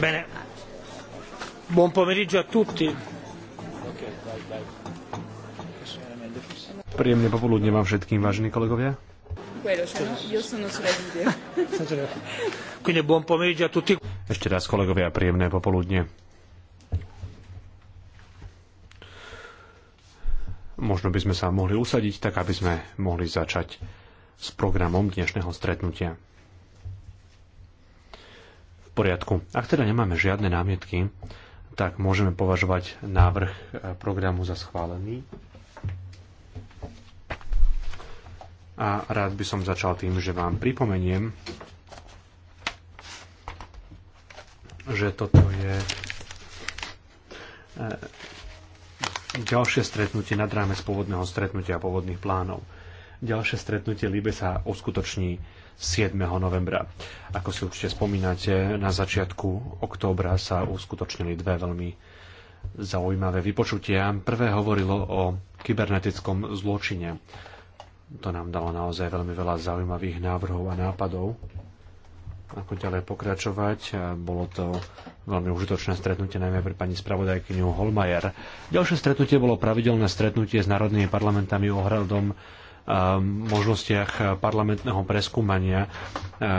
Bene. Buon pomeriggio a tutti. Príjemne popoludne vám všetkým, vážení kolegovia. No, Quindi buon pomeriggio a tutti. Ešte raz, kolegovia, príjemné popoludne. Možno by sme sa mohli usadiť, tak aby sme mohli začať s programom dnešného stretnutia. V poriadku. Ak teda nemáme žiadne námietky, tak môžeme považovať návrh e, programu za schválený. A rád by som začal tým, že vám pripomeniem, že toto je e, ďalšie stretnutie nad rámec pôvodného stretnutia a pôvodných plánov. Ďalšie stretnutie Líbe sa uskutoční 7. novembra. Ako si určite spomínate, na začiatku októbra sa uskutočnili dve veľmi zaujímavé vypočutia. Prvé hovorilo o kybernetickom zločine. To nám dalo naozaj veľmi veľa zaujímavých návrhov a nápadov ako ďalej pokračovať. Bolo to veľmi užitočné stretnutie najmä pre pani spravodajkyňu Holmajer. Ďalšie stretnutie bolo pravidelné stretnutie s národnými parlamentami ohľadom možnostiach parlamentného preskúmania e,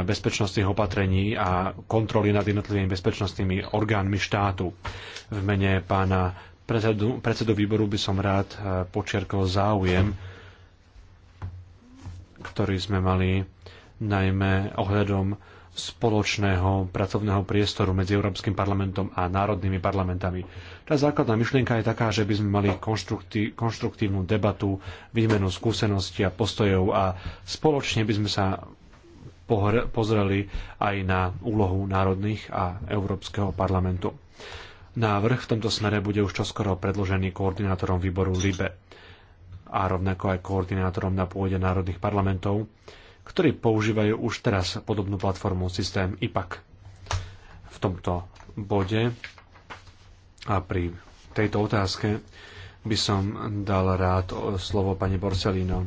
bezpečnostných opatrení a kontroly nad jednotlivými bezpečnostnými orgánmi štátu. V mene pána predsedu, predsedu výboru by som rád e, počiarkol záujem, ktorý sme mali najmä ohľadom spoločného pracovného priestoru medzi Európskym parlamentom a národnými parlamentami. Tá základná myšlienka je taká, že by sme mali konštruktívnu debatu, výmenu skúseností a postojov a spoločne by sme sa pozreli aj na úlohu národných a Európskeho parlamentu. Návrh v tomto smere bude už čoskoro predložený koordinátorom výboru LIBE a rovnako aj koordinátorom na pôde národných parlamentov, ktorí používajú už teraz podobnú platformu systém IPAC. V tomto bode a pri tejto otázke by som dal rád slovo pani Borcelino.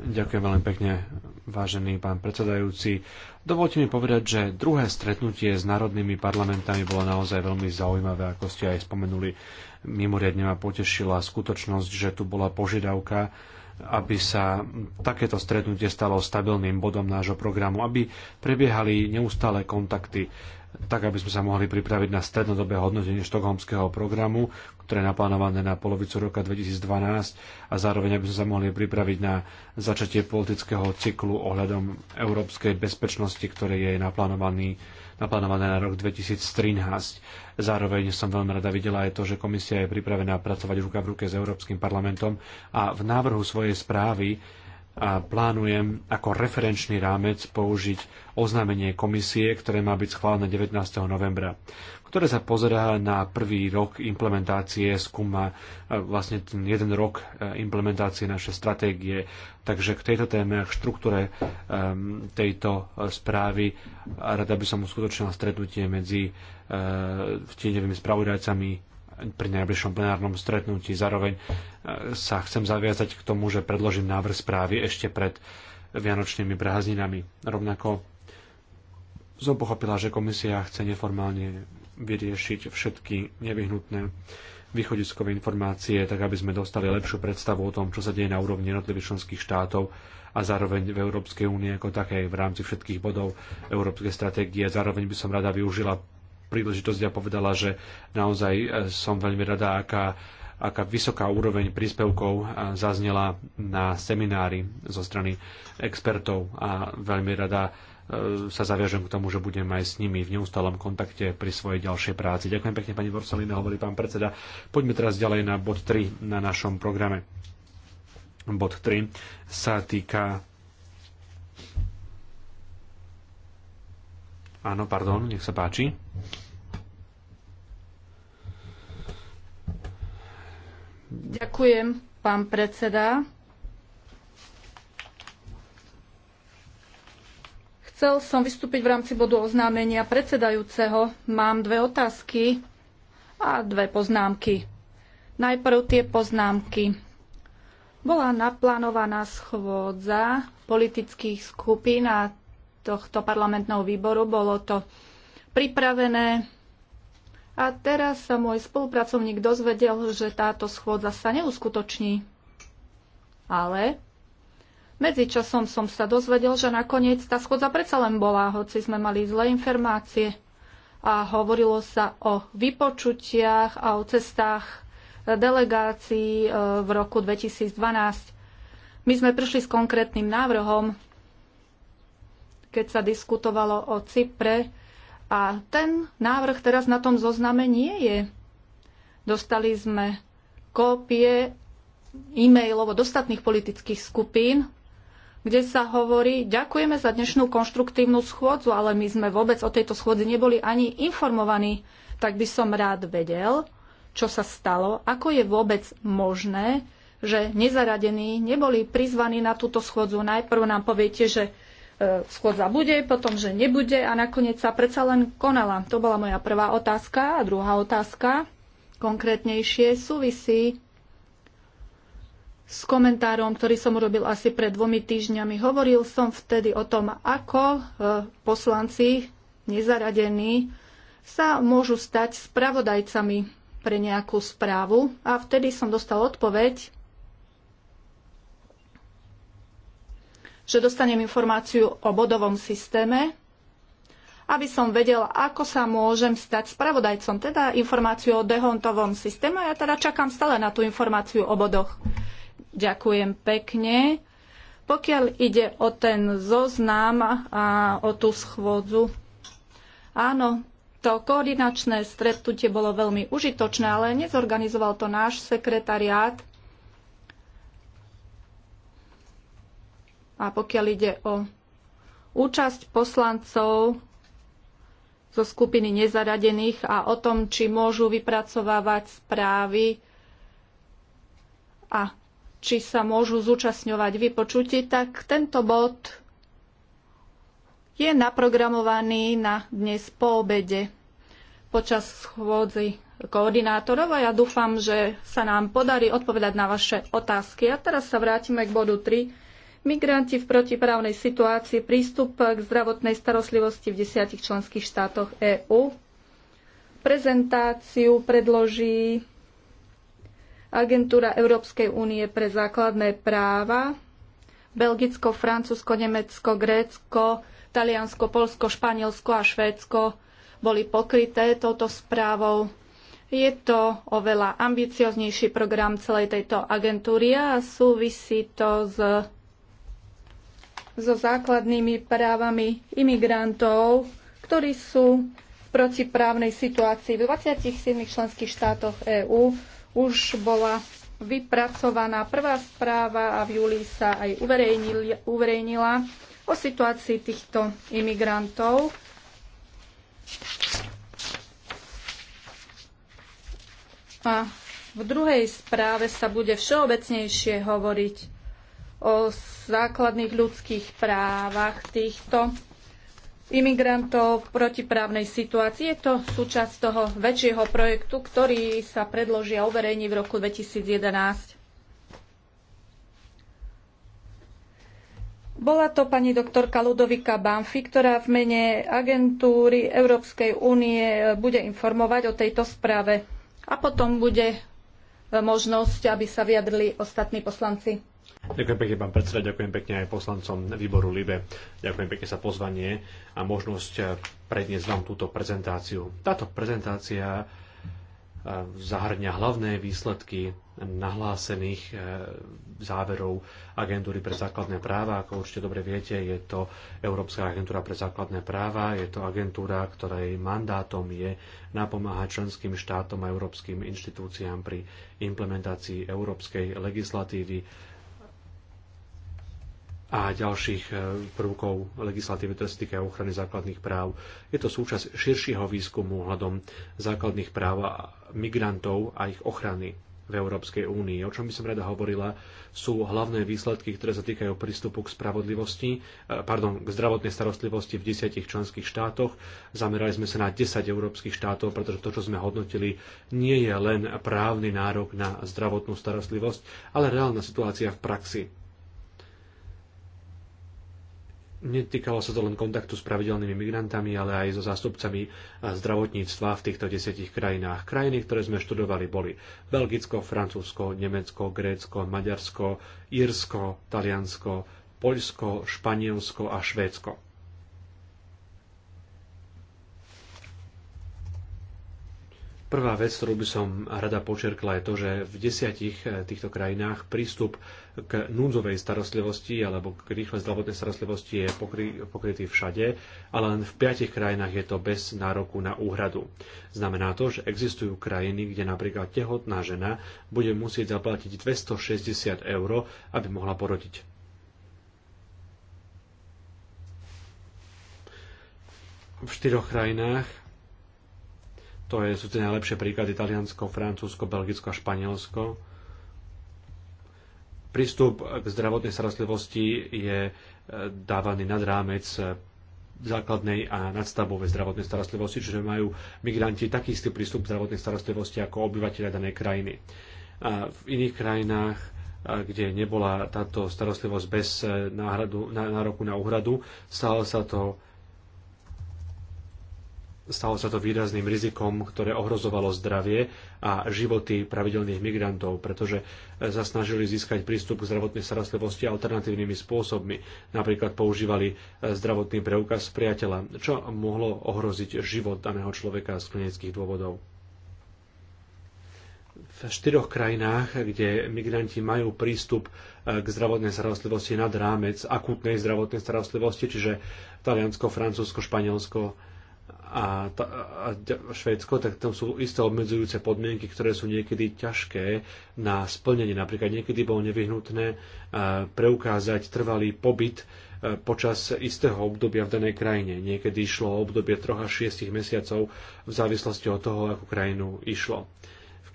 Ďakujem veľmi pekne, vážený pán predsedajúci. Dovolte mi povedať, že druhé stretnutie s národnými parlamentami bolo naozaj veľmi zaujímavé, ako ste aj spomenuli. Mimoriadne ma potešila skutočnosť, že tu bola požiadavka, aby sa takéto stretnutie stalo stabilným bodom nášho programu, aby prebiehali neustále kontakty tak aby sme sa mohli pripraviť na strednodobé hodnotenie štokholmského programu, ktoré je naplánované na polovicu roka 2012 a zároveň aby sme sa mohli pripraviť na začatie politického cyklu ohľadom európskej bezpečnosti, ktoré je naplánovaný naplánované na rok 2013. Zároveň som veľmi rada videla aj to, že komisia je pripravená pracovať ruka v ruke s Európskym parlamentom a v návrhu svojej správy a plánujem ako referenčný rámec použiť oznámenie komisie, ktoré má byť schválené 19. novembra, ktoré sa pozerá na prvý rok implementácie, skúma e, vlastne ten jeden rok e, implementácie našej stratégie. Takže k tejto téme a k štruktúre e, tejto správy rada by som uskutočnila stretnutie medzi tieňovými spravodajcami pri najbližšom plenárnom stretnutí. Zároveň e, sa chcem zaviazať k tomu, že predložím návrh správy ešte pred vianočnými prázdninami. Rovnako som pochopila, že komisia chce neformálne vyriešiť všetky nevyhnutné východiskové informácie, tak aby sme dostali lepšiu predstavu o tom, čo sa deje na úrovni jednotlivých členských štátov a zároveň v Európskej únie ako také v rámci všetkých bodov Európskej stratégie. Zároveň by som rada využila príležitosť a povedala, že naozaj e, som veľmi rada, aká aká vysoká úroveň príspevkov e, zaznela na seminári zo strany expertov a veľmi rada e, sa zaviažem k tomu, že budem aj s nimi v neustálom kontakte pri svojej ďalšej práci. Ďakujem pekne, pani Borsalina, hovorí pán predseda. Poďme teraz ďalej na bod 3 na našom programe. Bod 3 sa týka... Áno, pardon, nech sa páči. Ďakujem, pán predseda. Chcel som vystúpiť v rámci bodu oznámenia predsedajúceho. Mám dve otázky a dve poznámky. Najprv tie poznámky. Bola naplánovaná schôdza politických skupín a tohto parlamentného výboru. Bolo to pripravené, a teraz sa môj spolupracovník dozvedel, že táto schôdza sa neuskutoční. Ale medzičasom som sa dozvedel, že nakoniec tá schôdza predsa len bola, hoci sme mali zlé informácie. A hovorilo sa o vypočutiach a o cestách delegácií e, v roku 2012. My sme prišli s konkrétnym návrhom, keď sa diskutovalo o Cypre, a ten návrh teraz na tom zozname nie je. Dostali sme kópie e-mailov od ostatných politických skupín, kde sa hovorí, ďakujeme za dnešnú konštruktívnu schôdzu, ale my sme vôbec o tejto schôdzi neboli ani informovaní, tak by som rád vedel, čo sa stalo, ako je vôbec možné, že nezaradení neboli prizvaní na túto schôdzu. Najprv nám poviete, že E, schôdza bude, potom, že nebude a nakoniec sa predsa len konala. To bola moja prvá otázka. A druhá otázka, konkrétnejšie, súvisí s komentárom, ktorý som urobil asi pred dvomi týždňami. Hovoril som vtedy o tom, ako e, poslanci nezaradení sa môžu stať spravodajcami pre nejakú správu a vtedy som dostal odpoveď, že dostanem informáciu o bodovom systéme, aby som vedela, ako sa môžem stať spravodajcom, teda informáciu o dehontovom systéme. Ja teda čakám stále na tú informáciu o bodoch. Ďakujem pekne. Pokiaľ ide o ten zoznam a o tú schôdzu, áno, to koordinačné stretnutie bolo veľmi užitočné, ale nezorganizoval to náš sekretariát. A pokiaľ ide o účasť poslancov zo skupiny nezaradených a o tom, či môžu vypracovávať správy a či sa môžu zúčastňovať vypočutí, tak tento bod je naprogramovaný na dnes po obede počas schôdzy koordinátorov a ja dúfam, že sa nám podarí odpovedať na vaše otázky. A teraz sa vrátime k bodu 3 Migranti v protiprávnej situácii, prístup k zdravotnej starostlivosti v desiatich členských štátoch EÚ. Prezentáciu predloží Agentúra Európskej únie pre základné práva, Belgicko, Francúzsko, Nemecko, Grécko, Taliansko, Polsko, Španielsko a Švédsko boli pokryté touto správou. Je to oveľa ambicioznejší program celej tejto agentúry a súvisí to s so základnými právami imigrantov, ktorí sú v protiprávnej situácii. V 27 členských štátoch EÚ už bola vypracovaná prvá správa a v júli sa aj uverejnila o situácii týchto imigrantov. A v druhej správe sa bude všeobecnejšie hovoriť o základných ľudských právach týchto imigrantov v protiprávnej situácii. Je to súčasť toho väčšieho projektu, ktorý sa predloží a uverejní v roku 2011. Bola to pani doktorka Ludovika Banfi, ktorá v mene agentúry Európskej únie bude informovať o tejto správe a potom bude možnosť, aby sa vyjadrili ostatní poslanci. Ďakujem pekne, pán predseda, ďakujem pekne aj poslancom výboru LIBE. Ďakujem pekne za pozvanie a možnosť eh, predniesť vám túto prezentáciu. Táto prezentácia eh, zahrňa hlavné výsledky nahlásených eh, záverov agentúry pre základné práva. Ako určite dobre viete, je to Európska agentúra pre základné práva, je to agentúra, ktorej mandátom je napomáhať členským štátom a európskym inštitúciám pri implementácii európskej legislatívy a ďalších e, prvkov legislatívy, ktoré sa týkajú ochrany základných práv. Je to súčasť širšieho výskumu ohľadom základných práv a migrantov a ich ochrany v Európskej únii. O čom by som rada hovorila, sú hlavné výsledky, ktoré sa týkajú prístupu k spravodlivosti, e, pardon, k zdravotnej starostlivosti v desiatich členských štátoch. Zamerali sme sa na 10 európskych štátov, pretože to, čo sme hodnotili, nie je len právny nárok na zdravotnú starostlivosť, ale reálna situácia v praxi Netýkalo sa to len kontaktu s pravidelnými migrantami, ale aj so zástupcami e, zdravotníctva v týchto desiatich krajinách. Krajiny, ktoré sme študovali, boli Belgicko, Francúzsko, Nemecko, Grécko, Maďarsko, Írsko, Taliansko, Poľsko, Španielsko a Švédsko. Prvá vec, ktorú by som rada počerkla, je to, že v desiatich eh, týchto krajinách prístup k núdzovej starostlivosti alebo k rýchlej zdravotnej starostlivosti je pokry, pokrytý všade, ale len v piatich krajinách je to bez nároku na úhradu. Znamená to, že existujú krajiny, kde napríklad tehotná žena bude musieť zaplatiť 260 eur, aby mohla porodiť. V štyroch krajinách to je, sú tie najlepšie príklady Taliansko, Francúzsko, Belgicko a Španielsko. Prístup k zdravotnej starostlivosti je e, dávaný nad rámec e, základnej a nadstavovej zdravotnej starostlivosti, čiže majú migranti taký istý prístup k zdravotnej starostlivosti ako obyvateľe danej krajiny. A v iných krajinách e, kde nebola táto starostlivosť bez náhradu, nároku na úhradu. Stalo sa to Stalo sa to výrazným rizikom, ktoré ohrozovalo zdravie a životy pravidelných migrantov, pretože e, sa snažili získať prístup k zdravotnej starostlivosti alternatívnymi spôsobmi. Napríklad používali e, zdravotný preukaz priateľa, čo mohlo ohroziť život daného človeka z klinických dôvodov. V štyroch krajinách, kde migranti majú prístup e, k zdravotnej starostlivosti nad rámec akútnej zdravotnej starostlivosti, čiže Taliansko, Francúzsko, Španielsko, a, a, a Švédsko, tak tam sú isté obmedzujúce podmienky, ktoré sú niekedy ťažké na splnenie. Napríklad niekedy bolo nevyhnutné e, preukázať trvalý pobyt e, počas istého obdobia v danej krajine. Niekedy išlo o obdobie 3 až 6 mesiacov v závislosti od toho, akú krajinu išlo.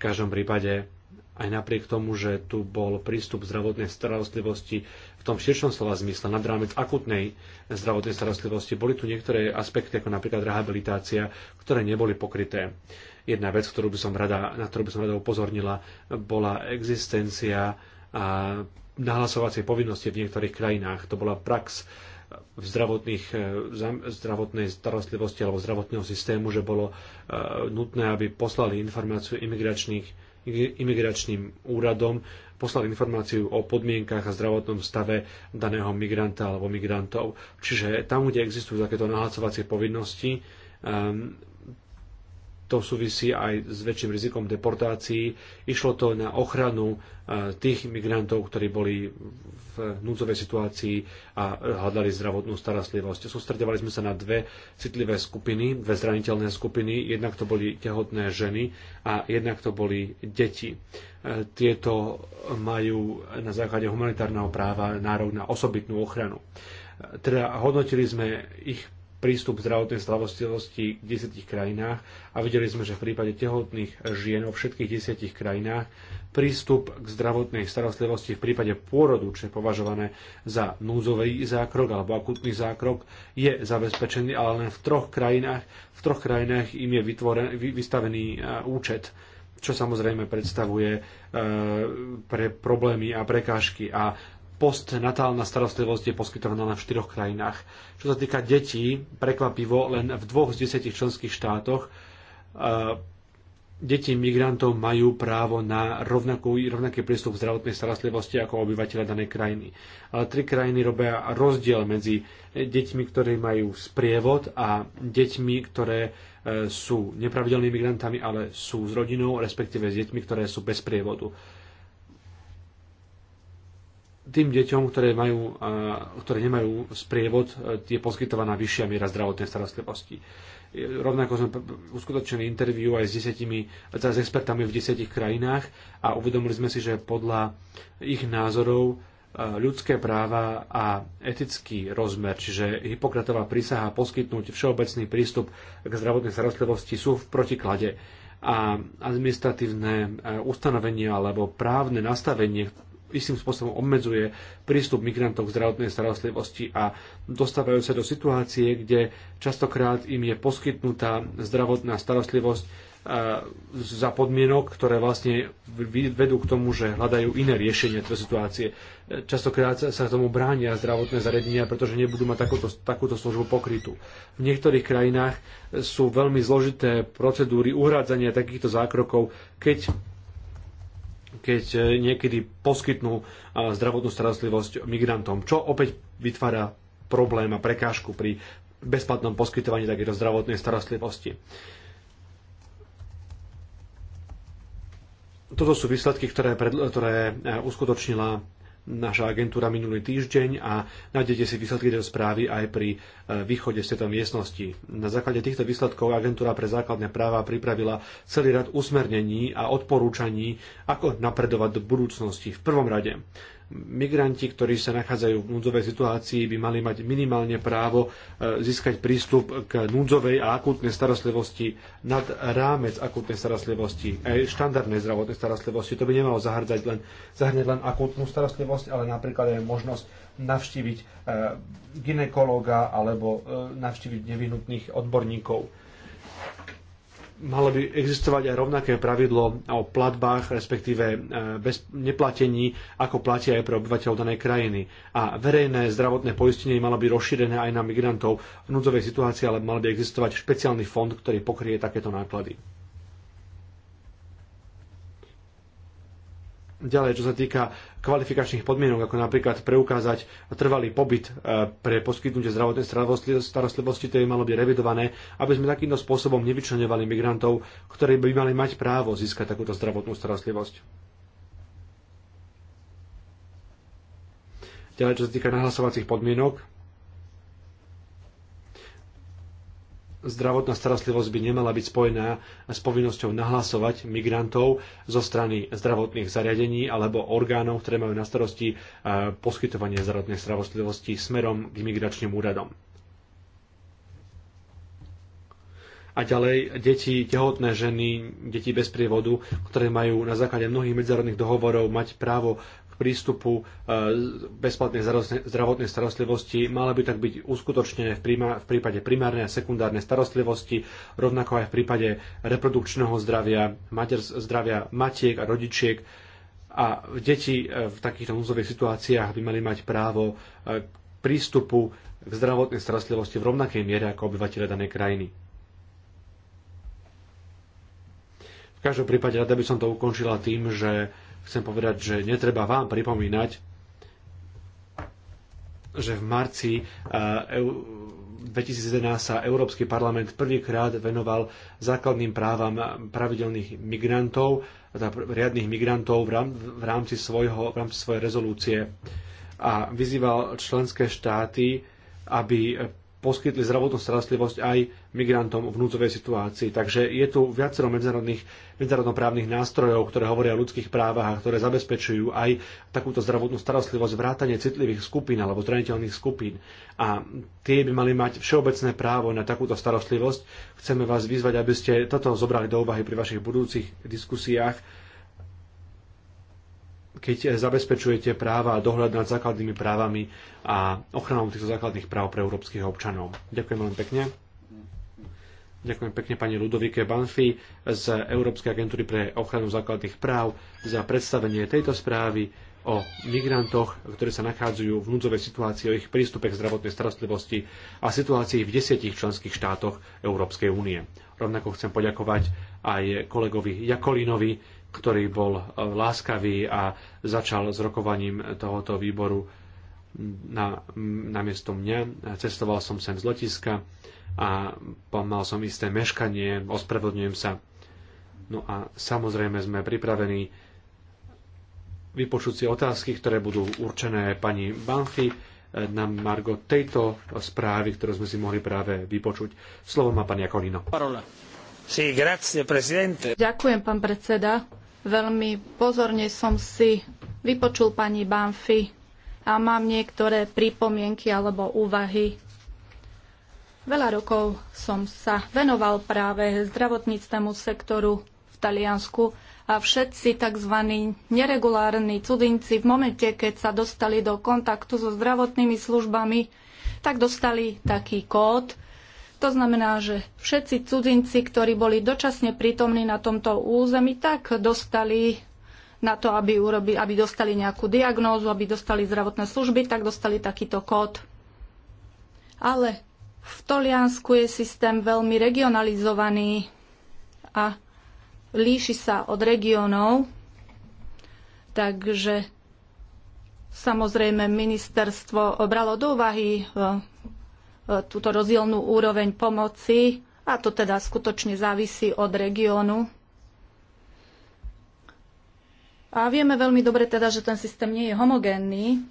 V každom prípade aj napriek tomu, že tu bol prístup zdravotnej starostlivosti tom širšom slova zmysle, nad rámec akutnej zdravotnej starostlivosti. Boli tu niektoré aspekty, ako napríklad rehabilitácia, ktoré neboli pokryté. Jedna vec, ktorú by som rada, na ktorú by som rada upozornila, bola existencia a nahlasovacie povinnosti v niektorých krajinách. To bola prax v zdravotných, e, zdravotnej starostlivosti alebo zdravotného systému, že bolo e, nutné, aby poslali informáciu imigračných imigračným úradom, poslal informáciu o podmienkach a zdravotnom stave daného migranta alebo migrantov. Čiže tam, kde existujú takéto nahlasovacie povinnosti, ehm, to súvisí aj s väčším rizikom deportácií. Išlo to na ochranu e, tých migrantov, ktorí boli v núdzovej situácii a hľadali zdravotnú starostlivosť. Sústredovali sme sa na dve citlivé skupiny, dve zraniteľné skupiny. Jednak to boli tehotné ženy a jednak to boli deti. E, tieto majú na základe humanitárneho práva nárok na osobitnú ochranu. E, teda hodnotili sme ich prístup zdravotnej starostlivosti v desiatich krajinách a videli sme, že v prípade tehotných žien vo všetkých desiatich krajinách prístup k zdravotnej starostlivosti v prípade pôrodu, čo je považované za núzový zákrok alebo akutný zákrok, je zabezpečený, ale len v troch krajinách. V troch krajinách im je vytvoren, vystavený e, účet čo samozrejme predstavuje e, pre problémy a prekážky. A postnatálna starostlivosť je poskytovaná len v štyroch krajinách. Čo sa týka detí, prekvapivo len v dvoch z desiatich členských štátoch e, deti migrantov majú právo na rovnakú, rovnaký prístup k zdravotnej starostlivosti ako obyvateľe danej krajiny. Ale tri krajiny robia rozdiel medzi deťmi, ktoré majú sprievod a deťmi, ktoré e, sú nepravidelnými migrantami, ale sú s rodinou, respektíve s deťmi, ktoré sú bez prievodu tým deťom, ktoré, majú, ktoré nemajú sprievod, e, je poskytovaná vyššia miera zdravotnej starostlivosti. E, rovnako sme uskutočnili interviu aj s, desetimi, teda s expertami v desetich krajinách a uvedomili sme si, že podľa ich názorov e, ľudské práva a etický rozmer, čiže Hypokratová prísaha poskytnúť všeobecný prístup k zdravotnej starostlivosti sú v protiklade a administratívne ustanovenie alebo právne nastavenie istým spôsobom obmedzuje prístup migrantov k zdravotnej starostlivosti a dostávajú sa do situácie, kde častokrát im je poskytnutá zdravotná starostlivosť e, za podmienok, ktoré vlastne vedú k tomu, že hľadajú iné riešenie tej situácie. E, častokrát sa tomu bránia zdravotné zariadenia, pretože nebudú mať takúto, takúto službu pokrytú. V niektorých krajinách sú veľmi zložité procedúry uhrádzania takýchto zákrokov, keď keď e, niekedy poskytnú e, zdravotnú starostlivosť migrantom, čo opäť vytvára problém a prekážku pri bezplatnom poskytovaní takéto zdravotnej starostlivosti. Toto sú výsledky, ktoré, ktoré e, uskutočnila naša agentúra minulý týždeň a nájdete si výsledky tejto správy aj pri e, východe z tejto miestnosti. Na základe týchto výsledkov agentúra pre základné práva pripravila celý rad usmernení a odporúčaní, ako napredovať do budúcnosti v prvom rade migranti, ktorí sa nachádzajú v núdzovej situácii, by mali mať minimálne právo e, získať prístup k núdzovej a akútnej starostlivosti nad rámec akútnej starostlivosti, aj štandardnej zdravotnej starostlivosti. To by nemalo zahrňať len, zahrňať len akútnu starostlivosť, ale napríklad aj možnosť navštíviť e, ginekológa alebo e, navštíviť nevyhnutných odborníkov malo by existovať aj rovnaké pravidlo o platbách, respektíve e, bez neplatení, ako platia aj pre obyvateľov danej krajiny. A verejné zdravotné poistenie malo by rozšírené aj na migrantov v núdzovej situácii, ale mal by existovať špeciálny fond, ktorý pokrie takéto náklady. Ďalej, čo sa týka kvalifikačných podmienok, ako napríklad preukázať trvalý pobyt e, pre poskytnutie zdravotnej starostlivosti, to by malo byť revidované, aby sme takýmto spôsobom nevyčlenovali migrantov, ktorí by mali mať právo získať takúto zdravotnú starostlivosť. Ďalej, čo sa týka nahlasovacích podmienok, zdravotná starostlivosť by nemala byť spojená s povinnosťou nahlasovať migrantov zo strany zdravotných zariadení alebo orgánov, ktoré majú na starosti e, poskytovanie zdravotnej starostlivosti smerom k imigračným úradom. A ďalej deti, tehotné ženy, deti bez prievodu, ktoré majú na základe mnohých medzárodných dohovorov mať právo prístupu e, bezplatnej zdravotnej starostlivosti. Mala by tak byť uskutočnené v, prípade primárnej a sekundárnej starostlivosti, rovnako aj v prípade reprodukčného zdravia, mater, zdravia matiek a rodičiek. A deti e, v takýchto núzových situáciách by mali mať právo e, prístupu k zdravotnej starostlivosti v rovnakej miere ako obyvateľe danej krajiny. V každom prípade rada by som to ukončila tým, že chcem povedať, že netreba vám pripomínať, že v marci 2011 e, sa Európsky parlament prvýkrát venoval základným právam pravidelných migrantov, teda riadných migrantov v rámci, svojho, v rámci svojej rezolúcie a vyzýval členské štáty, aby poskytli zdravotnú starostlivosť aj migrantom v núdzovej situácii. Takže je tu viacero medzinárodných, medzinárodnoprávnych nástrojov, ktoré hovoria o ľudských právach a ktoré zabezpečujú aj takúto zdravotnú starostlivosť, vrátanie citlivých skupín alebo zraniteľných skupín. A tie by mali mať všeobecné právo na takúto starostlivosť. Chceme vás vyzvať, aby ste toto zobrali do úvahy pri vašich budúcich diskusiách keď eh, zabezpečujete práva a dohľad nad základnými právami a ochranou týchto základných práv pre európskych občanov. Ďakujem veľmi pekne. Ďakujem pekne pani Ludovike Banfi z Európskej agentúry pre ochranu základných práv za predstavenie tejto správy o migrantoch, ktorí sa nachádzajú v núdzovej situácii, o ich prístupe k zdravotnej starostlivosti a situácii v desiatich členských štátoch Európskej únie. Rovnako chcem poďakovať aj kolegovi Jakolinovi, ktorý bol e, láskavý a začal s rokovaním tohoto výboru na, namiesto mňa. Cestoval som sem z letiska a mal som isté meškanie, ospravedlňujem sa. No a samozrejme sme pripravení vypočuť si otázky, ktoré budú určené pani Banfi e, na margo tejto správy, ktorú sme si mohli práve vypočuť. Slovo má pani Akolino. Parola. Sí, grazie, Ďakujem, pán predseda. Veľmi pozorne som si vypočul pani Banfi a mám niektoré pripomienky alebo úvahy. Veľa rokov som sa venoval práve zdravotníctvemu sektoru v Taliansku a všetci tzv. neregulárni cudzinci v momente, keď sa dostali do kontaktu so zdravotnými službami, tak dostali taký kód, to znamená, že všetci cudzinci, ktorí boli dočasne prítomní na tomto území, tak dostali na to, aby, urobi, aby dostali nejakú diagnózu, aby dostali zdravotné služby, tak dostali takýto kód. Ale v Toliansku je systém veľmi regionalizovaný a líši sa od regiónov, takže samozrejme ministerstvo bralo do úvahy eh, túto rozdielnú úroveň pomoci a to teda skutočne závisí od regiónu. A vieme veľmi dobre teda, že ten systém nie je homogénny.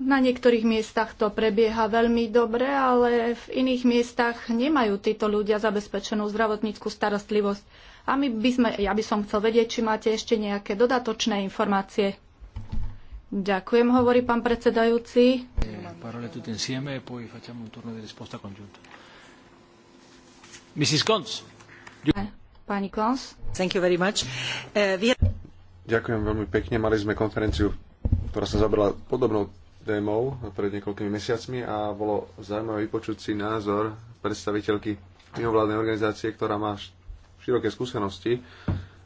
Na niektorých miestach to prebieha veľmi dobre, ale v iných miestach nemajú títo ľudia zabezpečenú zdravotníckú starostlivosť. A my by sme, ja by som chcel vedieť, či máte ešte nejaké dodatočné informácie. Ďakujem, hovorí pán predsedajúci. Eh, Mrs. Cons. Pani Cons. Thank you very much. Eh, Ďakujem veľmi pekne. Mali sme konferenciu, ktorá sa zabrala podobnou témou pred niekoľkými mesiacmi a bolo zaujímavé vypočuť si názor predstaviteľky mimovládnej organizácie, ktorá má široké skúsenosti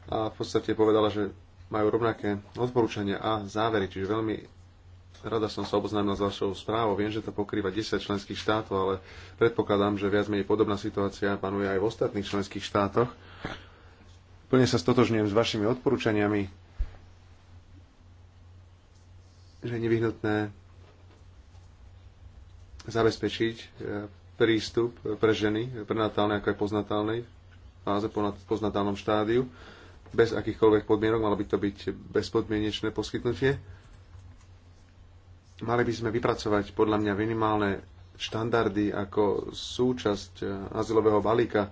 a v podstate povedala, že majú rovnaké odporúčania a závery, čiže veľmi rada som sa oboznámil s vašou správou. Viem, že to pokrýva 10 členských štátov, ale predpokladám, že viac menej podobná situácia panuje aj v ostatných členských štátoch. Plne sa stotožňujem s vašimi odporúčaniami, že je nevyhnutné zabezpečiť e, prístup pre ženy, prenatálnej ako aj poznatálnej fáze, po poznatálnom štádiu bez akýchkoľvek podmienok, malo by to byť bezpodmienečné poskytnutie. Mali by sme vypracovať podľa mňa minimálne štandardy ako súčasť eh, azylového balíka.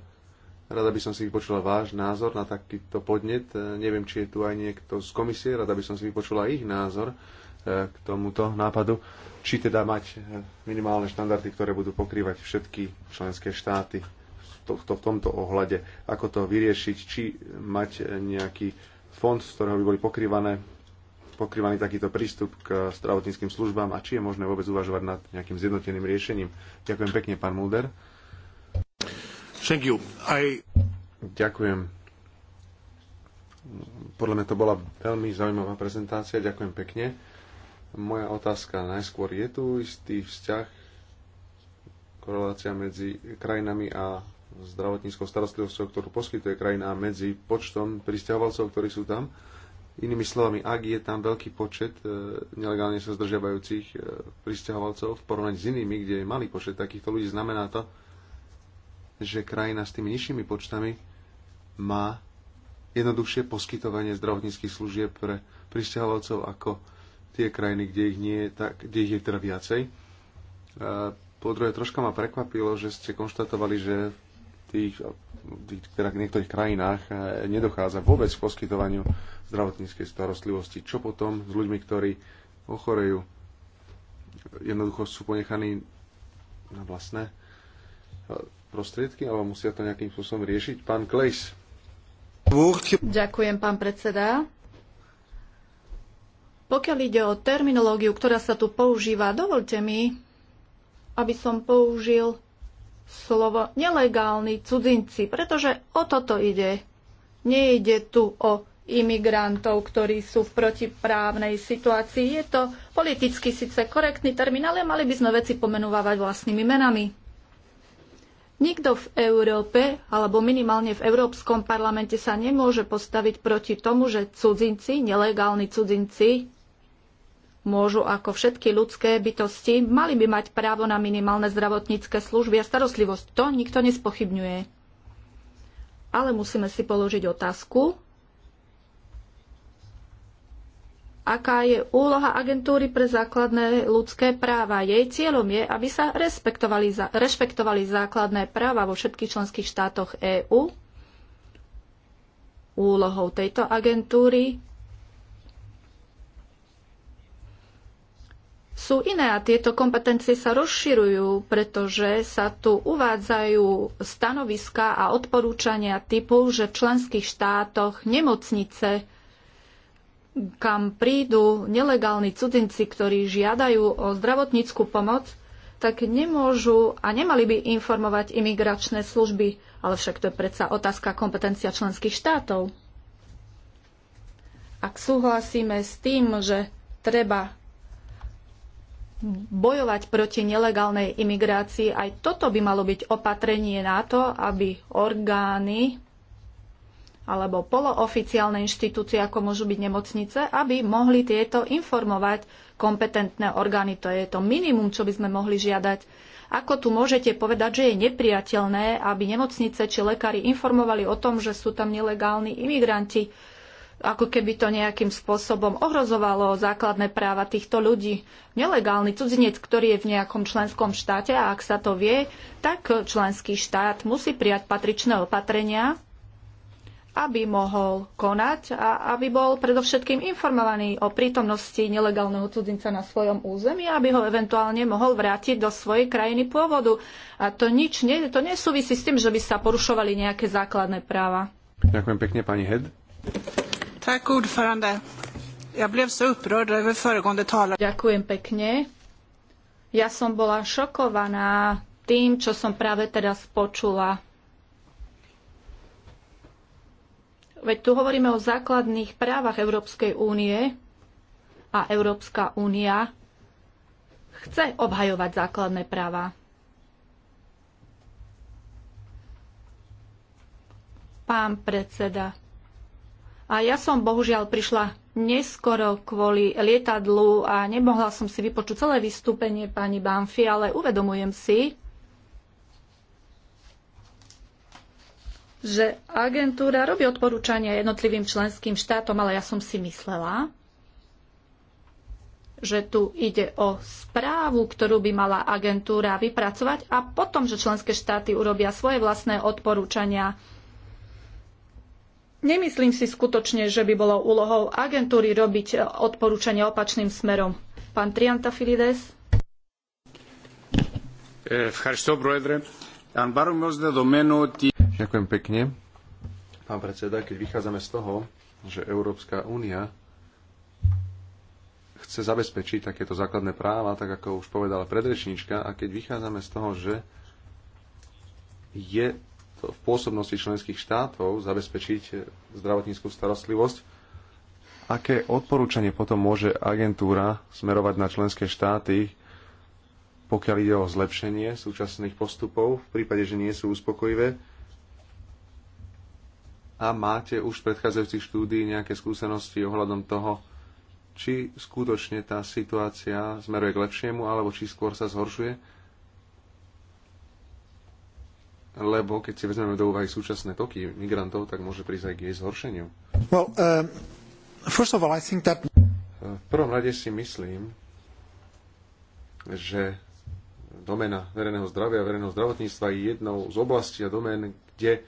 Rada by som si vypočula váš názor na takýto podnet. Eh, neviem, či je tu aj niekto z komisie. Rada by som si vypočula ich názor eh, k tomuto nápadu. Či teda mať minimálne štandardy, ktoré budú pokrývať všetky členské štáty tohto, v tomto ohľade, ako to vyriešiť, či mať nejaký fond, z ktorého by boli pokrývané, pokrývaný takýto prístup k zdravotníckým službám a či je možné vôbec uvažovať nad nejakým zjednoteným riešením. Ďakujem pekne, pán Mulder. Thank you. I... Ďakujem. Podľa mňa to bola veľmi zaujímavá prezentácia. Ďakujem pekne. Moja otázka najskôr. Je tu istý vzťah, korelácia medzi krajinami a zdravotníckou starostlivosťou, ktorú poskytuje krajina medzi počtom pristahovalcov, ktorí sú tam. Inými slovami, ak je tam veľký počet e, nelegálne sa zdržiavajúcich e, pristahovalcov v porovnaní s inými, kde je malý počet takýchto ľudí, znamená to, že krajina s tými nižšími počtami má jednoduchšie poskytovanie zdravotníckých služieb pre pristahovalcov ako tie krajiny, kde ich, nie je, tak, kde ich je teda viacej. E, po druhé, troška ma prekvapilo, že ste konštatovali, že v tých, tých teda v niektorých krajinách e, nedochádza vôbec k poskytovaniu zdravotníckej starostlivosti. Čo potom s ľuďmi, ktorí ochorejú, jednoducho sú ponechaní na vlastné e, prostriedky alebo musia to nejakým spôsobom riešiť? Pán Klejs. Ďakujem, pán predseda. Pokiaľ ide o terminológiu, ktorá sa tu používa, dovolte mi, aby som použil slovo nelegálni cudzinci, pretože o toto ide. Nejde tu o imigrantov, ktorí sú v protiprávnej situácii. Je to politicky síce korektný termín, ale mali by sme veci pomenúvať vlastnými menami. Nikto v Európe, alebo minimálne v Európskom parlamente sa nemôže postaviť proti tomu, že cudzinci, nelegálni cudzinci, môžu ako všetky ľudské bytosti, mali by mať právo na minimálne zdravotnícke služby a starostlivosť. To nikto nespochybňuje. Ale musíme si položiť otázku, aká je úloha agentúry pre základné ľudské práva. Jej cieľom je, aby sa respektovali, rešpektovali základné práva vo všetkých členských štátoch EÚ. Úlohou tejto agentúry sú iné a tieto kompetencie sa rozširujú, pretože sa tu uvádzajú stanoviska a odporúčania typu, že v členských štátoch nemocnice, kam prídu nelegálni cudzinci, ktorí žiadajú o zdravotníckú pomoc, tak nemôžu a nemali by informovať imigračné služby. Ale však to je predsa otázka kompetencia členských štátov. Ak súhlasíme s tým, že treba bojovať proti nelegálnej imigrácii. Aj toto by malo byť opatrenie na to, aby orgány alebo polooficiálne inštitúcie, ako môžu byť nemocnice, aby mohli tieto informovať kompetentné orgány. To je to minimum, čo by sme mohli žiadať. Ako tu môžete povedať, že je nepriateľné, aby nemocnice či lekári informovali o tom, že sú tam nelegálni imigranti? ako keby to nejakým spôsobom ohrozovalo základné práva týchto ľudí. Nelegálny cudzinec, ktorý je v nejakom členskom štáte a ak sa to vie, tak členský štát musí prijať patričné opatrenia, aby mohol konať a aby bol predovšetkým informovaný o prítomnosti nelegálneho cudzinca na svojom území, aby ho eventuálne mohol vrátiť do svojej krajiny pôvodu. A to nič nie, to nesúvisí s tým, že by sa porušovali nejaké základné práva. Ďakujem pekne, pani Head ordförande. blev så upprörd över föregående talare. Ďakujem pekne. Ja som bola šokovaná tým, čo som práve teraz počula. Veď tu hovoríme o základných právach Európskej únie a Európska únia chce obhajovať základné práva. Pán predseda, a ja som bohužiaľ prišla neskoro kvôli lietadlu a nemohla som si vypočuť celé vystúpenie pani Banfi, ale uvedomujem si, že agentúra robí odporúčania jednotlivým členským štátom, ale ja som si myslela, že tu ide o správu, ktorú by mala agentúra vypracovať a potom, že členské štáty urobia svoje vlastné odporúčania Nemyslím si skutočne, že by bolo úlohou agentúry robiť odporúčania opačným smerom. Pán Trianta Filides. Ďakujem pekne. Pán predseda, keď vychádzame z toho, že Európska únia chce zabezpečiť takéto základné práva, tak ako už povedala predrečníčka, a keď vychádzame z toho, že je v pôsobnosti členských štátov zabezpečiť zdravotníckú starostlivosť. Aké odporúčanie potom môže agentúra smerovať na členské štáty, pokiaľ ide o zlepšenie súčasných postupov, v prípade, že nie sú uspokojivé? A máte už v predchádzajúcich štúdií nejaké skúsenosti ohľadom toho, či skutočne tá situácia smeruje k lepšiemu, alebo či skôr sa zhoršuje? lebo keď si vezmeme do úvahy súčasné toky migrantov, tak môže prísť aj k jej zhoršeniu. Well, uh, first of all, I think that... V prvom rade si myslím, že domena verejného zdravia a verejného zdravotníctva je jednou z oblastí a domén, kde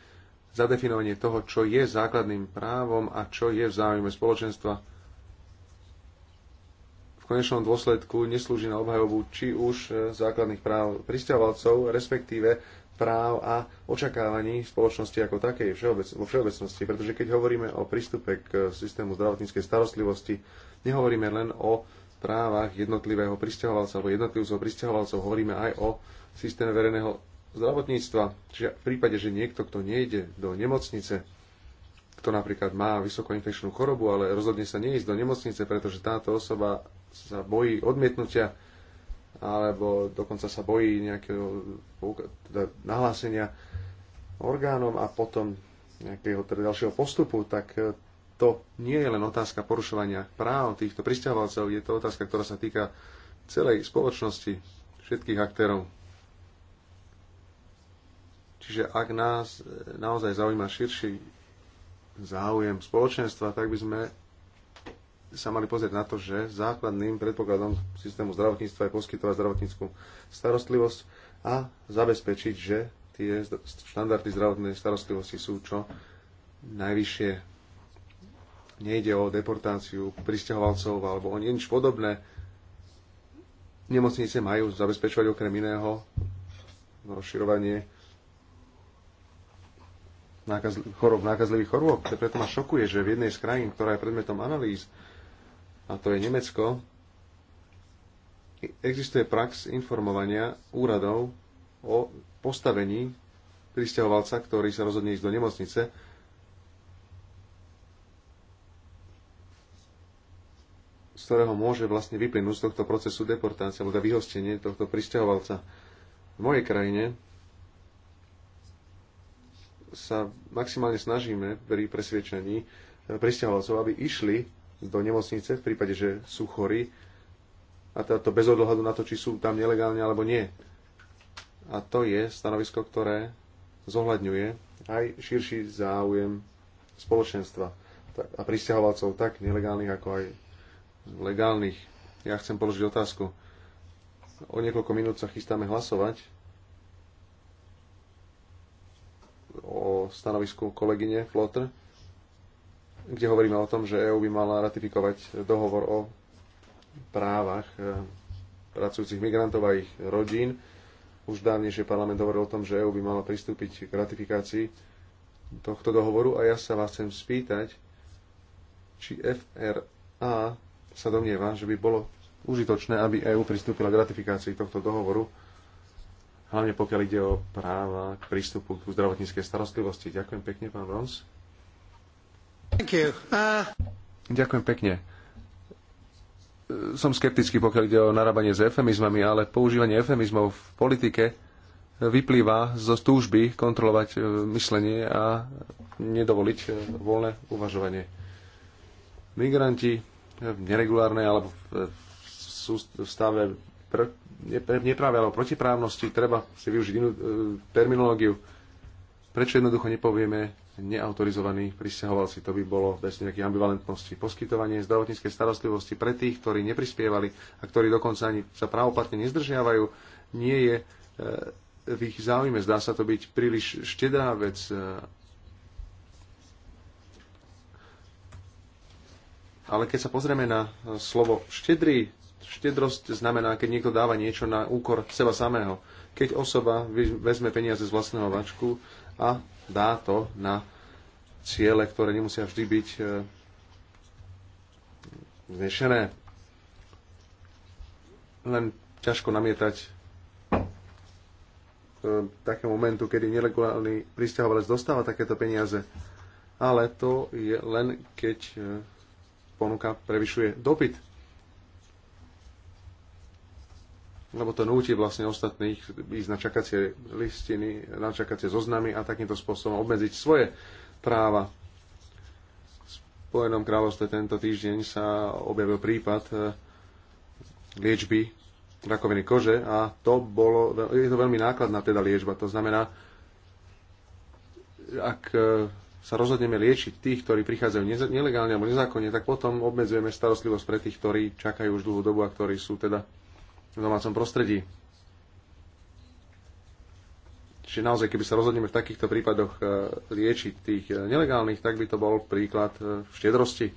zadefinovanie toho, čo je základným právom a čo je v záujme spoločenstva, v konečnom dôsledku neslúži na obhajobu či už eh, základných práv pristahovalcov, respektíve práv a očakávaní spoločnosti ako takej všeobec, vo všeobecnosti. Pretože keď hovoríme o prístupe k systému zdravotníckej starostlivosti, nehovoríme len o právach jednotlivého pristahovalca alebo jednotlivcov pristahovalcov, hovoríme aj o systéme verejného zdravotníctva. Čiže v prípade, že niekto, kto nejde do nemocnice, kto napríklad má vysokoinfekčnú chorobu, ale rozhodne sa neísť do nemocnice, pretože táto osoba sa bojí odmietnutia, alebo dokonca sa bojí nejakého teda nahlásenia orgánom a potom nejakého teda ďalšieho postupu, tak e, to nie je len otázka porušovania práv týchto pristahovalcov, je to otázka, ktorá sa týka celej spoločnosti, všetkých aktérov. Čiže ak nás e, naozaj zaujíma širší záujem spoločenstva, tak by sme sa mali pozrieť na to, že základným predpokladom systému zdravotníctva je poskytovať zdravotníckú starostlivosť a zabezpečiť, že tie štandardy zdravotnej starostlivosti sú čo najvyššie. Nejde o deportáciu pristahovalcov alebo o nič podobné. Nemocnice majú zabezpečovať okrem iného rozširovanie chorob, nákazlivých chorôb. Preto ma šokuje, že v jednej z krajín, ktorá je predmetom analýz, a to je Nemecko, existuje prax informovania úradov o postavení pristahovalca, ktorý sa rozhodne ísť do nemocnice. z ktorého môže vlastne vyplynúť z tohto procesu deportácie alebo teda vyhostenie tohto pristahovalca. V mojej krajine sa maximálne snažíme pri presvedčení pristahovalcov, aby išli do nemocnice v prípade, že sú chorí a teda to bez odhľadu na to, či sú tam nelegálne alebo nie. A to je stanovisko, ktoré zohľadňuje aj širší záujem spoločenstva a pristahovalcov, tak nelegálnych ako aj legálnych. Ja chcem položiť otázku. O niekoľko minút sa chystáme hlasovať o stanovisku kolegyne Flotr kde hovoríme o tom, že EÚ by mala ratifikovať dohovor o právach e, pracujúcich migrantov a ich rodín. Už dávnejšie parlament hovoril o tom, že EÚ by mala pristúpiť k ratifikácii tohto dohovoru a ja sa vás chcem spýtať, či FRA sa domnieva, že by bolo užitočné, aby EÚ pristúpila k ratifikácii tohto dohovoru, hlavne pokiaľ ide o práva k prístupu k zdravotníckej starostlivosti. Ďakujem pekne, pán Rons. Uh, Ďakujem pekne. Som skeptický, pokiaľ ide o narábanie s efemizmami, ale používanie efemizmov v politike vyplýva zo túžby kontrolovať e, myslenie a nedovoliť e, voľné uvažovanie. Migranti v neregulárnej alebo v e, stave pr- nepráve alebo protiprávnosti treba si využiť inú terminológiu. Prečo jednoducho nepovieme neautorizovaní pristahovalci. To by bolo bez nejakej ambivalentnosti. Poskytovanie zdravotníckej starostlivosti pre tých, ktorí neprispievali a ktorí dokonca ani sa právoplatne nezdržiavajú, nie je e, v ich záujme. Zdá sa to byť príliš štedrá vec. Ale keď sa pozrieme na slovo štedrý, štedrosť znamená, keď niekto dáva niečo na úkor seba samého. Keď osoba vezme peniaze z vlastného vačku a dá to na ciele, ktoré nemusia vždy byť e, znešené. Len ťažko namietať e, také momentu, kedy nelegálny pristahovalec dostáva takéto peniaze. Ale to je len, keď e, ponuka prevyšuje dopyt. lebo to núti vlastne ostatných ísť na čakacie listiny, na čakacie zoznamy a takýmto spôsobom obmedziť svoje práva. V Spojenom kráľovstve tento týždeň sa objavil prípad e, liečby rakoviny kože a to bolo, je to veľmi nákladná teda liečba. To znamená, ak e, sa rozhodneme liečiť tých, ktorí prichádzajú nelegálne alebo nezákonne, tak potom obmedzujeme starostlivosť pre tých, ktorí čakajú už dlhú dobu a ktorí sú teda v domácom prostredí. Čiže naozaj, keby sa rozhodneme v takýchto prípadoch e, liečiť tých e, nelegálnych, tak by to bol príklad e, štedrosti.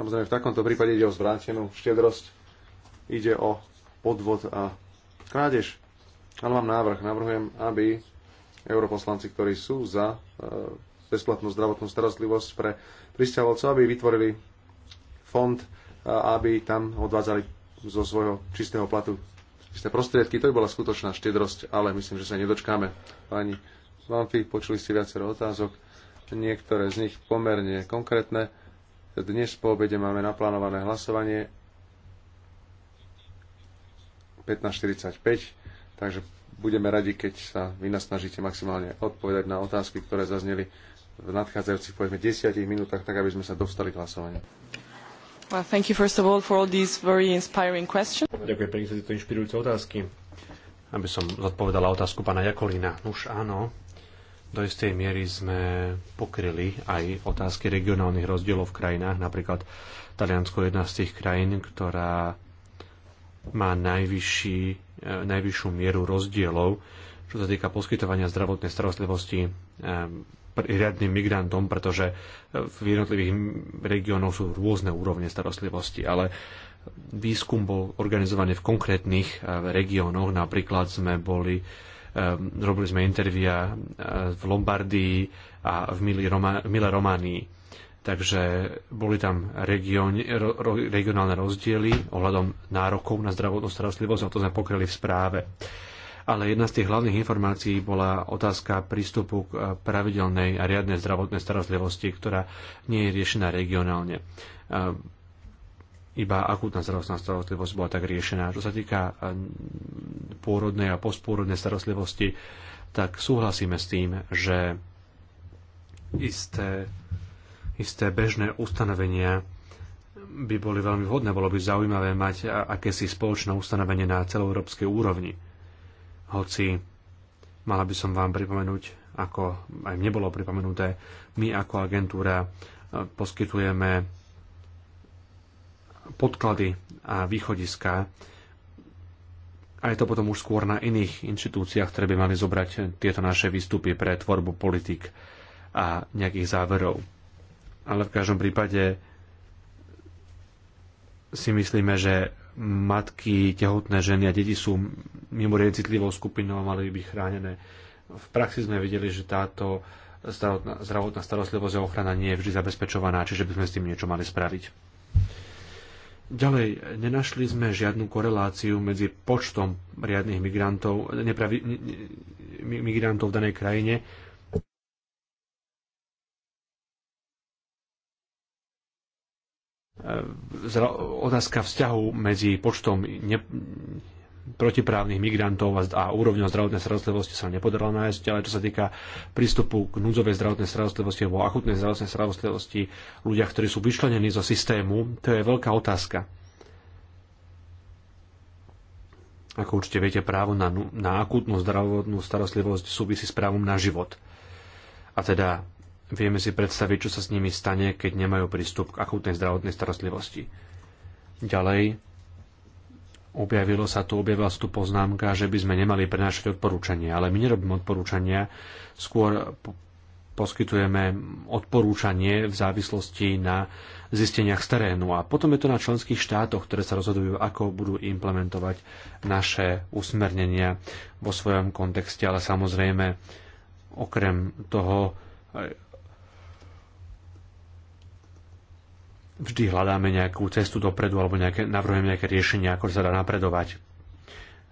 Samozrejme, v takomto prípade ide o zvrátenú štedrosť, ide o podvod a krádež. Ale mám návrh. Navrhujem, aby europoslanci, ktorí sú za bezplatnú zdravotnú starostlivosť pre pristahovalcov, aby vytvorili fond, aby tam odvádzali zo svojho čistého platu isté prostriedky. To by bola skutočná štedrosť, ale myslím, že sa nedočkáme. Pani Vanfi, počuli ste viacero otázok, niektoré z nich pomerne konkrétne. Dnes po obede máme naplánované hlasovanie 15.45, takže budeme radi, keď sa vy nasnažíte maximálne odpovedať na otázky, ktoré zazneli v nadchádzajúcich, povedzme, desiatich minútach, tak aby sme sa dostali k hlasovaniu. Ďakujem pekne za tieto inšpirujúce otázky. Aby som zodpovedala otázku pána Jakolína. Už áno, do istej miery sme pokryli aj otázky regionálnych rozdielov v krajinách. Napríklad Taliansko je jedna z tých krajín, ktorá má najvyšší, eh, najvyššiu mieru rozdielov, čo sa týka poskytovania zdravotnej starostlivosti eh, riadnym migrantom, pretože e, v jednotlivých regiónoch sú rôzne úrovne starostlivosti, ale výskum bol organizovaný v konkrétnych e, regiónoch. Napríklad sme boli, e, robili sme intervia v Lombardii a v Mile Románii. Takže boli tam region, ro, regionálne rozdiely ohľadom nárokov na zdravotnú starostlivosť a to sme pokryli v správe ale jedna z tých hlavných informácií bola otázka prístupu k eh, pravidelnej a riadnej zdravotnej starostlivosti, ktorá nie je riešená regionálne eh, iba akútna zdravotná starostlivosť bola tak riešená. Čo sa týka eh, pôrodnej a postpôrodnej starostlivosti, tak súhlasíme s tým, že isté, isté bežné ustanovenia by boli veľmi vhodné. Bolo by zaujímavé mať akési spoločné ustanovenie na celoeurópskej úrovni hoci mala by som vám pripomenúť, ako aj mne bolo pripomenuté, my ako agentúra e, poskytujeme podklady a východiska a je to potom už skôr na iných inštitúciách, ktoré by mali zobrať tieto naše výstupy pre tvorbu politik a nejakých záverov. Ale v každom prípade si myslíme, že matky, tehotné ženy a deti sú mimoriadne citlivou skupinou a mali by byť chránené. V praxi sme videli, že táto zdravotná, zdravotná starostlivosť a ochrana nie je vždy zabezpečovaná, čiže by sme s tým niečo mali spraviť. Ďalej, nenašli sme žiadnu koreláciu medzi počtom riadnych migrantov, nepravi, migrantov v danej krajine otázka vzťahu medzi počtom ne, protiprávnych migrantov a úrovňou zdravotnej starostlivosti sa nepodarilo nájsť, ale čo sa týka prístupu k núdzovej zdravotnej starostlivosti alebo akutnej zdravotnej starostlivosti ľudia, ktorí sú vyčlenení zo systému, to je veľká otázka. Ako určite viete, právo na, na akútnu zdravotnú starostlivosť súvisí s právom na život. A teda Vieme si predstaviť, čo sa s nimi stane, keď nemajú prístup k akútnej zdravotnej starostlivosti. Ďalej, objavilo sa tu, objavila sa tu poznámka, že by sme nemali prenášať odporúčania, ale my nerobíme odporúčania, skôr poskytujeme odporúčanie v závislosti na zisteniach z terénu. A potom je to na členských štátoch, ktoré sa rozhodujú, ako budú implementovať naše usmernenia vo svojom kontexte. Ale samozrejme, okrem toho vždy hľadáme nejakú cestu dopredu alebo nejaké, navrhujeme nejaké riešenie, ako sa dá napredovať.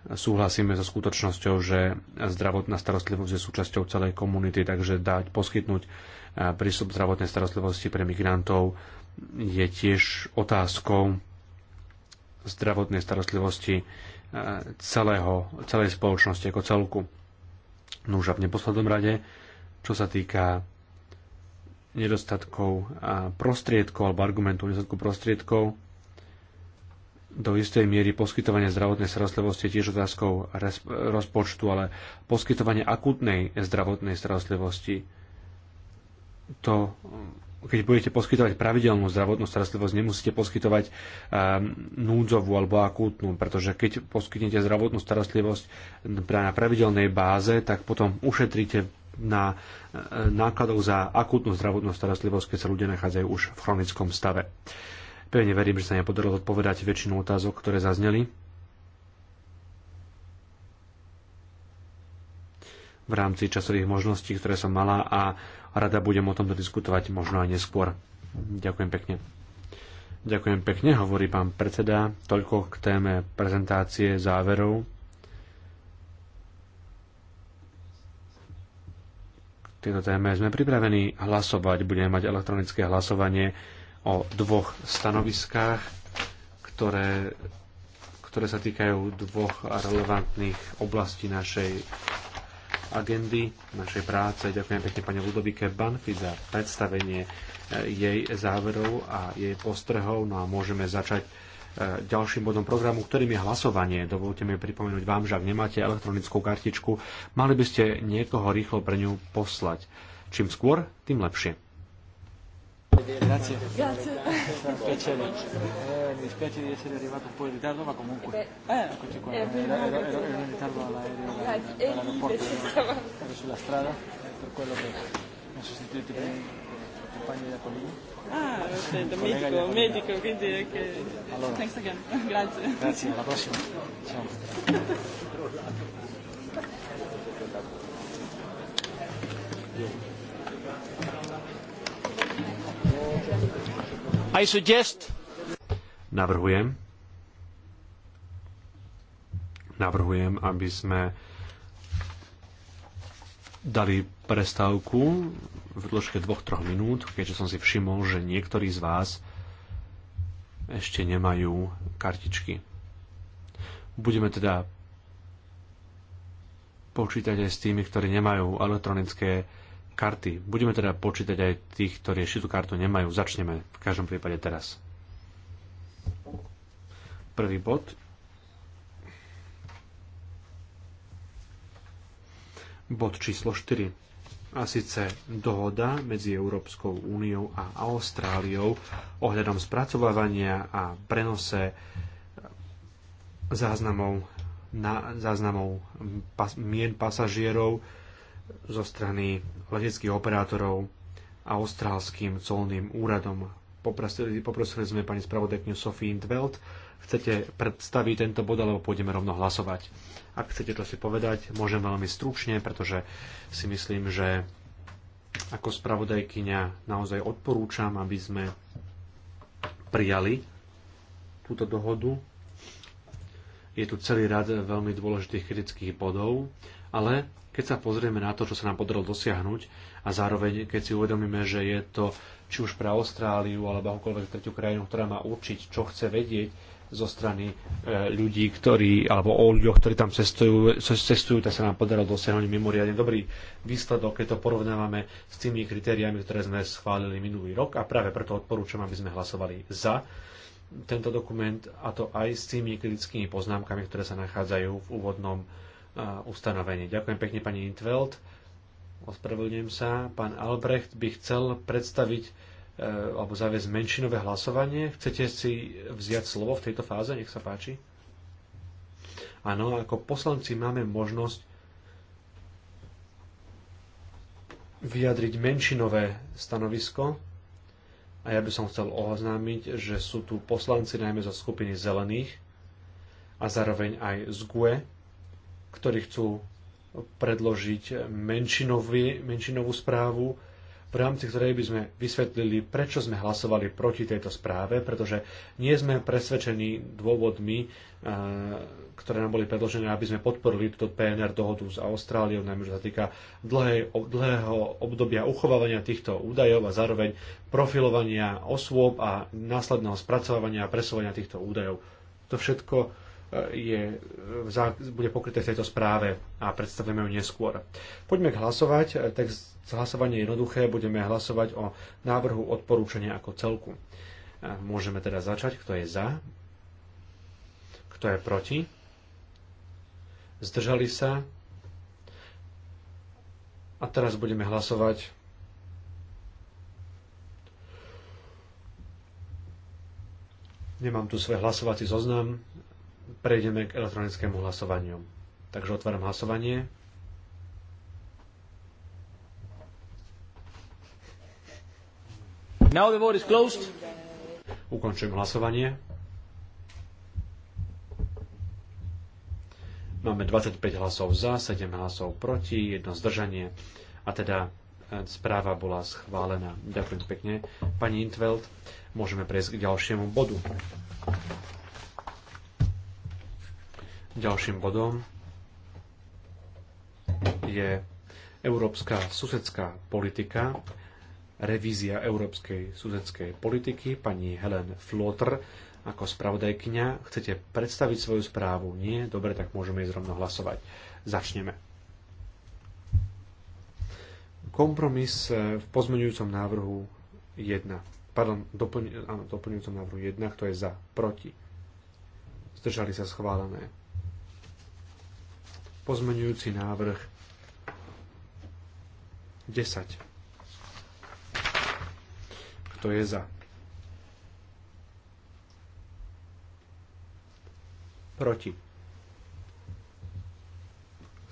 Súhlasíme so skutočnosťou, že zdravotná starostlivosť je súčasťou celej komunity, takže dať, poskytnúť eh, prístup zdravotnej starostlivosti pre migrantov je tiež otázkou zdravotnej starostlivosti eh, celého, celej spoločnosti ako celku. No už a v neposlednom rade, čo sa týka nedostatkov prostriedkov alebo argumentov nedostatku prostriedkov do istej miery poskytovanie zdravotnej starostlivosti je tiež otázkou rozpočtu, ale poskytovanie akutnej zdravotnej starostlivosti to keď budete poskytovať pravidelnú zdravotnú starostlivosť, nemusíte poskytovať um, núdzovú alebo akútnu, pretože keď poskytnete zdravotnú starostlivosť na pravidelnej báze, tak potom ušetríte na e, nákladov za akútnu zdravotnú starostlivosť, keď sa ľudia nachádzajú už v chronickom stave. Pevne verím, že sa mi podarilo odpovedať väčšinu otázok, ktoré zazneli. v rámci časových možností, ktoré som mala a rada budem o tomto diskutovať možno aj neskôr. Ďakujem pekne. Ďakujem pekne, hovorí pán predseda. Toľko k téme prezentácie záverov tejto téme sme pripravení hlasovať. Budeme mať elektronické hlasovanie o dvoch stanoviskách, ktoré, ktoré sa týkajú dvoch relevantných oblastí našej agendy, našej práce. Ďakujem pekne pani Ludovike Banfi za predstavenie eh, jej záverov a jej postrehov. No a môžeme začať E, ďalším bodom programu, ktorým je hlasovanie. Dovolte mi pripomenúť vám, že ak nemáte elektronickú kartičku, mali by ste niekoho rýchlo pre ňu poslať. Čím skôr, tým lepšie. Grazie. Grazie compagno di Apollino. Ah, sento, medico, medico, quindi è che... Allora. Thanks again, grazie. Grazie, alla prossima. Ciao. I suggest... Navrhujem, navrhujem, aby sme dali prestávku v dĺžke 2-3 minút, keďže som si všimol, že niektorí z vás ešte nemajú kartičky. Budeme teda počítať aj s tými, ktorí nemajú elektronické karty. Budeme teda počítať aj tých, ktorí ešte tú kartu nemajú. Začneme v každom prípade teraz. Prvý bod. Bod číslo 4 a síce dohoda medzi Európskou úniou a Austráliou ohľadom spracovávania a prenose záznamov, na, záznamov pas, mien pasažierov zo strany leteckých operátorov austrálským colným úradom. Poprosili, poprosili sme pani spravodajkňu Sofie Intveld, chcete predstaviť tento bod, alebo pôjdeme rovno hlasovať. Ak chcete to si povedať, môžem veľmi stručne, pretože si myslím, že ako spravodajkyňa naozaj odporúčam, aby sme prijali túto dohodu. Je tu celý rad veľmi dôležitých kritických bodov, ale keď sa pozrieme na to, čo sa nám podarilo dosiahnuť a zároveň keď si uvedomíme, že je to či už pre Austráliu alebo akúkoľvek tretiu krajinu, ktorá má určiť, čo chce vedieť, zo strany e, ľudí, ktorí, alebo o ľuďoch, ktorí tam cestujú, cestujú tak sa nám podarilo dosiahnuť mimoriadne dobrý výsledok, keď to porovnávame s tými kritériami, ktoré sme schválili minulý rok a práve preto odporúčam, aby sme hlasovali za tento dokument a to aj s tými kritickými poznámkami, ktoré sa nachádzajú v úvodnom e, ustanovení. Ďakujem pekne pani Intveld. Ospravedlňujem sa. Pán Albrecht by chcel predstaviť E, alebo zaviesť menšinové hlasovanie. Chcete si vziať slovo v tejto fáze? Nech sa páči. Áno, ako poslanci máme možnosť vyjadriť menšinové stanovisko a ja by som chcel oznámiť, že sú tu poslanci najmä zo skupiny zelených a zároveň aj z GUE, ktorí chcú predložiť menšinovú správu, v rámci ktorej by sme vysvetlili, prečo sme hlasovali proti tejto správe, pretože nie sme presvedčení dôvodmi, e, ktoré nám boli predložené, aby sme podporili túto PNR dohodu s Austráliou, najmä čo sa týka dlhej, dlhého obdobia uchovávania týchto údajov a zároveň profilovania osôb a následného spracovania a presovania týchto údajov. To všetko je, bude pokryté v tejto správe a predstavíme ju neskôr. Poďme k hlasovať. Text hlasovanie je jednoduché. Budeme hlasovať o návrhu odporúčania ako celku. Môžeme teda začať, kto je za, kto je proti, zdržali sa. A teraz budeme hlasovať Nemám tu svoj hlasovací zoznam, prejdeme k elektronickému hlasovaniu. Takže otváram hlasovanie. Now the vote is closed. Ukončujem hlasovanie. Máme 25 hlasov za, 7 hlasov proti, jedno zdržanie. A teda e, správa bola schválená. Ďakujem pekne. Pani Intveld, môžeme prejsť k ďalšiemu bodu. Ďalším bodom je európska susedská politika, revízia európskej susedskej politiky. Pani Helen Flotr ako spravodajkynia chcete predstaviť svoju správu. Nie? Dobre, tak môžeme ísť rovno hlasovať. Začneme. Kompromis e, v pozmeňujúcom návrhu 1. Pardon, doplň, áno, doplňujúcom návrhu 1, kto je za, proti. Zdržali sa schválené Pozmenujúci návrh 10. Kto je za? Proti.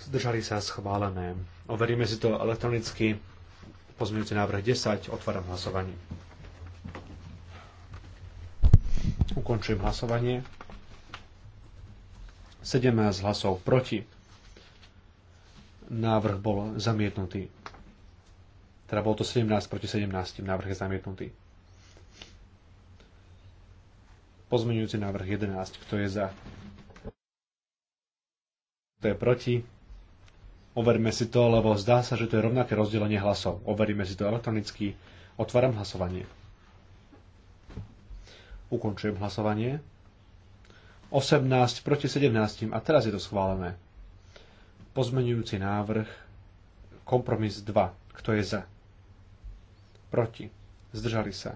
Zdržali sa schválené. Overíme si to elektronicky. Pozmenujúci návrh 10. Otváram hlasovanie. Ukončujem hlasovanie. 17 hlasov proti. Návrh bol zamietnutý. Teda bolo to 17 proti 17, návrh je zamietnutý. Pozmeňujúci návrh 11, kto je za? Kto je proti? Overme si to, lebo zdá sa, že to je rovnaké rozdelenie hlasov. Overíme si to elektronicky. Otváram hlasovanie. Ukončujem hlasovanie. 18 proti 17 a teraz je to schválené. Pozmenujúci návrh, kompromis 2. Kto je za? Proti. Zdržali sa.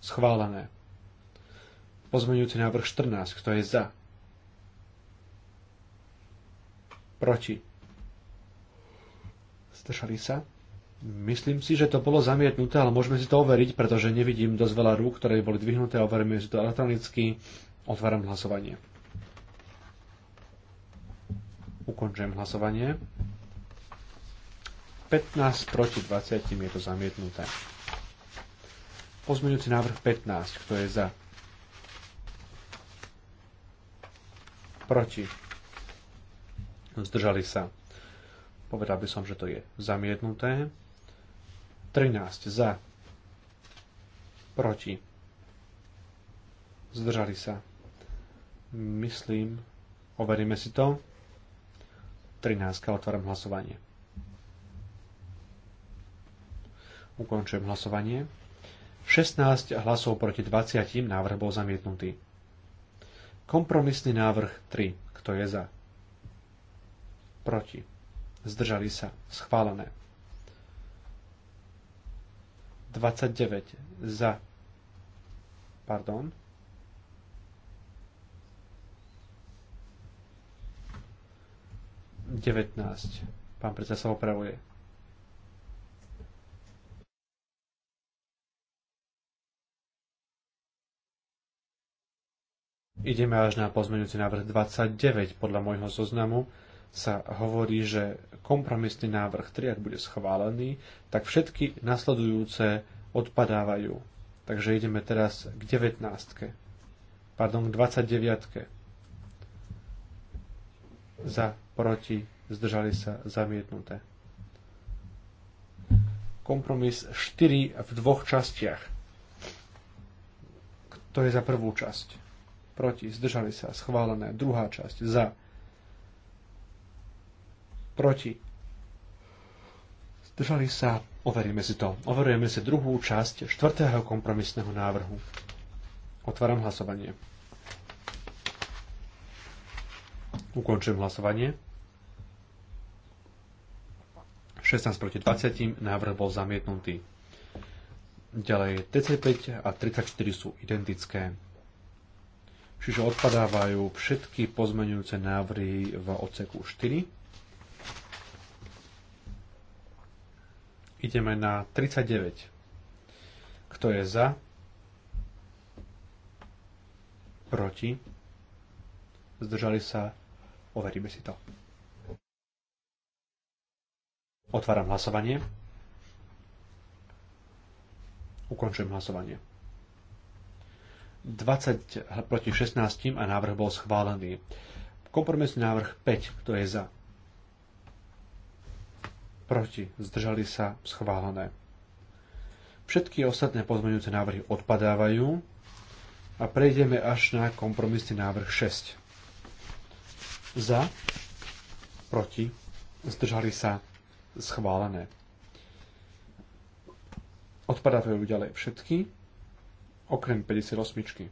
Schválené. Pozmenujúci návrh 14. Kto je za? Proti. Zdržali sa. Myslím si, že to bolo zamietnuté, ale môžeme si to overiť, pretože nevidím dosť veľa rúk, ktoré boli dvihnuté. Overíme si to elektronicky. Otváram hlasovanie. Ukončujem hlasovanie. 15 proti 20 je to zamietnuté. Pozmeňujúci návrh 15. Kto je za? Proti. Zdržali sa. Povedal by som, že to je zamietnuté. 13 za. Proti. Zdržali sa. Myslím, overíme si to. 13. Otváram hlasovanie. Ukončujem hlasovanie. 16 hlasov proti 20. Návrh bol zamietnutý. Kompromisný návrh 3. Kto je za? Proti. Zdržali sa. Schválené. 29 za. Pardon. 19. Pán predseda sa opravuje. Ideme až na pozmeňujúci návrh 29. Podľa môjho zoznamu sa hovorí, že kompromisný návrh 3, ak bude schválený, tak všetky nasledujúce odpadávajú. Takže ideme teraz k 19. Pardon, k 29 za, proti, zdržali sa, zamietnuté. Kompromis 4 v dvoch častiach. To je za prvú časť? Proti, zdržali sa, schválené. Druhá časť, za, proti, zdržali sa, overíme si to. Overujeme si druhú časť štvrtého kompromisného návrhu. Otváram hlasovanie. Ukončujem hlasovanie. 16 proti 20, návrh bol zamietnutý. Ďalej 35 5 a 34 sú identické. Čiže odpadávajú všetky pozmenujúce návrhy v odseku 4. Ideme na 39. Kto je za? Proti? Zdržali sa? Overíme si to. Otváram hlasovanie. Ukončujem hlasovanie. 20 proti 16 a návrh bol schválený. Kompromisný návrh 5, kto je za? Proti, zdržali sa, schválené. Všetky ostatné pozmeňujúce návrhy odpadávajú a prejdeme až na kompromisný návrh 6 za, proti, zdržali sa schválené. Odpadávajú ďalej všetky, okrem 58.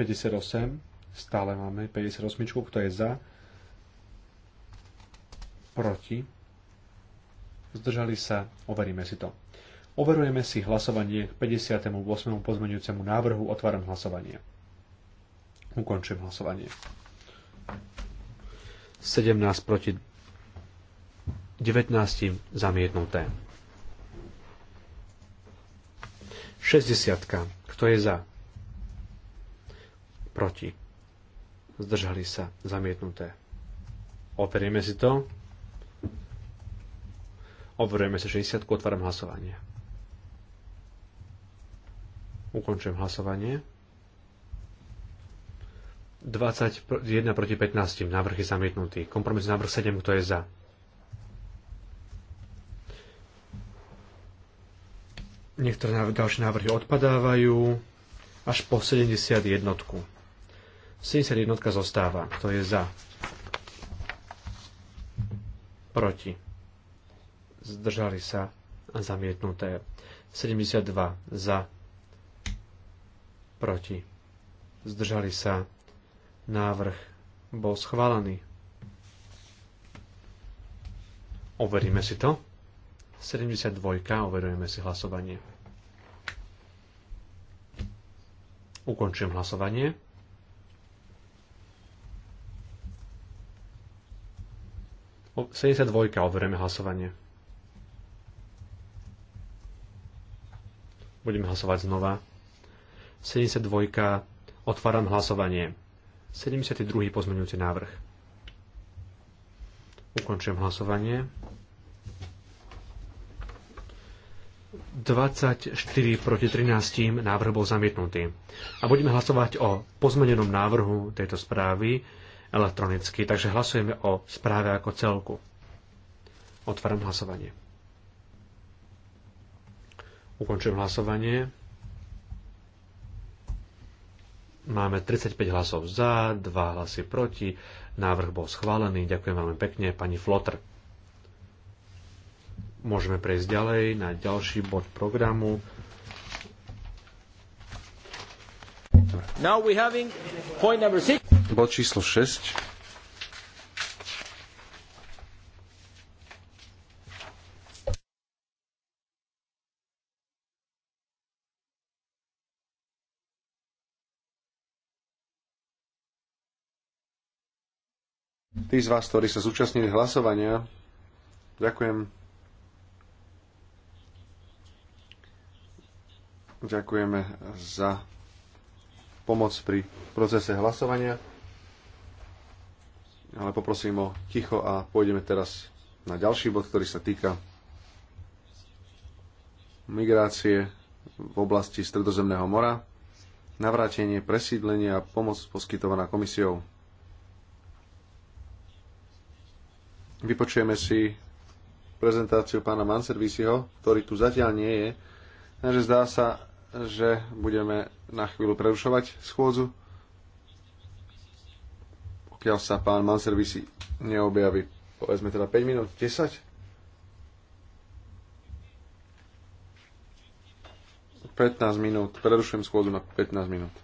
58, stále máme 58, kto je za, proti, zdržali sa, overíme si to. Overujeme si hlasovanie k 58. pozmeňujúcemu návrhu, otváram hlasovanie. Ukončím hlasovanie. 17 proti 19 zamietnuté. 60. Kto je za? Proti. Zdržali sa. Zamietnuté. Operieme si to. Overujeme sa 60. Otváram hlasovanie. Ukončujem hlasovanie. 21 proti 15. Návrh je zamietnutý. Kompromis návrh 7. Kto je za? Niektoré návrhy, ďalšie návrhy odpadávajú až po 71. 71 zostáva. Kto je za? Proti. Zdržali sa a zamietnuté. 72 za. Proti. Zdržali sa Návrh bol schválený. Overíme si to. 72. Overujeme si hlasovanie. Ukončujem hlasovanie. O 72. Overujeme hlasovanie. Budeme hlasovať znova. 72. Otváram hlasovanie. 72. pozmeňujúci návrh. Ukončujem hlasovanie. 24 proti 13 návrh bol zamietnutý. A budeme hlasovať o pozmenenom návrhu tejto správy elektronicky, takže hlasujeme o správe ako celku. Otváram hlasovanie. Ukončujem hlasovanie. Máme 35 hlasov za, 2 hlasy proti. Návrh bol schválený. Ďakujem veľmi pekne, pani Flotr. Môžeme prejsť ďalej na ďalší bod programu. Bod číslo 6 Tí z vás, ktorí sa zúčastnili hlasovania, ďakujem. Ďakujeme za pomoc pri procese hlasovania. Ale poprosím o ticho a pôjdeme teraz na ďalší bod, ktorý sa týka migrácie v oblasti Stredozemného mora, navrátenie, presídlenia a pomoc poskytovaná komisiou. Vypočujeme si prezentáciu pána Manservisiho, ktorý tu zatiaľ nie je. Takže zdá sa, že budeme na chvíľu prerušovať schôdzu, pokiaľ sa pán Manservisi neobjaví. Povedzme teda 5 minút, 10? 15 minút. Prerušujem schôdzu na 15 minút.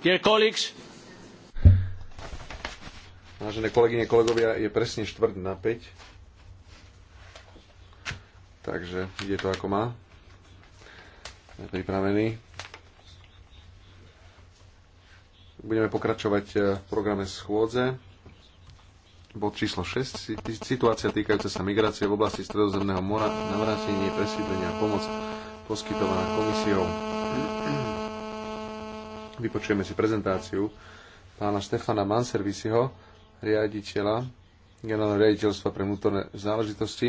Vážené kolegyne, kolegovia, je presne štvrť na 5. Takže ide to ako má. sme pripravený. Budeme pokračovať e, v programe schôdze. Bod číslo 6. Situácia týkajúca sa migrácie v oblasti Stredozemného mora, navrátenie, presídlenia a pomoc poskytovaná komisiou. Vypočujeme si prezentáciu pána Štefana Manservisiho, riaditeľa generálneho riaditeľstva pre vnútorné záležitosti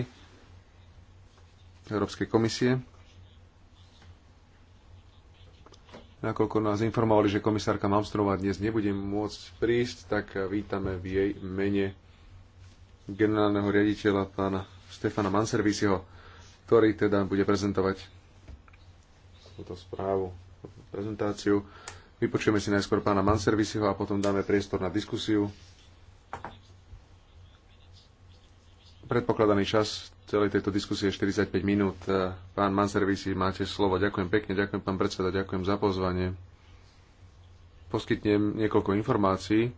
Európskej komisie. Nakoľko nás informovali, že komisárka Malmstrová dnes nebude môcť prísť, tak vítame v jej mene generálneho riaditeľa pána Štefana Manservisiho, ktorý teda bude prezentovať túto správu, prezentáciu. Vypočujeme si najskôr pána Manservisiho a potom dáme priestor na diskusiu. Predpokladaný čas celej tejto diskusie je 45 minút. Pán Manservisi, máte slovo. Ďakujem pekne, ďakujem pán predseda, ďakujem za pozvanie. Poskytnem niekoľko informácií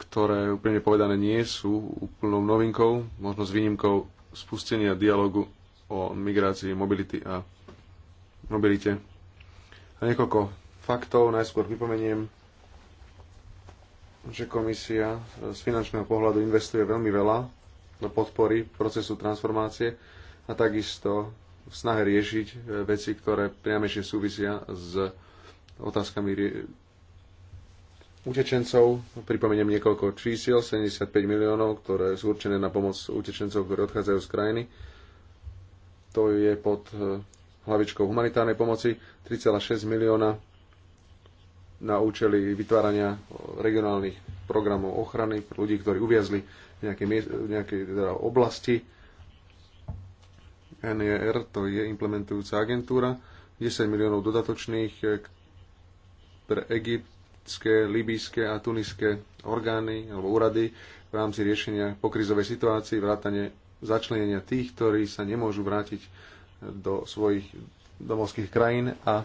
ktoré úplne povedané nie sú úplnou novinkou, možno s výnimkou spustenia dialogu o migrácii, mobility a mobilite Niekoľko faktov. Najskôr pripomeniem, že komisia e, z finančného pohľadu investuje veľmi veľa do podpory procesu transformácie a takisto v snahe riešiť e, veci, ktoré priamejšie súvisia s otázkami utečencov. Pripomeniem niekoľko čísiel, 75 miliónov, ktoré sú určené na pomoc utečencov, ktorí odchádzajú z krajiny. To je pod e, hlavičkou humanitárnej pomoci, 3,6 milióna na účely vytvárania regionálnych programov ochrany pre ľudí, ktorí uviazli v nejakej, v nejakej teda oblasti. NER to je implementujúca agentúra, 10 miliónov dodatočných eh, pre egyptské, libijské a tuniské orgány alebo úrady v rámci riešenia pokrizovej situácii, vrátane začlenenia tých, ktorí sa nemôžu vrátiť do svojich domovských krajín a e,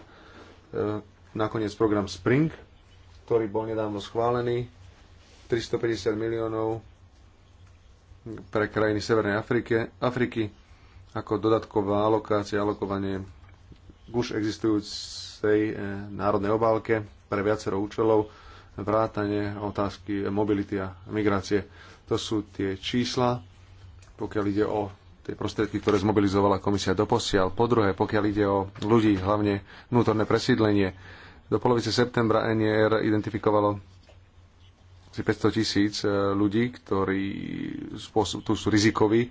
nakoniec program Spring, ktorý bol nedávno schválený, 350 miliónov pre krajiny Severnej Afrike, Afriky ako dodatková alokácia, alokovanie k už existujúcej e, národnej obálke pre viacero účelov, vrátanie otázky mobility a migrácie. To sú tie čísla, pokiaľ ide o tie prostriedky, ktoré zmobilizovala komisia doposiaľ. Po druhé, pokiaľ ide o ľudí, hlavne vnútorné presídlenie, do polovice septembra NER identifikovalo asi 500 tisíc e, ľudí, ktorí tu sú rizikoví, e,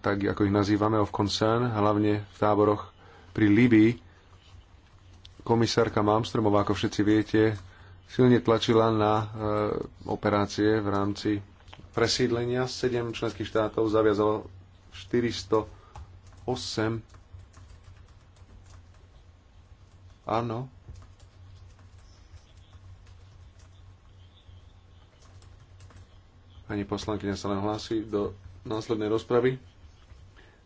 tak ako ich nazývame, of concern, hlavne v táboroch pri Libii. Komisárka Malmströmová, ako všetci viete, silne tlačila na e, operácie v rámci presídlenia. Sedem členských štátov zaviazalo 408. Áno. Pani poslankyňa sa nám hlási do následnej rozpravy.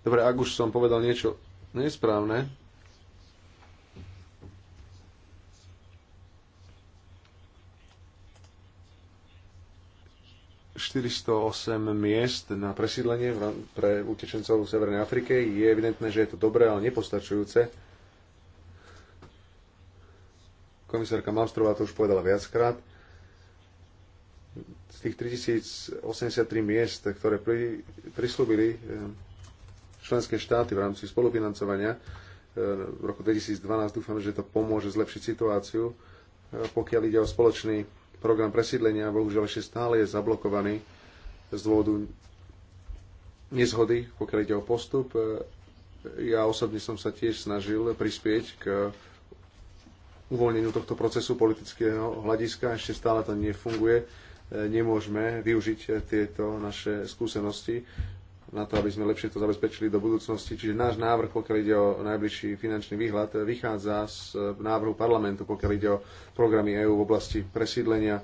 Dobre, ak už som povedal niečo nesprávne, 408 miest na presídlenie pre utečencov v Severnej Afrike. Je evidentné, že je to dobré, ale nepostačujúce. Komisárka Malmstrová to už povedala viackrát. Z tých 3083 miest, ktoré pri, prislúbili eh, členské štáty v rámci spolufinancovania eh, v roku 2012, dúfam, že to pomôže zlepšiť situáciu, eh, pokiaľ ide o spoločný Program presídlenia bohužiaľ ešte stále je zablokovaný z dôvodu nezhody, pokiaľ ide o postup. Ja osobne som sa tiež snažil prispieť k uvoľneniu tohto procesu politického hľadiska. Ešte stále to nefunguje. Nemôžeme využiť tieto naše skúsenosti na to, aby sme lepšie to zabezpečili do budúcnosti. Čiže náš návrh, pokiaľ ide o najbližší finančný výhľad, vychádza z e, návrhu parlamentu, pokiaľ ide o programy EÚ v oblasti presídlenia.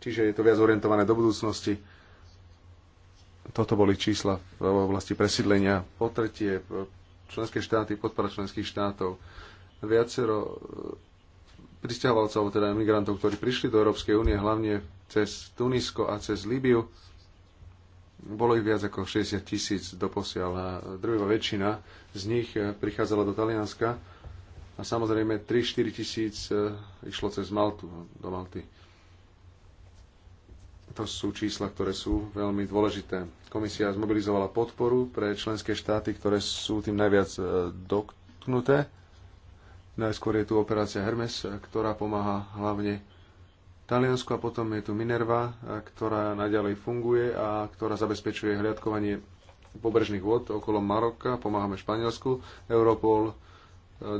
Čiže je to viac orientované do budúcnosti. Toto boli čísla v oblasti presídlenia. Po tretie, e, členské štáty, podpora členských štátov. Viacero e, pristahovalcov, teda imigrantov, ktorí prišli do Európskej únie, hlavne cez Tunisko a cez Líbiu, bolo ich viac ako 60 tisíc doposiaľ a drvivá väčšina z nich eh, prichádzala do Talianska a samozrejme 3-4 tisíc eh, išlo cez Maltu, do Malty. To sú čísla, ktoré sú veľmi dôležité. Komisia zmobilizovala podporu pre členské štáty, ktoré sú tým najviac eh, dotknuté. Najskôr je tu operácia Hermes, ktorá pomáha hlavne Taliansku a potom je tu Minerva, ktorá naďalej funguje a ktorá zabezpečuje hliadkovanie pobrežných vod okolo Maroka, pomáhame Španielsku. Europol e,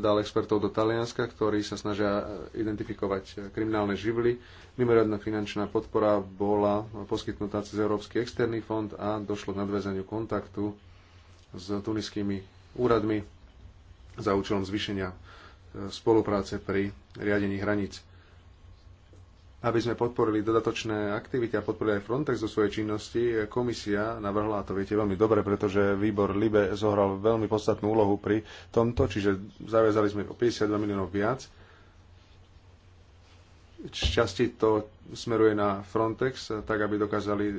dal expertov do Talianska, ktorí sa snažia e, identifikovať e, kriminálne živly. Mimoriadná finančná podpora bola poskytnutá cez Európsky externý fond a došlo k nadväzaniu kontaktu s tuniskými úradmi za účelom zvýšenia spolupráce pri riadení hraníc aby sme podporili dodatočné aktivity a podporili aj Frontex do svojej činnosti, komisia navrhla, a to viete veľmi dobre, pretože výbor LIBE zohral veľmi podstatnú úlohu pri tomto, čiže zaviazali sme o 52 miliónov viac. Časti to smeruje na Frontex, tak aby dokázali e,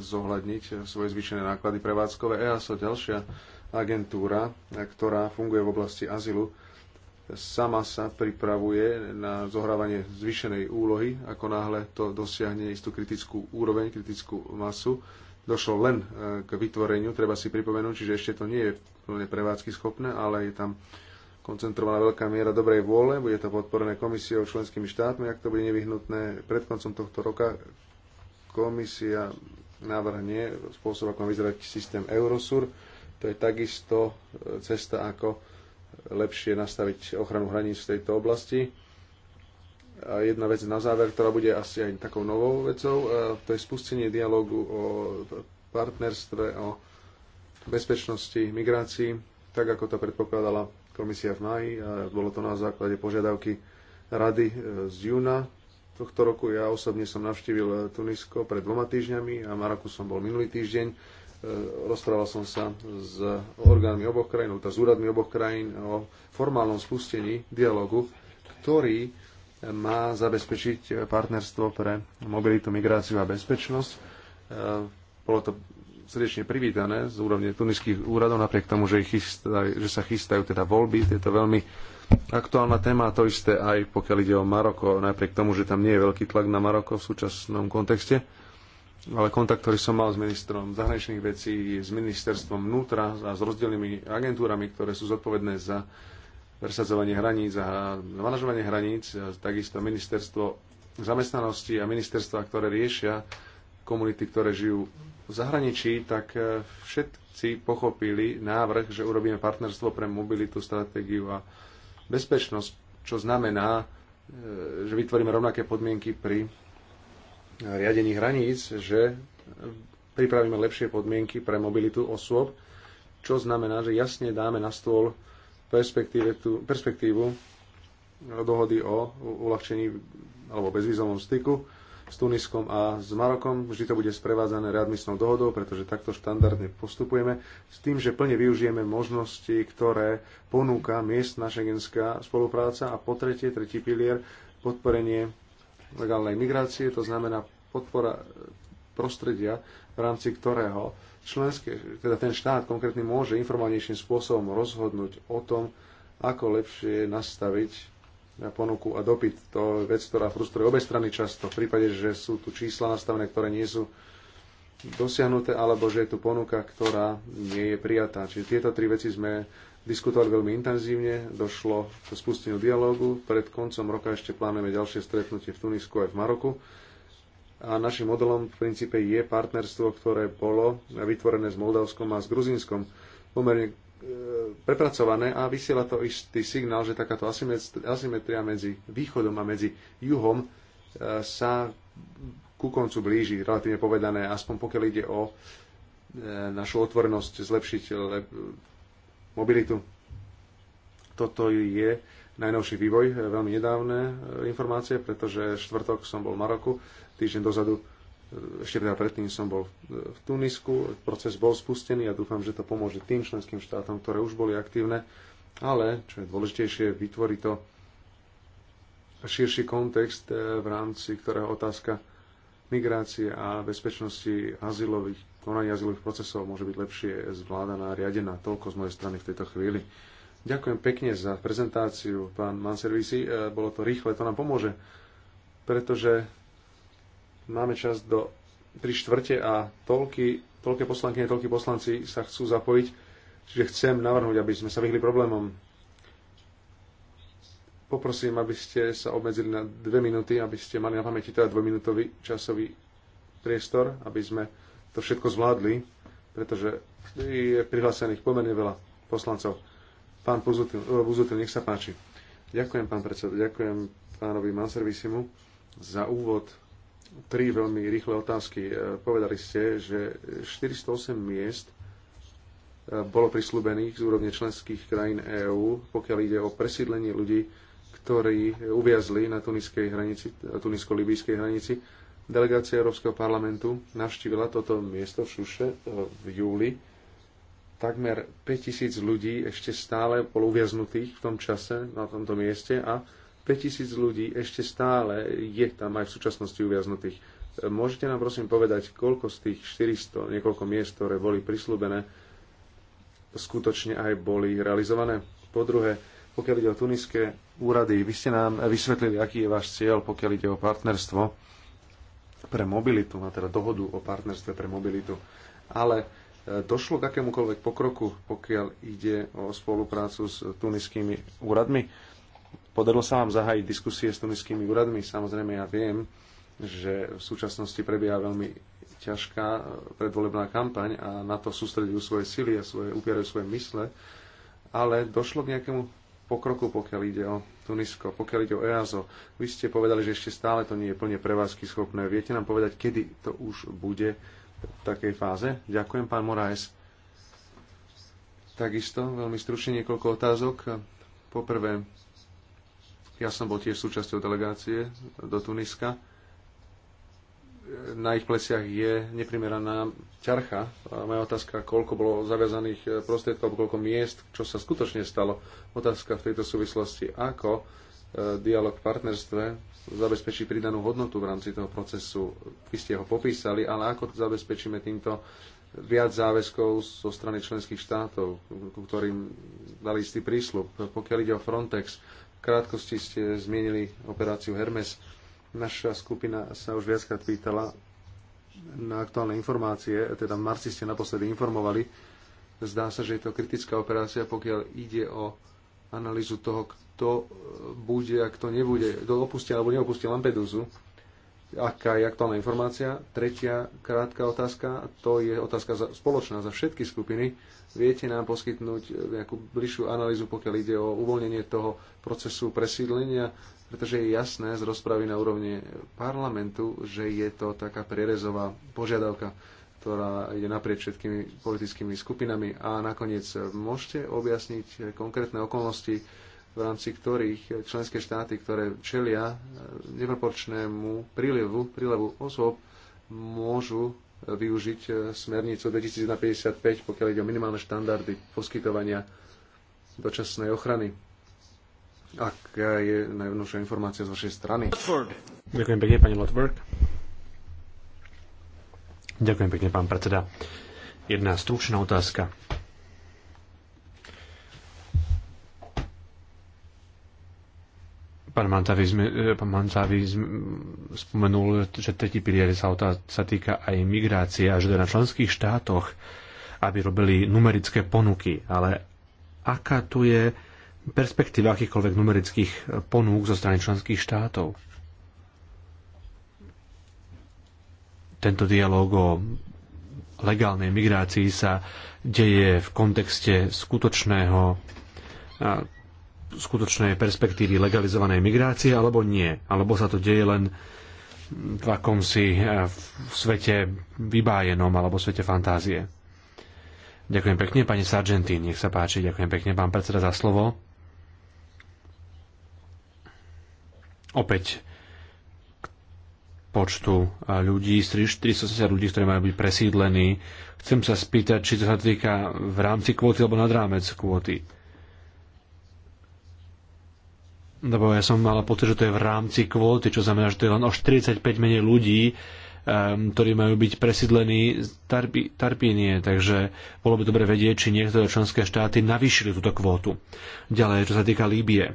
zohľadniť svoje zvyšené náklady prevádzkové. EASO, ďalšia agentúra, e, ktorá funguje v oblasti azylu, sama sa pripravuje na zohrávanie zvýšenej úlohy, ako náhle to dosiahne istú kritickú úroveň, kritickú masu. Došlo len e, k vytvoreniu, treba si pripomenúť, čiže ešte to nie je plne prevádzky schopné, ale je tam koncentrovaná veľká miera dobrej vôle, bude to podporené komisiou členskými štátmi, ak to bude nevyhnutné. Pred koncom tohto roka komisia navrhne spôsob, ako má vyzerať systém Eurosur. To je takisto e, cesta, ako lepšie nastaviť ochranu hraníc v tejto oblasti. A jedna vec na záver, ktorá bude asi aj takou novou vecou, to je spustenie dialogu o partnerstve, o bezpečnosti, migrácii, tak ako to predpokladala komisia v maji. bolo to na základe požiadavky rady e, z júna tohto roku. Ja osobne som navštívil Tunisko pred dvoma týždňami a Maraku som bol minulý týždeň E, rozprával som sa s orgánmi oboch krajín, alebo teda s úradmi oboch krajín o formálnom spustení dialogu, ktorý má zabezpečiť partnerstvo pre mobilitu, migráciu a bezpečnosť. E, bolo to srdečne privítané z úrovne tuniských úradov, napriek tomu, že, ich chystaj, že sa chystajú teda voľby. je to veľmi aktuálna téma to isté aj pokiaľ ide o Maroko, napriek tomu, že tam nie je veľký tlak na Maroko v súčasnom kontexte ale kontakt, ktorý som mal s ministrom zahraničných vecí, s ministerstvom vnútra a s rozdielnymi agentúrami, ktoré sú zodpovedné za presadzovanie hraníc a manažovanie hraníc, a takisto ministerstvo zamestnanosti a ministerstva, ktoré riešia komunity, ktoré žijú v zahraničí, tak e, všetci pochopili návrh, že urobíme partnerstvo pre mobilitu, stratégiu a bezpečnosť, čo znamená, e, že vytvoríme rovnaké podmienky pri riadení hraníc, že pripravíme lepšie podmienky pre mobilitu osôb, čo znamená, že jasne dáme na stôl perspektívu dohody o uľahčení alebo bezvýzovom styku s Tuniskom a s Marokom. Vždy to bude sprevádzané readmisnou dohodou, pretože takto štandardne postupujeme, s tým, že plne využijeme možnosti, ktoré ponúka miestna šengenská spolupráca a po tretie, tretí pilier, podporenie legálnej migrácie, to znamená podpora prostredia, v rámci ktorého členské, teda ten štát konkrétne môže informovanejším spôsobom rozhodnúť o tom, ako lepšie nastaviť na ponuku a dopyt. To je vec, ktorá frustruje obe strany často. V prípade, že sú tu čísla nastavené, ktoré nie sú dosiahnuté, alebo že je tu ponuka, ktorá nie je prijatá. Čiže tieto tri veci sme diskutovali veľmi intenzívne, došlo k spusteniu dialógu. Pred koncom roka ešte plánujeme ďalšie stretnutie v Tunisku aj v Maroku. A našim modelom v princípe je partnerstvo, ktoré bolo vytvorené s Moldavskom a s Gruzínskom pomerne e, prepracované a vysiela to istý signál, že takáto asymetria medzi východom a medzi juhom e, sa ku koncu blíži, relatívne povedané, aspoň pokiaľ ide o e, našu otvorenosť zlepšiť mobilitu. Toto je najnovší vývoj, eh, veľmi nedávne eh, informácie, pretože štvrtok som bol v Maroku, týždeň dozadu, eh, ešte teda predtým som bol v Tunisku, proces bol spustený a dúfam, že to pomôže tým členským štátom, ktoré už boli aktívne, ale, čo je dôležitejšie, vytvorí to širší kontext, v rámci ktorého otázka migrácie a bezpečnosti azylových konanie azylových procesov môže byť lepšie zvládaná a riadená. Toľko z mojej strany v tejto chvíli. Ďakujem pekne za prezentáciu, pán Manservisi. E, bolo to rýchle, to nám pomôže, pretože máme čas do 3 štvrte a toľky, toľké a toľky poslanci sa chcú zapojiť, čiže chcem navrhnúť, aby sme sa vyhli problémom. Poprosím, aby ste sa obmedzili na dve minúty, aby ste mali na pamäti teda dvojminútový časový priestor, aby sme to všetko zvládli, pretože je prihlásených pomerne veľa poslancov. Pán Buzutil, eh, nech sa páči. Ďakujem, pán predseda, ďakujem pánovi Manservisimu za úvod. Tri veľmi rýchle otázky. Eh, povedali ste, že 408 miest eh, bolo prislúbených z úrovne členských krajín EÚ, pokiaľ ide o presídlenie ľudí, ktorí uviazli na tuniskej hranici, tunisko-libijskej hranici Delegácia Európskeho parlamentu navštívila toto miesto v Šuše e, v júli. Takmer 5000 ľudí ešte stále bolo uviaznutých v tom čase na tomto mieste a 5000 ľudí ešte stále je tam aj v súčasnosti uviaznutých. E, môžete nám prosím povedať, koľko z tých 400, niekoľko miest, ktoré boli prislúbené, skutočne aj boli realizované? Po druhé, pokiaľ ide o tuniské úrady, vy ste nám vysvetlili, aký je váš cieľ, pokiaľ ide o partnerstvo pre mobilitu, a teda dohodu o partnerstve pre mobilitu. Ale e, došlo k akémukoľvek pokroku, pokiaľ ide o spoluprácu s tuniskými úradmi? Podarilo sa vám zahájiť diskusie s tuniskými úradmi? Samozrejme, ja viem, že v súčasnosti prebieha veľmi ťažká e, predvolebná kampaň a na to sústredujú svoje sily a svoje, upierajú svoje mysle, ale došlo k nejakému pokroku, pokiaľ ide o Tunisko. Pokiaľ ide o EASO, vy ste povedali, že ešte stále to nie je plne prevádzky schopné. Viete nám povedať, kedy to už bude v takej fáze? Ďakujem, pán Moraes. Takisto, veľmi stručne niekoľko otázok. Poprvé, ja som bol tiež súčasťou delegácie do Tuniska na ich pleciach je neprimeraná ťarcha. A moja otázka, koľko bolo zaviazaných eh, prostriedkov, koľko miest, čo sa skutočne stalo. Otázka v tejto súvislosti, ako eh, dialog v partnerstve zabezpečí pridanú hodnotu v rámci toho procesu. Vy ste ho popísali, ale ako zabezpečíme týmto viac záväzkov zo strany členských štátov, ktorým dali istý prísľub. Pokiaľ ide o Frontex, v krátkosti ste zmienili operáciu Hermes Naša skupina sa už viackrát pýtala na aktuálne informácie, teda v marci ste naposledy informovali. Zdá sa, že je to kritická operácia, pokiaľ ide o analýzu toho, kto bude a kto nebude, kto opustí alebo neopustí Lampedusu. Aká je aktuálna informácia? Tretia krátka otázka, to je otázka za, spoločná za všetky skupiny. Viete nám poskytnúť nejakú bližšiu analýzu, pokiaľ ide o uvoľnenie toho procesu presídlenia, pretože je jasné z rozpravy na úrovni parlamentu, že je to taká prierezová požiadavka, ktorá ide naprieč všetkými politickými skupinami. A nakoniec, môžete objasniť konkrétne okolnosti, v rámci ktorých členské štáty, ktoré čelia eh, neproporčnému prílevu, prílevu osôb, môžu eh, využiť eh, smernicu 2055, pokiaľ ide o minimálne štandardy poskytovania dočasnej ochrany Aká je najvnúšia informácia z vašej strany? Ďakujem pekne, pani Lotberg. Ďakujem pekne, pán predseda. Jedna stručná otázka. Pán Mantavi, eh, pán Mantavi spomenul, že tretí pilier sa, sa týka aj migrácie a že teda na členských štátoch, aby robili numerické ponuky. Ale aká tu je perspektíve akýchkoľvek numerických ponúk zo strany členských štátov. Tento dialog o legálnej migrácii sa deje v kontexte skutočného skutočnej perspektívy legalizovanej migrácie, alebo nie. Alebo sa to deje len v akomsi e, v svete vybájenom alebo v svete fantázie. Ďakujem pekne, pani Sargentín, nech sa páči. Ďakujem pekne, pán predseda, za slovo. opäť k počtu e, ľudí, 480 ľudí, ktorí majú byť presídlení. Chcem sa spýtať, či to sa týka v rámci kvóty alebo nad rámec kvóty. Lebo ja som mal pocit, že to je v rámci kvóty, čo znamená, že to je len o 45 menej ľudí, um, ktorí majú byť presídlení z Tarpi, Tarpínie, takže bolo by dobre vedieť, či niektoré členské štáty navýšili túto kvótu. Ďalej, čo sa týka Líbie.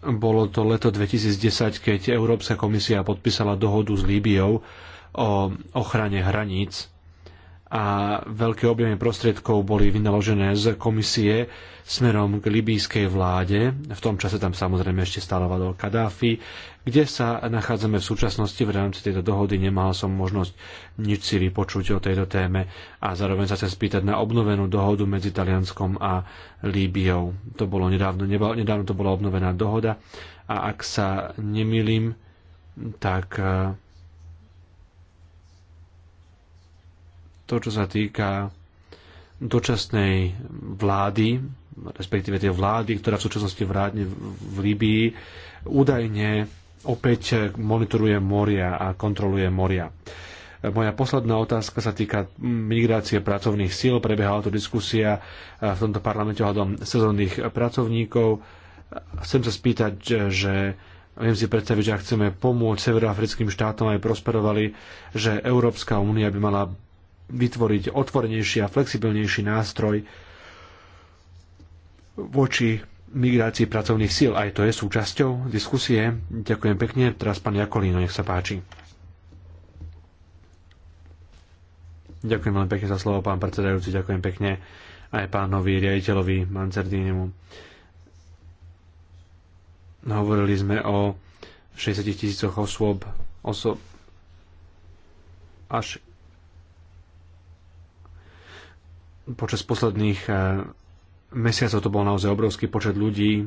Bolo to leto 2010, keď Európska komisia podpísala dohodu s Líbiou o ochrane hraníc a veľké objemy prostriedkov boli vynaložené z komisie smerom k libýskej vláde. V tom čase tam samozrejme ešte stále vadol Kadáfi, kde sa nachádzame v súčasnosti v rámci tejto dohody. Nemal som možnosť nič si vypočuť o tejto téme a zároveň sa chcem spýtať na obnovenú dohodu medzi Talianskom a Líbiou. To bolo nedávno, nedávno to bola obnovená dohoda a ak sa nemýlim, tak eh, to, čo sa týka dočasnej vlády, respektíve tej vlády, ktorá v súčasnosti vládne v Líbii, údajne opäť monitoruje moria a kontroluje moria. Moja posledná otázka sa týka migrácie pracovných síl. Prebiehala tu diskusia e, v tomto parlamente ohľadom sezónnych pracovníkov. Chcem sa spýtať, že viem si predstaviť, že ak chceme pomôcť severoafrickým štátom, aj prosperovali, že Európska únia by mala vytvoriť otvorenejší a flexibilnejší nástroj voči migrácii pracovných síl. Aj to je súčasťou diskusie. Ďakujem pekne. Teraz pán Jakolíno, nech sa páči. Ďakujem veľmi pekne za slovo, pán predsedajúci. Ďakujem pekne aj pánovi riaditeľovi Mancerdínemu. Hovorili sme o 60 tisícoch osôb, osob až Počas posledných eh, mesiacov to bol naozaj obrovský počet ľudí,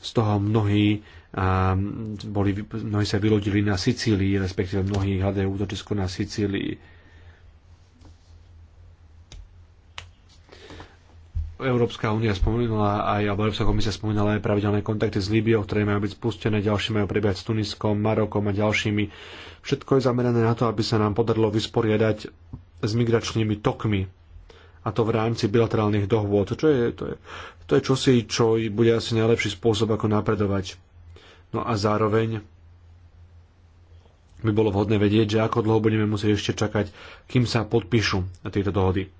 z toho mnohí, eh, boli, mnohí sa vylodili na Sicílii, respektíve mnohí hľadajú útočisko na Sicílii. Európska únia spomenula aj, alebo Európska komisia spomenula aj pravidelné kontakty s Líbiou, ktoré majú byť spustené, ďalšie majú prebiehať s Tuniskom, Marokom a ďalšími. Všetko je zamerané na to, aby sa nám podarilo vysporiadať s migračnými tokmi a to v rámci bilaterálnych dohôd. Čo je, to, je, to je čosi, čo bude asi najlepší spôsob, ako napredovať. No a zároveň by bolo vhodné vedieť, že ako dlho budeme musieť ešte čakať, kým sa podpíšu na tieto dohody.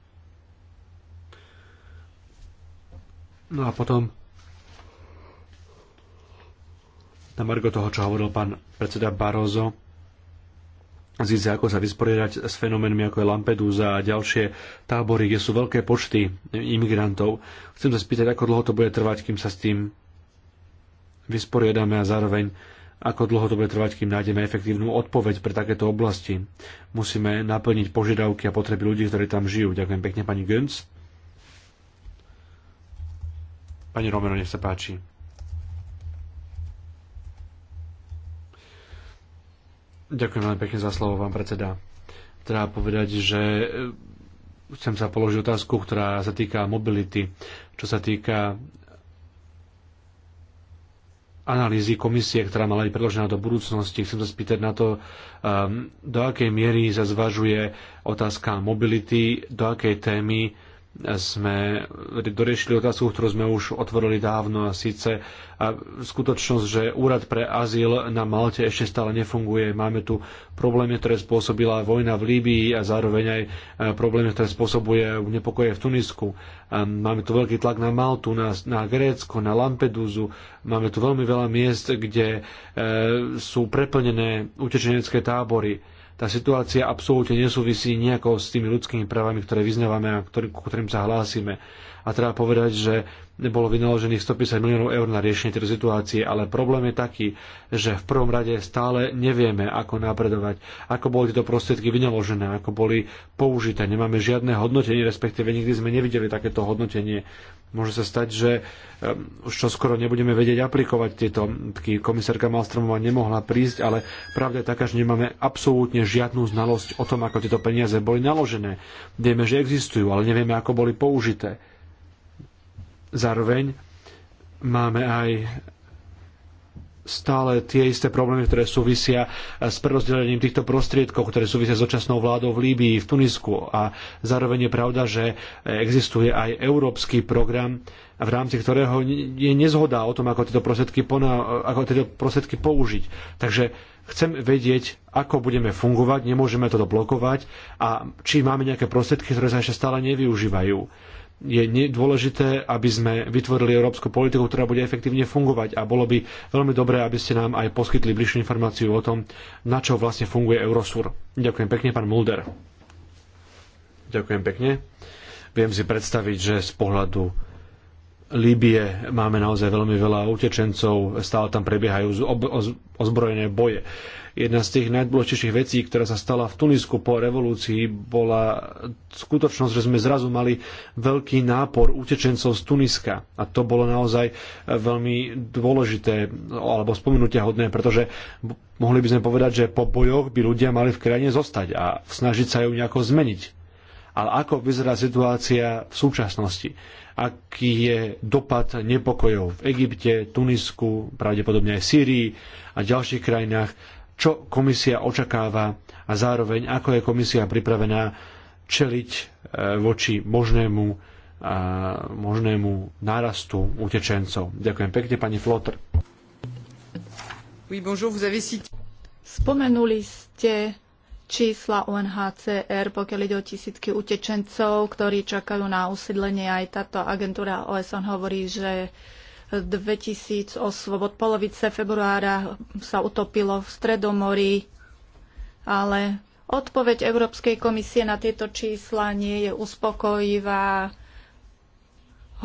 No a potom na margo toho, čo hovoril pán predseda Barozo, zísť, ako sa vysporiadať s fenoménmi ako je Lampedusa a ďalšie tábory, kde sú veľké počty imigrantov. Chcem sa spýtať, ako dlho to bude trvať, kým sa s tým vysporiadame a zároveň ako dlho to bude trvať, kým nájdeme efektívnu odpoveď pre takéto oblasti. Musíme naplniť požiadavky a potreby ľudí, ktorí tam žijú. Ďakujem pekne, pani Günz. Pani Romero, nech sa páči. Ďakujem veľmi pekne za slovo, pán predseda. Treba povedať, že e, chcem sa položiť otázku, ktorá sa týka mobility, čo sa týka analýzy komisie, ktorá mala byť predložená do budúcnosti. Chcem sa spýtať na to, ehm, do akej miery sa zvažuje otázka mobility, do akej témy sme doriešili otázku, ktorú sme už otvorili dávno a síce a skutočnosť, že úrad pre azyl na Malte ešte stále nefunguje. Máme tu problémy, ktoré spôsobila vojna v Líbii a zároveň aj e, problémy, ktoré spôsobuje nepokoje v Tunisku. Máme tu veľký tlak na Maltu, na, na Grécko, na Lampedúzu. Máme tu veľmi veľa miest, kde e, sú preplnené utečenecké tábory tá situácia absolútne nesúvisí nejako s tými ľudskými právami, ktoré vyznávame a ktorý, ku ktorým sa hlásime a treba povedať, že bolo vynaložených 150 miliónov eur na riešenie tejto situácie, ale problém je taký, že v prvom rade stále nevieme, ako napredovať, ako boli tieto prostriedky vynaložené, ako boli použité. Nemáme žiadne hodnotenie, respektíve nikdy sme nevideli takéto hodnotenie. Môže sa stať, že um, už čo skoro nebudeme vedieť aplikovať tieto. Komisárka Malstromová nemohla prísť, ale pravda je taká, že nemáme absolútne žiadnu znalosť o tom, ako tieto peniaze boli naložené. Vieme, že existujú, ale nevieme, ako boli použité. Zároveň máme aj stále tie isté problémy, ktoré súvisia s prerozdelením týchto prostriedkov, ktoré súvisia s očasnou vládou v Líbii, v Tunisku. A zároveň je pravda, že existuje aj európsky program, v rámci ktorého je nezhoda o tom, ako tieto prostriedky, pona- ako tieto prostriedky použiť. Takže chcem vedieť, ako budeme fungovať, nemôžeme toto blokovať a či máme nejaké prostriedky, ktoré sa ešte stále nevyužívajú je dôležité, aby sme vytvorili európsku politiku, ktorá bude efektívne fungovať a bolo by veľmi dobré, aby ste nám aj poskytli bližšiu informáciu o tom, na čo vlastne funguje Eurosur. Ďakujem pekne, pán Mulder. Ďakujem pekne. Viem si predstaviť, že z pohľadu Líbie máme naozaj veľmi veľa utečencov, stále tam prebiehajú ozbrojené boje. Jedna z tých najdôležitejších vecí, ktorá sa stala v Tunisku po revolúcii, bola skutočnosť, že sme zrazu mali veľký nápor utečencov z Tuniska. A to bolo naozaj veľmi dôležité alebo spomenutia hodné, pretože mohli by sme povedať, že po bojoch by ľudia mali v krajine zostať a snažiť sa ju nejako zmeniť. Ale ako vyzerá situácia v súčasnosti? aký je dopad nepokojov v Egypte, Tunisku, pravdepodobne aj Sýrii a ďalších krajinách čo komisia očakáva a zároveň ako je komisia pripravená čeliť e, voči možnému, e, možnému nárastu utečencov. Ďakujem pekne, pani Flotr. Spomenuli ste čísla UNHCR, pokiaľ ide o tisícky utečencov, ktorí čakajú na usídlenie. Aj táto agentúra OSN hovorí, že 2000 osôb od polovice februára sa utopilo v Stredomorí, ale odpoveď Európskej komisie na tieto čísla nie je uspokojivá.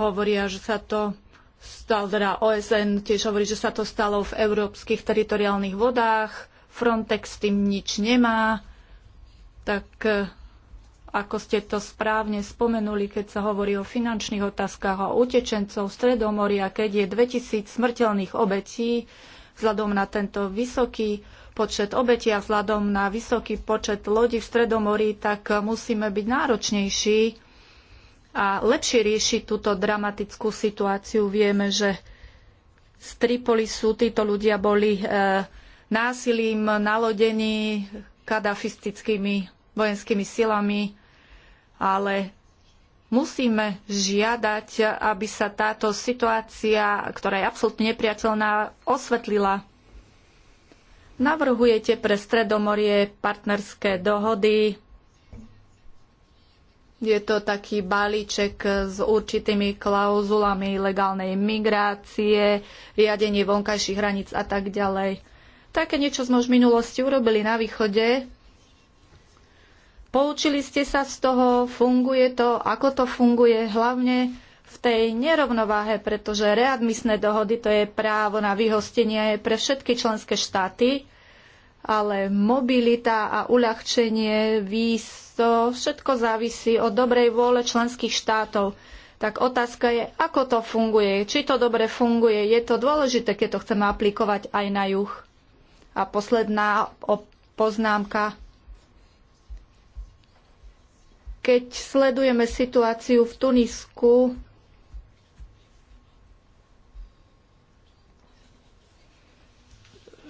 Hovoria, že sa to stalo, teda OSN tiež hovorí, že sa to stalo v európskych teritoriálnych vodách, Frontex s tým nič nemá, tak ako ste to správne spomenuli, keď sa hovorí o finančných otázkach a utečencov Stredomoria, keď je 2000 smrteľných obetí, vzhľadom na tento vysoký počet obetí a vzhľadom na vysoký počet lodí v Stredomorí, tak musíme byť náročnejší a lepšie riešiť túto dramatickú situáciu. Vieme, že z Tripolisu títo ľudia boli e, násilím nalodení kadafistickými vojenskými silami ale musíme žiadať, aby sa táto situácia, ktorá je absolútne nepriateľná, osvetlila. Navrhujete pre Stredomorie partnerské dohody. Je to taký balíček s určitými klauzulami legálnej migrácie, riadenie vonkajších hraníc a tak ďalej. Také niečo sme už v minulosti urobili na východe Poučili ste sa z toho, funguje to, ako to funguje, hlavne v tej nerovnováhe, pretože readmisné dohody to je právo na vyhostenie pre všetky členské štáty, ale mobilita a uľahčenie víz, to všetko závisí od dobrej vôle členských štátov. Tak otázka je, ako to funguje, či to dobre funguje, je to dôležité, keď to chceme aplikovať aj na juh. A posledná poznámka keď sledujeme situáciu v Tunisku,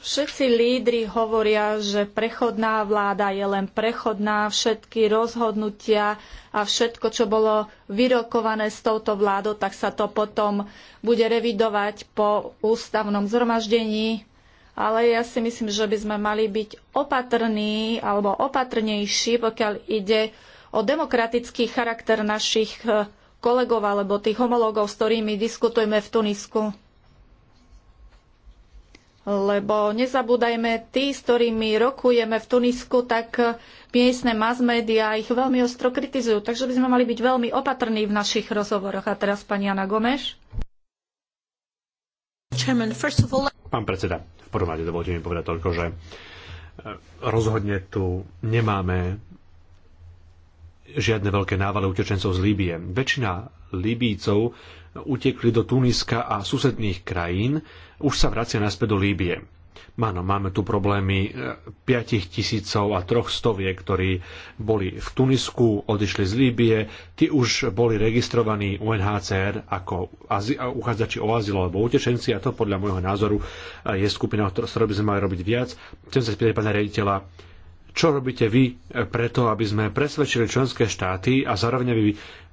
Všetci lídri hovoria, že prechodná vláda je len prechodná, všetky rozhodnutia a všetko, čo bolo vyrokované s touto vládou, tak sa to potom bude revidovať po ústavnom zhromaždení. Ale ja si myslím, že by sme mali byť opatrní alebo opatrnejší, pokiaľ ide o demokratický charakter našich e, kolegov alebo tých homológov, s ktorými diskutujeme v Tunisku. Lebo nezabúdajme, tí, s ktorými rokujeme v Tunisku, tak e, miestne mass media ich veľmi ostro kritizujú. Takže by sme mali byť veľmi opatrní v našich rozhovoroch. A teraz pani Ana Gomeš. Pán predseda, v prvom rade dovolte mi povedať toľko, že e, rozhodne tu nemáme žiadne veľké návale utečencov z Líbie. Väčšina Líbícov utekli do Tuniska a susedných krajín, už sa vracia naspäť do Líbie. Áno, máme tu problémy 5 e, tisícov a troch stoviek, ktorí boli v Tunisku, odišli z Líbie, tí už boli registrovaní UNHCR ako uchádzači o azyl alebo utečenci a to podľa môjho názoru e, je skupina, s by sme mali robiť viac. Chcem sa spýtať pána rediteľa, čo robíte vy e, preto, aby sme presvedčili členské štáty a zároveň aby,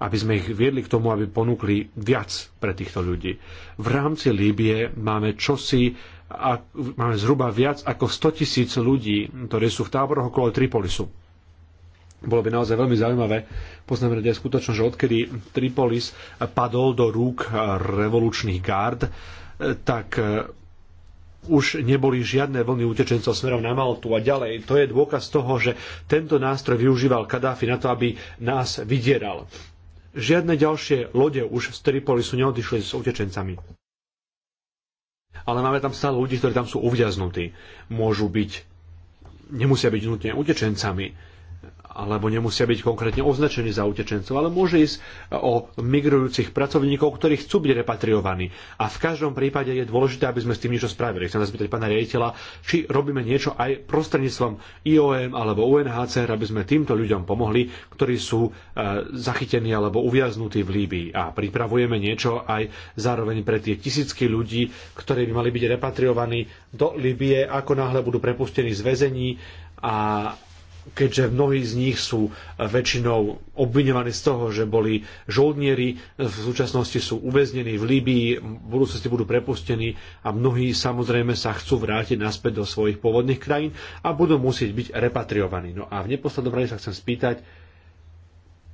aby sme ich viedli k tomu, aby ponúkli viac pre týchto ľudí. V rámci Líbie máme čosi, a máme zhruba viac ako 100 tisíc ľudí, ktorí sú v táboroch okolo Tripolisu. Bolo by naozaj veľmi zaujímavé poznamenať aj skutočnosť, že odkedy Tripolis padol do rúk revolučných gard, e, tak e, už neboli žiadne vlny utečencov smerom na Maltu a ďalej. To je dôkaz toho, že tento nástroj využíval Kadáfi na to, aby nás vydieral. Žiadne ďalšie lode už z sú neodišli s utečencami. Ale máme tam stále ľudí, ktorí tam sú uviaznutí. Môžu byť, nemusia byť nutne utečencami alebo nemusia byť konkrétne označení za utečencov, ale môže ísť o migrujúcich pracovníkov, ktorí chcú byť repatriovaní. A v každom prípade je dôležité, aby sme s tým niečo spravili. Chcem sa spýtať pána riaditeľa, či robíme niečo aj prostredníctvom IOM alebo UNHCR, aby sme týmto ľuďom pomohli, ktorí sú e, zachytení alebo uviaznutí v Líbii. A pripravujeme niečo aj zároveň pre tie tisícky ľudí, ktorí by mali byť repatriovaní do Líbie, ako náhle budú prepustení z väzení a keďže mnohí z nich sú väčšinou obviňovaní z toho, že boli žoldnieri, v súčasnosti sú uväznení v Líbii, v budúcnosti budú prepustení a mnohí samozrejme sa chcú vrátiť naspäť do svojich pôvodných krajín a budú musieť byť repatriovaní. No a v neposlednom rade sa chcem spýtať,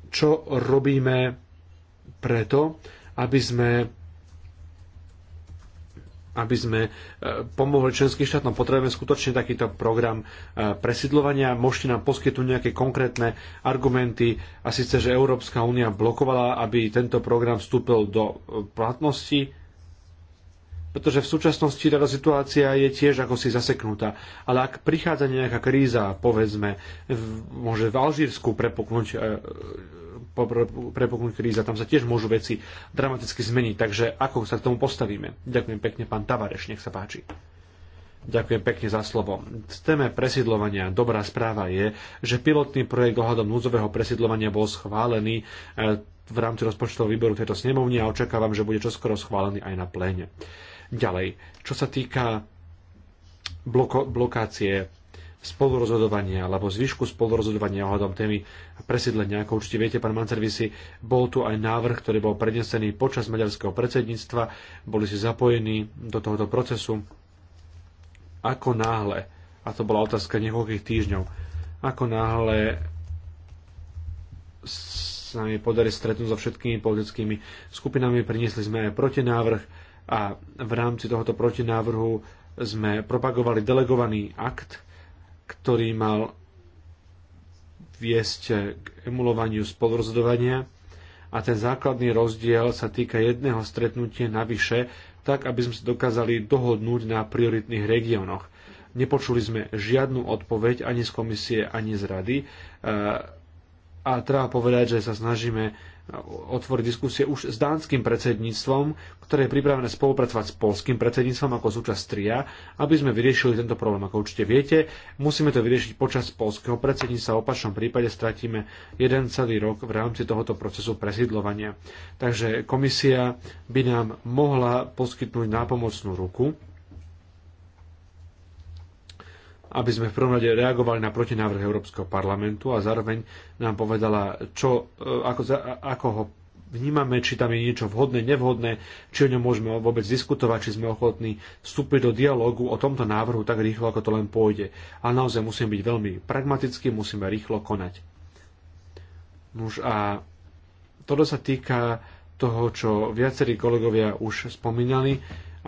čo robíme preto, aby sme aby sme e, pomohli členským štátom. Potrebujeme skutočne takýto program e, presidlovania. Môžete nám poskytnúť nejaké konkrétne argumenty a síce, že Európska únia blokovala, aby tento program vstúpil do e, platnosti, pretože v súčasnosti táto teda situácia je tiež ako si zaseknutá. Ale ak prichádza nejaká kríza, povedzme, v, môže v Alžírsku prepuknúť e, prepuknúť kríza, tam sa tiež môžu veci dramaticky zmeniť. Takže ako sa k tomu postavíme? Ďakujem pekne, pán Tavareš, nech sa páči. Ďakujem pekne za slovo. V téme presidlovania dobrá správa je, že pilotný projekt ohľadom núdzového presidlovania bol schválený e, v rámci rozpočtového výboru tejto snemovne a očakávam, že bude čoskoro schválený aj na pléne. Ďalej, čo sa týka bloko- blokácie spolurozhodovania alebo zvyšku spolurozhodovania ohľadom témy presídlenia. Ako určite viete, pán Mancervisi, bol tu aj návrh, ktorý bol prednesený počas maďarského predsedníctva, boli si zapojení do tohoto procesu. Ako náhle, a to bola otázka niekoľkých týždňov, ako náhle sa mi podarí stretnúť so všetkými politickými skupinami, priniesli sme aj protinávrh a v rámci tohoto protinávrhu sme propagovali delegovaný akt, ktorý mal viesť k emulovaniu spolurozhodovania a ten základný rozdiel sa týka jedného stretnutia navyše, tak aby sme sa dokázali dohodnúť na prioritných regiónoch. Nepočuli sme žiadnu odpoveď ani z komisie, ani z rady e, a treba povedať, že sa snažíme otvoriť diskusie už s dánskym predsedníctvom, ktoré je pripravené spolupracovať s polským predsedníctvom ako súčasť tria, aby sme vyriešili tento problém. Ako určite viete, musíme to vyriešiť počas polského predsedníctva, v opačnom prípade stratíme jeden celý rok v rámci tohoto procesu presídlovania. Takže komisia by nám mohla poskytnúť nápomocnú ruku aby sme v prvom rade reagovali na protinávrh Európskeho parlamentu a zároveň nám povedala, čo, e, ako, ako ho vnímame, či tam je niečo vhodné, nevhodné, či o ňom môžeme vôbec diskutovať, či sme ochotní vstúpiť do dialógu o tomto návrhu tak rýchlo, ako to len pôjde. Ale naozaj musíme byť veľmi pragmatickí, musíme rýchlo konať. Nuž a toto sa týka toho, čo viacerí kolegovia už spomínali,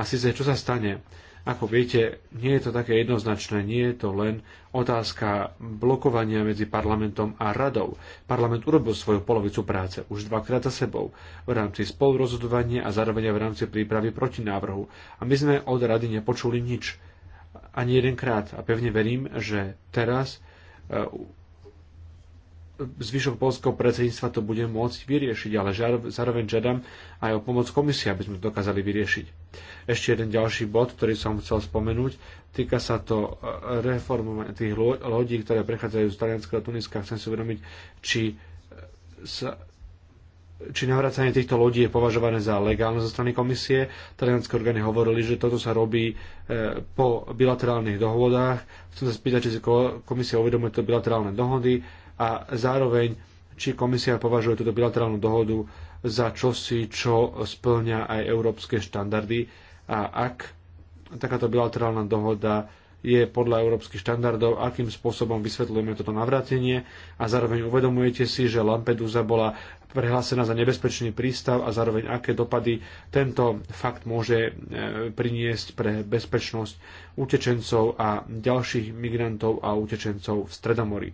a síce čo sa stane, ako viete, nie je to také jednoznačné, nie je to len otázka blokovania medzi parlamentom a radou. Parlament urobil svoju polovicu práce už dvakrát za sebou v rámci spolurozhodovania a zároveň v rámci prípravy protinávrhu. A my sme od rady nepočuli nič. Ani jedenkrát. A pevne verím, že teraz e, zvyšok polského predsedníctva to bude môcť vyriešiť, ale zároveň žiadam aj o pomoc komisie, aby sme to dokázali vyriešiť. Ešte jeden ďalší bod, ktorý som chcel spomenúť, týka sa to e, reformovania tých lodí, ktoré prechádzajú z Talianska do Tuniska. Chcem si uvedomiť, či, e, sa, či navracanie týchto lodí je považované za legálne zo strany komisie. Talianské orgány hovorili, že toto sa robí e, po bilaterálnych dohodách. Chcem sa spýtať, či si komisia uvedomuje to bilaterálne dohody a zároveň, či komisia považuje túto bilaterálnu dohodu za čosi, čo splňa aj európske štandardy a ak takáto bilaterálna dohoda je podľa európskych štandardov, akým spôsobom vysvetľujeme toto navrátenie a zároveň uvedomujete si, že Lampedusa bola prehlásená za nebezpečný prístav a zároveň aké dopady tento fakt môže e, priniesť pre bezpečnosť utečencov a ďalších migrantov a utečencov v Stredomorí.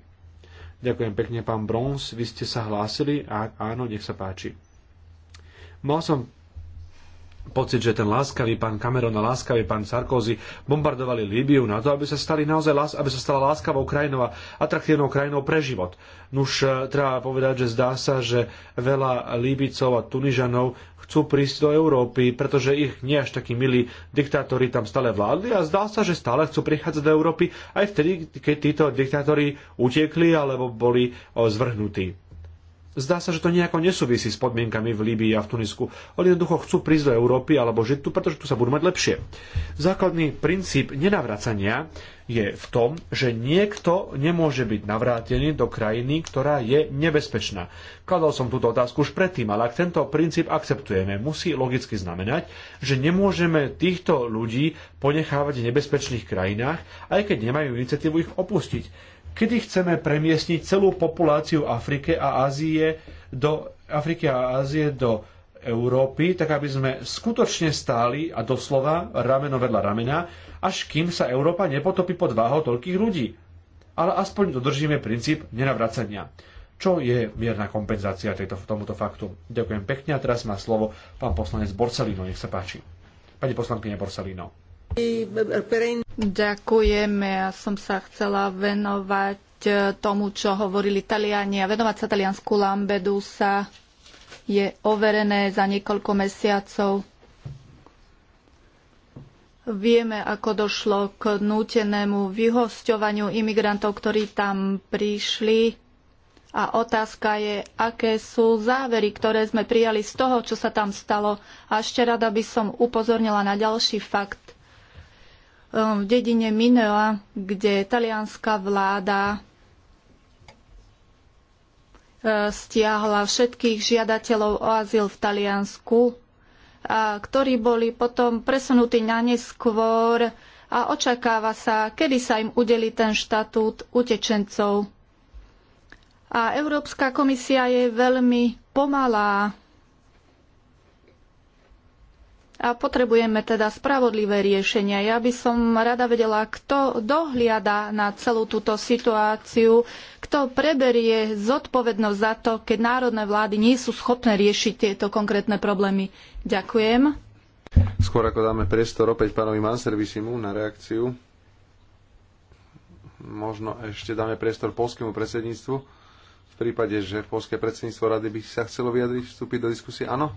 Ďakujem pekne, pán Brons. Vy ste sa hlásili? A, áno, nech sa páči. Mal som pocit, že ten láskavý pán Cameron a láskavý pán Sarkozy bombardovali Líbiu na to, aby sa, stali naozaj, aby sa stala láskavou krajinou a atraktívnou krajinou pre život. Nuž e, treba povedať, že zdá sa, že veľa Líbicov a Tunižanov chcú prísť do Európy, pretože ich nie až takí milí diktátori tam stále vládli a zdá sa, že stále chcú prichádzať do Európy aj vtedy, keď títo diktátori utekli alebo boli zvrhnutí. Zdá sa, že to nejako nesúvisí s podmienkami v Líbii a v Tunisku. Oni jednoducho chcú prísť do Európy alebo žiť tu, pretože tu sa budú mať lepšie. Základný princíp nenavracania je v tom, že niekto nemôže byť navrátený do krajiny, ktorá je nebezpečná. Kladol som túto otázku už predtým, ale ak tento princíp akceptujeme, musí logicky znamenať, že nemôžeme týchto ľudí ponechávať v nebezpečných krajinách, aj keď nemajú iniciatívu ich opustiť kedy chceme premiesniť celú populáciu Afrike a Ázie do Afriky a Ázie do Európy, tak aby sme skutočne stáli a doslova rameno vedľa ramena, až kým sa Európa nepotopí pod váhou toľkých ľudí. Ale aspoň dodržíme princíp nenavracania čo je mierna kompenzácia tejto, tomuto faktu. Ďakujem pekne a teraz má slovo pán poslanec Borsalino, nech sa páči. Pani poslankyňa Borsalino. Ďakujeme. Ja som sa chcela venovať e, tomu, čo hovorili Taliani a venovať sa taliansku Lambedusa je overené za niekoľko mesiacov. Vieme, ako došlo k nútenému vyhosťovaniu imigrantov, ktorí tam prišli. A otázka je, aké sú závery, ktoré sme prijali z toho, čo sa tam stalo. A ešte rada by som upozornila na ďalší fakt v dedine Minela, kde talianská vláda e, stiahla všetkých žiadateľov o azyl v Taliansku, a ktorí boli potom presunutí na neskôr a očakáva sa, kedy sa im udeli ten štatút utečencov. A Európska komisia je veľmi pomalá a potrebujeme teda spravodlivé riešenia. Ja by som rada vedela, kto dohliada na celú túto situáciu, kto preberie zodpovednosť za to, keď národné vlády nie sú schopné riešiť tieto konkrétne problémy. Ďakujem. Skôr ako dáme priestor opäť pánovi Manservisimu na reakciu, možno ešte dáme priestor polskému predsedníctvu. V prípade, že polské predsedníctvo rady by sa chcelo vyjadriť, vstúpiť do diskusie, áno?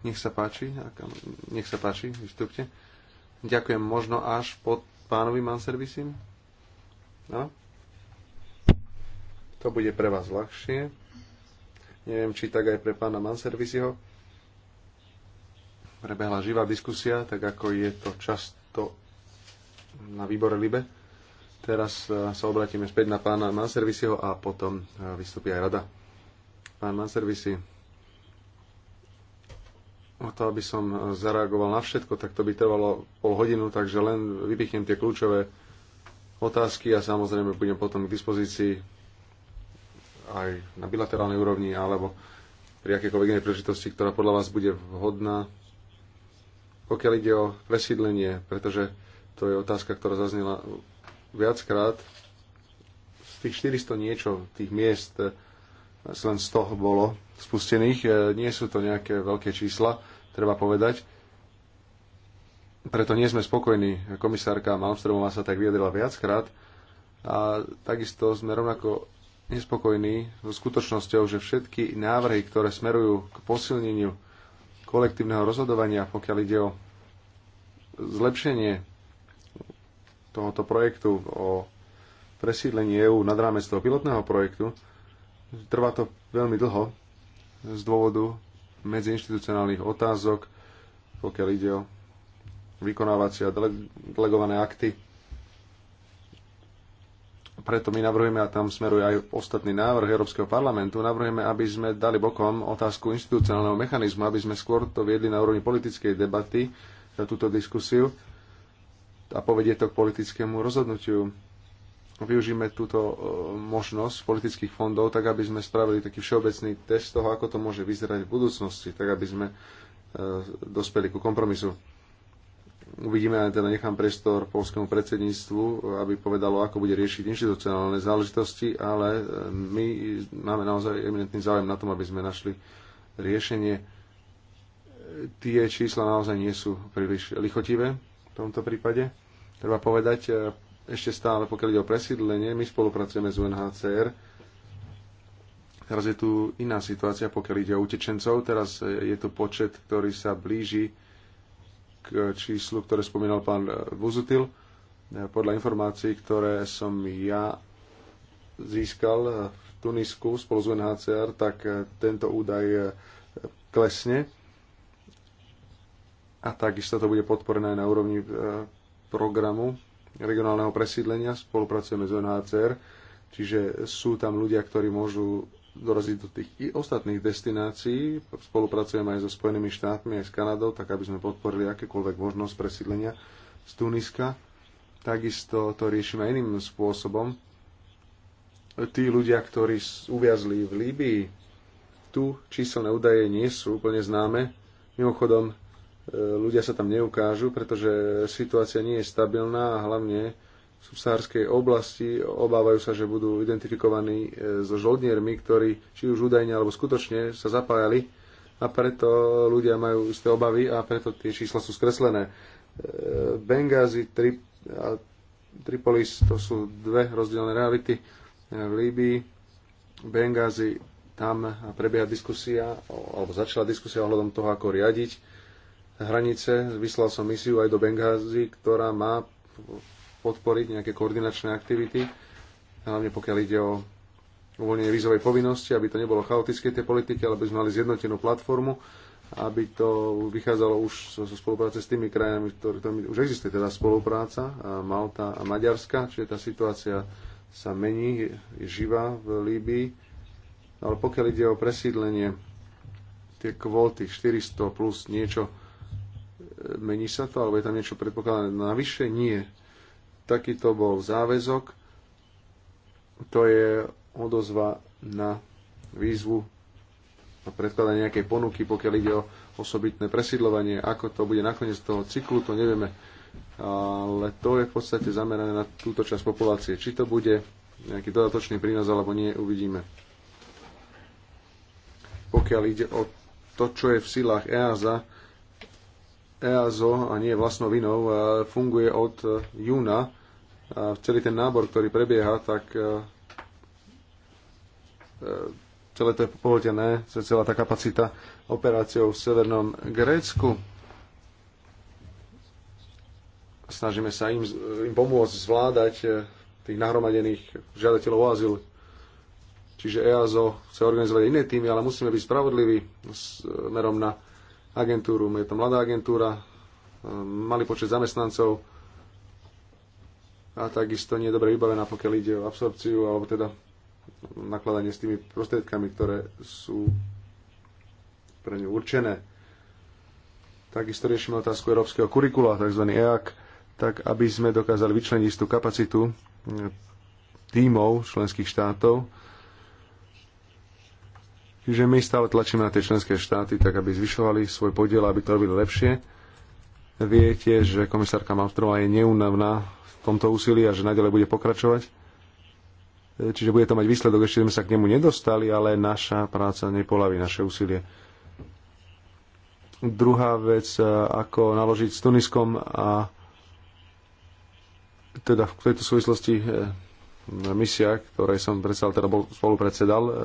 Nech sa páči, nech sa páči, vystúpte. Ďakujem možno až pod pánovi manservisím. No. To bude pre vás ľahšie. Neviem, či tak aj pre pána Manservisiho. Prebehla živá diskusia, tak ako je to často na výbore Libe. Teraz e, sa obratíme späť na pána Manservisiho a potom e, vystúpi aj rada. Pán Manservisi, na to, aby som e, zareagoval na všetko, tak to by trvalo pol hodinu, takže len vypichnem tie kľúčové otázky a samozrejme budem potom k dispozícii aj na bilaterálnej úrovni alebo pri akékoľvek inej príležitosti, ktorá podľa vás bude vhodná, pokiaľ ide o presídlenie, pretože to je otázka, ktorá zaznela viackrát. Z tých 400 niečo tých miest e, len z toho bolo spustených. E, nie sú to nejaké veľké čísla treba povedať. Preto nie sme spokojní. Komisárka Malmstromová sa tak vyjadrila viackrát a takisto sme rovnako nespokojní so skutočnosťou, že všetky návrhy, ktoré smerujú k posilneniu kolektívneho rozhodovania, pokiaľ ide o zlepšenie tohoto projektu, o presídlení EÚ nad rámec toho pilotného projektu, trvá to veľmi dlho z dôvodu medziinstitucionálnych otázok, pokiaľ ide o vykonávacie a delegované akty. Preto my navrhujeme, a tam smeruje aj ostatný návrh Európskeho parlamentu, navrhujeme, aby sme dali bokom otázku institucionálneho mechanizmu, aby sme skôr to viedli na úrovni politickej debaty za túto diskusiu a povedie to k politickému rozhodnutiu využíme túto e, možnosť politických fondov, tak aby sme spravili taký všeobecný test toho, ako to môže vyzerať v budúcnosti, tak aby sme e, dospeli ku kompromisu. Uvidíme, aj teda nechám priestor polskému predsedníctvu, aby povedalo, ako bude riešiť inštitucionálne záležitosti, ale e, my máme naozaj eminentný záujem na tom, aby sme našli riešenie. Tie čísla naozaj nie sú príliš lichotivé v tomto prípade. Treba povedať, ešte stále, pokiaľ ide o presídlenie, my spolupracujeme s UNHCR. Teraz je tu iná situácia, pokiaľ ide o utečencov. Teraz je tu počet, ktorý sa blíži k číslu, ktoré spomínal pán Vuzutil. Podľa informácií, ktoré som ja získal v Tunisku spolu s UNHCR, tak tento údaj klesne. A takisto to bude podporené na úrovni eh, programu regionálneho presídlenia, spolupracujeme s UNHCR, čiže sú tam ľudia, ktorí môžu doraziť do tých i ostatných destinácií. Spolupracujeme aj so Spojenými štátmi, aj s Kanadou, tak aby sme podporili akékoľvek možnosť presídlenia z Tuniska. Takisto to riešime iným spôsobom. Tí ľudia, ktorí uviazli v Líbii, tu číselné údaje nie sú úplne známe. Mimochodom, E, ľudia sa tam neukážu, pretože situácia nie je stabilná a hlavne v subsahárskej oblasti obávajú sa, že budú identifikovaní e, so žoldniermi, ktorí či už údajne alebo skutočne sa zapájali a preto ľudia majú isté obavy a preto tie čísla sú skreslené. E, Bengázi Trip a Tripolis to sú dve rozdielne reality v Líbii. Bengázi tam prebieha diskusia, alebo začala diskusia ohľadom toho, ako riadiť hranice. Vyslal som misiu aj do Benghazi, ktorá má podporiť nejaké koordinačné aktivity, hlavne pokiaľ ide o uvoľnenie vízovej povinnosti, aby to nebolo chaotické tie politiky, ale aby sme mali zjednotenú platformu, aby to vychádzalo už zo so, spolupráce s tými krajinami, ktorými už existuje teda spolupráca, Malta a Maďarska, čiže tá situácia sa mení, je živá v Líbii. No, ale pokiaľ ide o presídlenie, tie kvóty 400 plus niečo, Mení sa to, alebo je tam niečo predpokladané navyše? Nie. Taký to bol záväzok. To je odozva na výzvu na predkladanie nejakej ponuky, pokiaľ ide o osobitné presídlovanie. Ako to bude nakoniec toho cyklu, to nevieme. Ale to je v podstate zamerané na túto časť populácie. Či to bude nejaký dodatočný prínos alebo nie, uvidíme. Pokiaľ ide o to, čo je v silách EASA, EASO a nie vlastnou vinou e, funguje od e, júna. A e, celý ten nábor, ktorý prebieha, tak celé to je pohotené, celá tá kapacita operáciou v severnom Grécku. Snažíme sa im, im pomôcť zvládať tých nahromadených žiadateľov o azyl. Čiže EASO chce organizovať iné týmy, ale musíme byť spravodliví smerom na agentúru. Je to mladá agentúra, e, malý počet zamestnancov a takisto nie je dobre vybavená, pokiaľ ide o absorpciu alebo teda nakladanie s tými prostriedkami, ktoré sú pre ňu určené. Takisto riešime otázku európskeho kurikula, tzv. EAC, tak aby sme dokázali vyčleniť tú kapacitu e, tímov členských štátov, Čiže my stále tlačíme na tie členské štáty, tak aby zvyšovali svoj podiel, aby to robili lepšie. Viete, že komisárka Malmstrová je neúnavná v tomto úsilí a že nadalej bude pokračovať. Čiže bude to mať výsledok, ešte sme sa k nemu nedostali, ale naša práca nepolaví naše úsilie. Druhá vec, ako naložiť s Tuniskom a teda v tejto súvislosti eh, misia, ktorej som predsedal, teda bol, spolupredsedal, eh,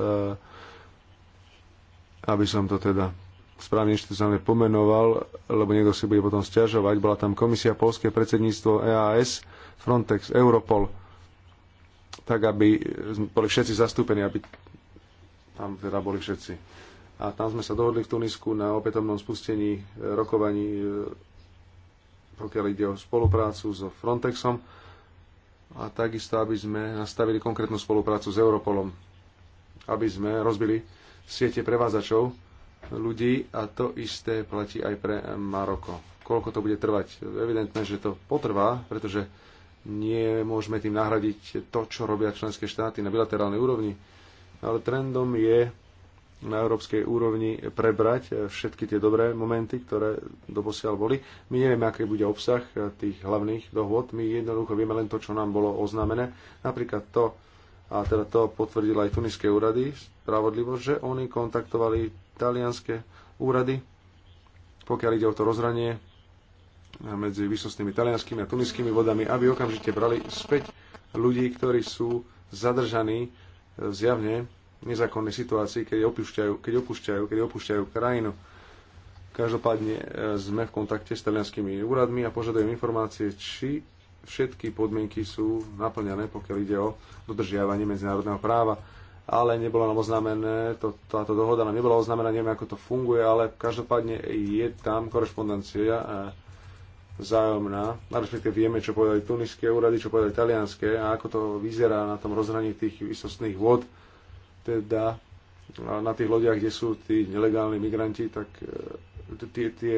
aby som to teda správne inštitucionálne pomenoval, lebo niekto si bude potom stiažovať. Bola tam komisia, polské predsedníctvo, EAS, Frontex, Europol, tak aby boli všetci zastúpení, aby tam teda boli všetci. A tam sme sa dohodli v Tunisku na opätovnom spustení e, rokovaní, e, pokiaľ ide o spoluprácu so Frontexom a takisto, aby sme nastavili konkrétnu spoluprácu s Europolom, aby sme rozbili siete prevádzačov ľudí a to isté platí aj pre Maroko. Koľko to bude trvať? Evidentné, že to potrvá, pretože nie môžeme tým nahradiť to, čo robia členské štáty na bilaterálnej úrovni, ale trendom je na európskej úrovni prebrať všetky tie dobré momenty, ktoré doposiaľ boli. My nevieme, aký bude obsah tých hlavných dohôd, my jednoducho vieme len to, čo nám bolo oznámené. Napríklad to, a teda to potvrdila aj tuniské úrady, spravodlivo, že oni kontaktovali talianské úrady, pokiaľ ide o to rozranie medzi vysostnými talianskými a tuniskými vodami, aby okamžite brali späť ľudí, ktorí sú zadržaní zjavne v nezákonnej situácii, keď opúšťajú, keď opúšťajú, keď opúšťajú krajinu. Každopádne eh, sme v kontakte s talianskými úradmi a požadujem informácie, či všetky podmienky sú naplňané, pokiaľ ide o dodržiavanie medzinárodného práva. Ale nebolo nám oznámené, to, táto dohoda nám nebola oznámená, neviem, ako to funguje, ale každopádne je tam korešpondencia e, vzájomná. Na respektíve vieme, čo povedali tuniské úrady, čo povedali talianské a ako to vyzerá na tom rozhraní tých vysostných vod, teda na tých lodiach, kde sú tí nelegálni migranti, tak e, tie, tie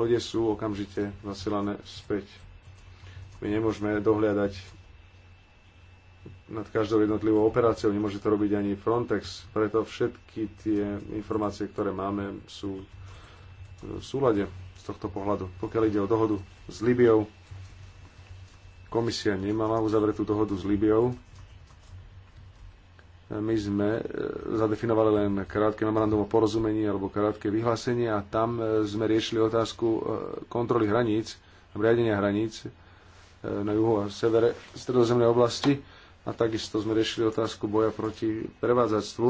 lode sú okamžite zasilané späť my nemôžeme dohliadať nad každou jednotlivou operáciou, nemôže to robiť ani Frontex, preto všetky tie informácie, ktoré máme, sú v súlade z tohto pohľadu. Pokiaľ ide o dohodu s Libiou, komisia nemala uzavretú dohodu s Libiou. My sme e, zadefinovali len krátke memorandum o porozumení alebo krátke vyhlásenie a tam e, sme riešili otázku e, kontroly hraníc, riadenia hraníc na juhu a severe stredozemnej oblasti. A takisto sme riešili otázku boja proti prevádzactvu,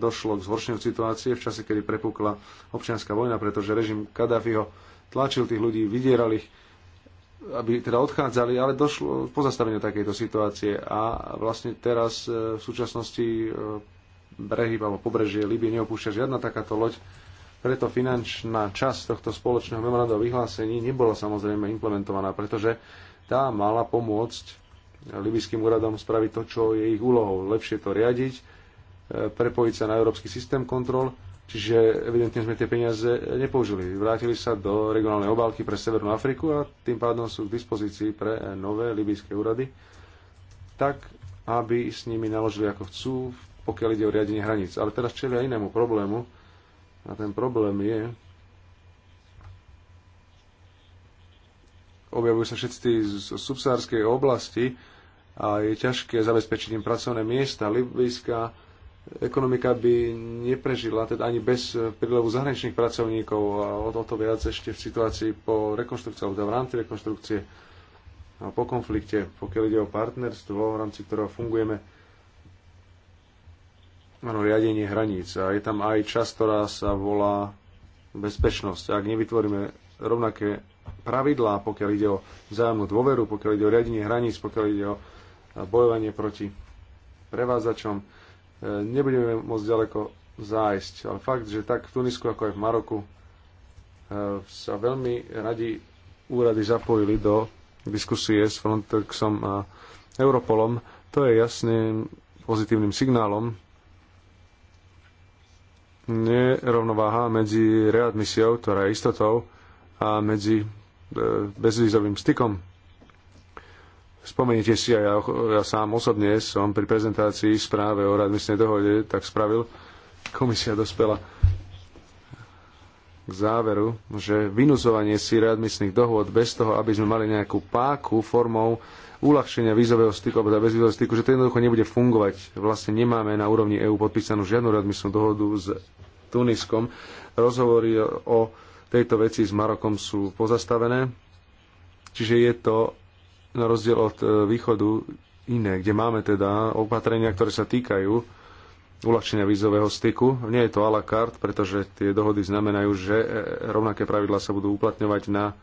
došlo k zhoršeniu situácie v čase, kedy prepukla občianská vojna, pretože režim Kadáfiho tlačil tých ľudí, vydieral ich, aby teda odchádzali, ale došlo k pozastaveniu takejto situácie a vlastne teraz e, v súčasnosti e, brehy alebo pobrežie Libie neopúšťa žiadna takáto loď, preto finančná časť tohto spoločného memoranda vyhlásení nebola samozrejme implementovaná, pretože tá mala pomôcť libyským úradom spraviť to, čo je ich úlohou. Lepšie to riadiť, e, prepojiť sa na európsky systém kontrol, čiže evidentne sme tie peniaze nepoužili. Vrátili sa do regionálnej obálky pre Severnú Afriku a tým pádom sú k dispozícii pre nové libyské úrady, tak aby s nimi naložili ako chcú, pokiaľ ide o riadenie hraníc. Ale teraz čelia inému problému a ten problém je, objavujú sa všetci z subsárskej oblasti a je ťažké zabezpečiť im pracovné miesta. libyjská ekonomika by neprežila, teda ani bez prílevu zahraničných pracovníkov a o to, to viac ešte v situácii po rekonštrukcii, alebo teda v rámci rekonštrukcie a po konflikte, pokiaľ ide o partnerstvo, v rámci ktorého fungujeme, ano, riadenie hraníc. A je tam aj čas, ktorá sa volá bezpečnosť. Ak nevytvoríme rovnaké pravidlá, pokiaľ ide o vzájomnú dôveru, pokiaľ ide o riadenie hraníc, pokiaľ ide o e, bojovanie proti prevádzačom. E, nebudeme môcť ďaleko zájsť, ale fakt, že tak v Tunisku ako aj v Maroku e, sa veľmi radi úrady zapojili do diskusie s Frontexom a Europolom. To je jasne pozitívnym signálom nerovnováha medzi readmisiou, ktorá je istotou, a medzi e, bezvýzovým stykom. Spomeniete si, a ja, ja sám osobne som pri prezentácii správe o radmyslnej dohode tak spravil, komisia dospela k záveru, že vynúzovanie si readmisných dohôd bez toho, aby sme mali nejakú páku formou uľahčenia vízového styku alebo teda bezvízového styku, že to jednoducho nebude fungovať. Vlastne nemáme na úrovni EÚ podpísanú žiadnu readmisnú dohodu s Tuniskom. Rozhovory o tejto veci s Marokom sú pozastavené. Čiže je to na rozdiel od e, východu iné, kde máme teda opatrenia, ktoré sa týkajú uľahčenia vízového styku. Nie je to à la carte, pretože tie dohody znamenajú, že e, rovnaké pravidlá sa budú uplatňovať na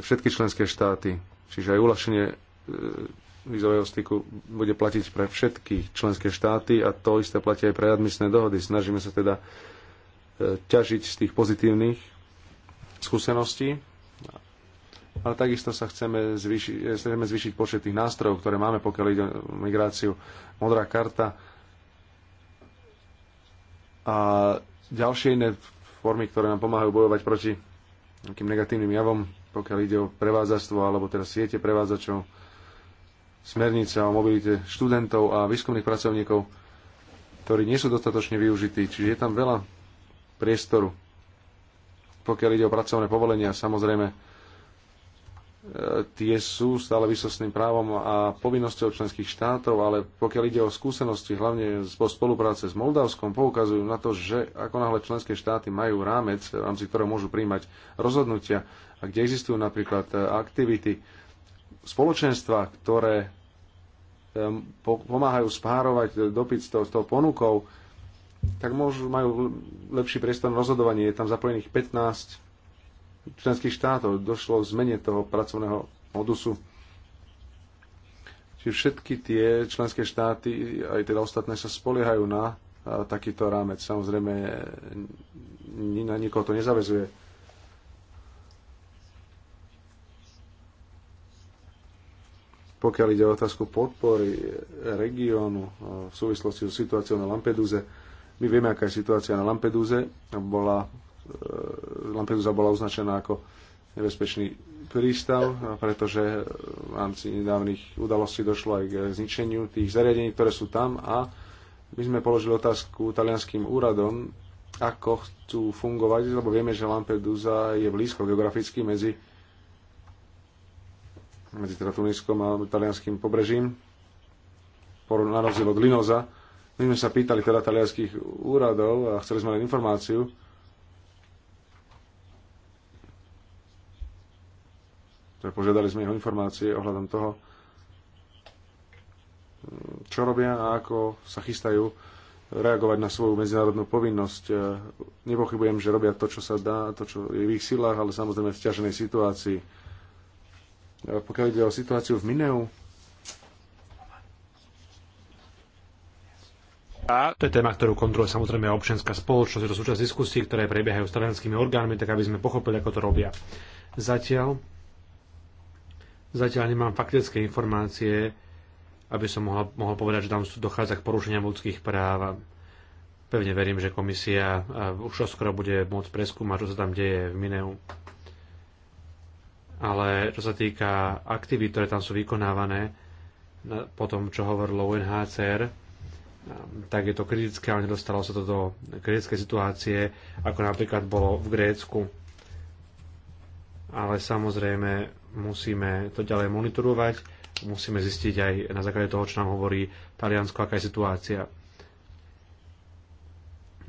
všetky členské štáty. Čiže aj uľahčenie e, vízového styku bude platiť pre všetky členské štáty a to isté platí aj pre admisné dohody. Snažíme sa teda ťažiť z tých pozitívnych skúseností, ale takisto sa chceme zvýšiť, chceme zvýšiť počet tých nástrojov, ktoré máme, pokiaľ ide o migráciu. Modrá karta a ďalšie iné formy, ktoré nám pomáhajú bojovať proti nejakým negatívnym javom, pokiaľ ide o prevádzačstvo alebo teda siete prevádzačov, smernica o mobilite študentov a výskumných pracovníkov, ktorí nie sú dostatočne využití. Čiže je tam veľa priestoru pokiaľ ide o pracovné povolenia, samozrejme, e, tie sú stále vysostným právom a povinnosťou členských štátov, ale pokiaľ ide o skúsenosti, hlavne po spolupráce s Moldavskom, poukazujú na to, že ako náhle členské štáty majú rámec, v rámci ktorého môžu príjmať rozhodnutia a kde existujú napríklad e, aktivity spoločenstva, ktoré e, pomáhajú spárovať dopyt s tou, ponukou, tak môžu, majú lepší priestor na rozhodovanie. Je tam zapojených 15 členských štátov. Došlo v zmene toho pracovného modusu. Čiže všetky tie členské štáty, aj teda ostatné, sa spoliehajú na takýto rámec. Samozrejme, na nikoho to nezavezuje. Pokiaľ ide o otázku podpory regiónu v súvislosti so situáciou na Lampedúze, my vieme, aká je situácia na Lampedúze. Bola, e, Lampedusa bola označená ako nebezpečný prístav, pretože v rámci nedávnych udalostí došlo aj k zničeniu tých zariadení, ktoré sú tam a my sme položili otázku talianským úradom, ako chcú fungovať, lebo vieme, že Lampedusa je blízko geograficky medzi medzi teda Tuniskom a talianským pobrežím, na rozdiel od Linoza, my sme sa pýtali teda talianských úradov a chceli sme len informáciu. Teda požiadali sme ich o informácie ohľadom toho, čo robia a ako sa chystajú reagovať na svoju medzinárodnú povinnosť. Nepochybujem, že robia to, čo sa dá, to, čo je v ich silách, ale samozrejme v ťaženej situácii. Pokiaľ ide o situáciu v Mineu, To je téma, ktorú kontroluje samozrejme občianská spoločnosť. Je to súčasť diskusí, ktoré prebiehajú s talianskými orgánmi, tak aby sme pochopili, ako to robia. Zatiaľ, zatiaľ nemám faktické informácie, aby som mohla, mohol povedať, že tam dochádza k porušeniam ľudských práv. Pevne verím, že komisia už skoro bude môcť preskúmať, čo sa tam deje v Mineu. Ale čo sa týka aktivít, ktoré tam sú vykonávané, po tom, čo hovorilo UNHCR, tak je to kritické, ale nedostalo sa to do kritické situácie, ako napríklad bolo v Grécku. Ale samozrejme musíme to ďalej monitorovať, musíme zistiť aj na základe toho, čo nám hovorí Taliansko, aká je situácia.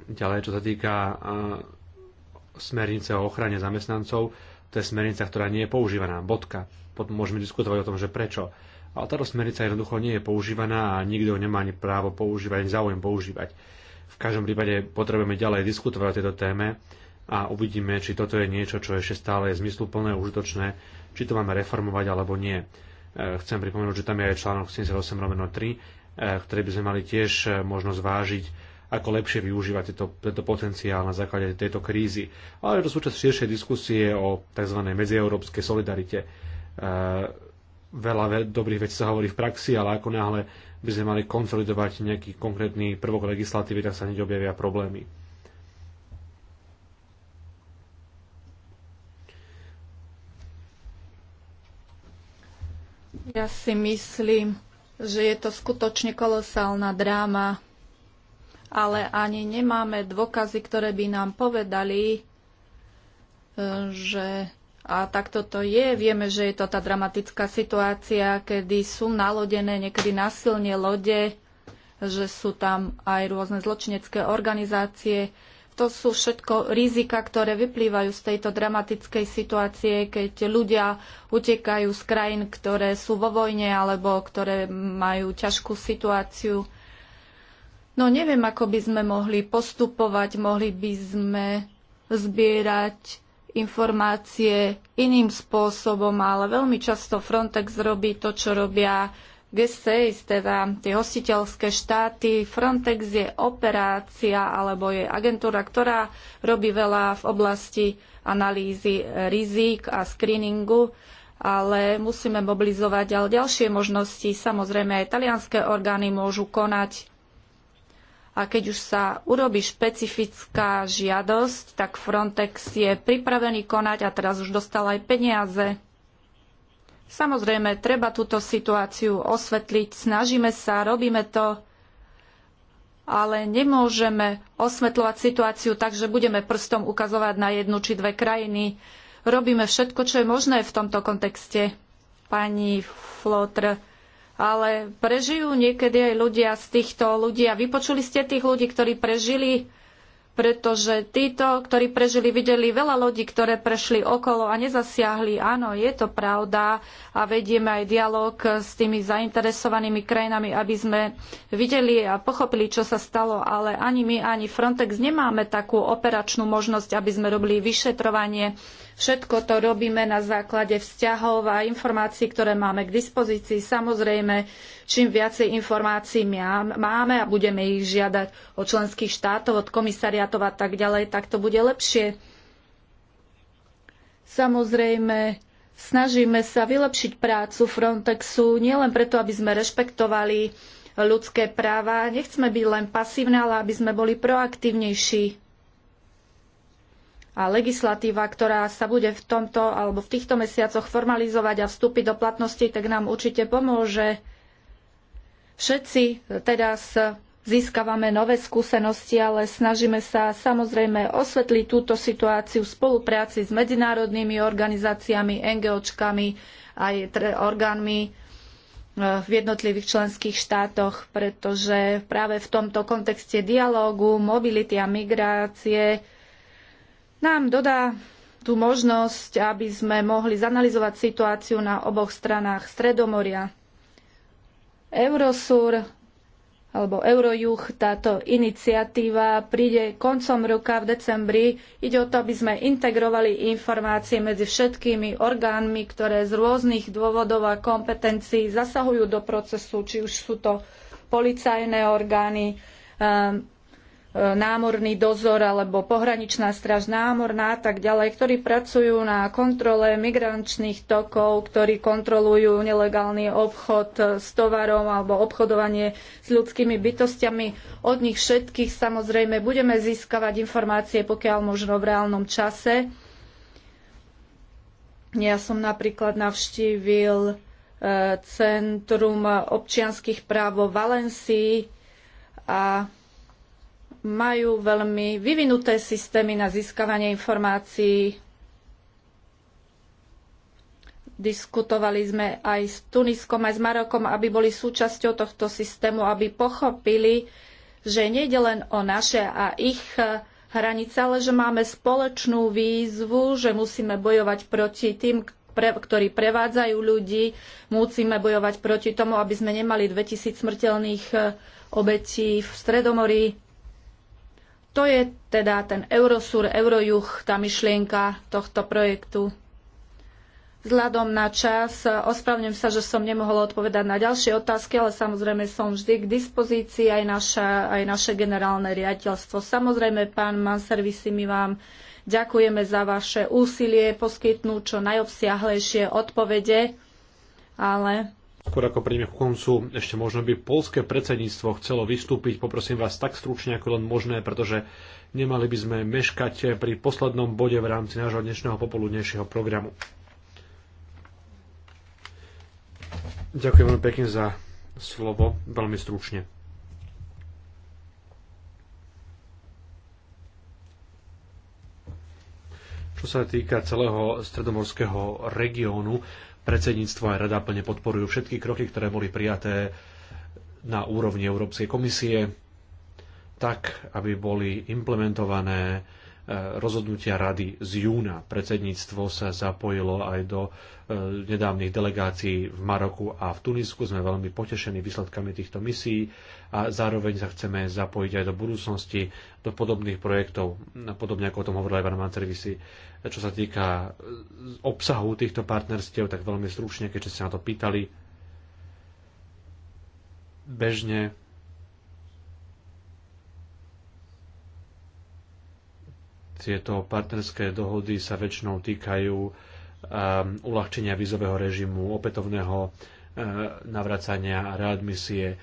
Ďalej, čo sa týka smernice o ochrane zamestnancov, to je smernica, ktorá nie je používaná. Bodka. Potom môžeme diskutovať o tom, že prečo ale táto smernica jednoducho nie je používaná a nikto nemá ani právo používať, ani záujem používať. V každom prípade potrebujeme ďalej diskutovať o tejto téme a uvidíme, či toto je niečo, čo ešte stále je zmysluplné, užitočné, či to máme reformovať alebo nie. E, chcem pripomenúť, že tam je aj článok 78 3, e, ktorý by sme mali tiež e, možnosť vážiť ako lepšie využívať tieto, tento potenciál na základe tejto krízy. Ale je to súčasť širšej diskusie o tzv. medzieurópskej solidarite veľa dobrých vecí sa hovorí v praxi, ale ako náhle by sme mali konsolidovať nejaký konkrétny prvok legislatívy, tak sa hneď objavia problémy. Ja si myslím, že je to skutočne kolosálna dráma, ale ani nemáme dôkazy, ktoré by nám povedali, e, že a tak toto je. Vieme, že je to tá dramatická situácia, kedy sú nalodené niekedy násilne lode, že sú tam aj rôzne zločinecké organizácie. To sú všetko rizika, ktoré vyplývajú z tejto dramatickej situácie, keď ľudia utekajú z krajín, ktoré sú vo vojne alebo ktoré majú ťažkú situáciu. No neviem, ako by sme mohli postupovať, mohli by sme zbierať informácie iným spôsobom, ale veľmi často Frontex robí to, čo robia GSEIS, e, teda tie hostiteľské štáty. Frontex je operácia alebo je agentúra, ktorá robí veľa v oblasti analýzy rizík a screeningu, ale musíme mobilizovať ale ďalšie možnosti. Samozrejme, aj talianské orgány môžu konať a keď už sa urobí špecifická žiadosť, tak Frontex je pripravený konať a teraz už dostal aj peniaze. Samozrejme, treba túto situáciu osvetliť, snažíme sa, robíme to, ale nemôžeme osvetľovať situáciu tak, že budeme prstom ukazovať na jednu či dve krajiny. Robíme všetko, čo je možné v tomto kontexte. Pani Flotr, ale prežijú niekedy aj ľudia z týchto ľudí. A vypočuli ste tých ľudí, ktorí prežili, pretože títo, ktorí prežili, videli veľa ľudí, ktoré prešli okolo a nezasiahli. Áno, je to pravda a vedieme aj dialog s tými zainteresovanými krajinami, aby sme videli a pochopili, čo sa stalo, ale ani my, ani Frontex nemáme takú operačnú možnosť, aby sme robili vyšetrovanie Všetko to robíme na základe vzťahov a informácií, ktoré máme k dispozícii. Samozrejme, čím viacej informácií máme a budeme ich žiadať od členských štátov, od komisariatov a tak ďalej, tak to bude lepšie. Samozrejme, snažíme sa vylepšiť prácu Frontexu nielen preto, aby sme rešpektovali ľudské práva. Nechceme byť len pasívne, ale aby sme boli proaktívnejší a legislatíva, ktorá sa bude v tomto alebo v týchto mesiacoch formalizovať a vstúpiť do platnosti, tak nám určite pomôže. Všetci teraz získavame nové skúsenosti, ale snažíme sa samozrejme osvetliť túto situáciu v spolupráci s medzinárodnými organizáciami, NGOčkami aj orgánmi eh, v jednotlivých členských štátoch, pretože práve v tomto kontexte dialógu, mobility a migrácie nám dodá tú možnosť, aby sme mohli zanalizovať situáciu na oboch stranách Stredomoria. Eurosur alebo Eurojuch, táto iniciatíva príde koncom roka v decembri. Ide o to, aby sme integrovali informácie medzi všetkými orgánmi, ktoré z rôznych dôvodov a kompetencií zasahujú do procesu, či už sú to policajné orgány, ehm, E, námorný dozor alebo pohraničná straž námorná a tak ďalej, ktorí pracujú na kontrole migrančných tokov, ktorí kontrolujú nelegálny obchod e, s tovarom alebo obchodovanie s ľudskými bytostiami. Od nich všetkých samozrejme budeme získavať informácie, pokiaľ možno v reálnom čase. Ja som napríklad navštívil e, Centrum občianskych práv vo Valencii a majú veľmi vyvinuté systémy na získavanie informácií. Diskutovali sme aj s Tuniskom, aj s Marokom, aby boli súčasťou tohto systému, aby pochopili, že nejde len o naše a ich hranice, ale že máme spoločnú výzvu, že musíme bojovať proti tým, ktorí prevádzajú ľudí. Musíme bojovať proti tomu, aby sme nemali 2000 smrteľných eh, obetí v Stredomorí. To je teda ten Eurosur, Eurojuch, tá myšlienka tohto projektu. Vzhľadom na čas, ospravňujem sa, že som nemohla odpovedať na ďalšie otázky, ale samozrejme som vždy k dispozícii aj, naša, aj naše generálne riaditeľstvo. Samozrejme, pán Manservisi, my vám ďakujeme za vaše úsilie poskytnúť čo najobsiahlejšie odpovede, ale Skôr ako príjme k koncu, ešte možno by polské predsedníctvo chcelo vystúpiť. Poprosím vás tak stručne, ako len možné, pretože nemali by sme meškať pri poslednom bode v rámci nášho dnešného popoludnejšieho programu. Ďakujem veľmi pekne za slovo, veľmi stručne. Čo sa týka celého stredomorského regiónu, Predsedníctvo aj rada plne podporujú všetky kroky, ktoré boli prijaté na úrovni Európskej komisie, tak, aby boli implementované Eh, rozhodnutia rady z júna. Predsedníctvo sa zapojilo aj do eh, nedávnych delegácií v Maroku a v Tunisku. Sme veľmi potešení výsledkami týchto misií a zároveň sa chceme zapojiť aj do budúcnosti do podobných projektov, podobne ako o tom hovoril aj pán Mancervisi. Čo sa týka eh, obsahu týchto partnerstiev, tak veľmi stručne, keďže ste na to pýtali, bežne Tieto partnerské dohody sa väčšinou týkajú um, uľahčenia vízového režimu, opätovného uh, navracania a readmisie.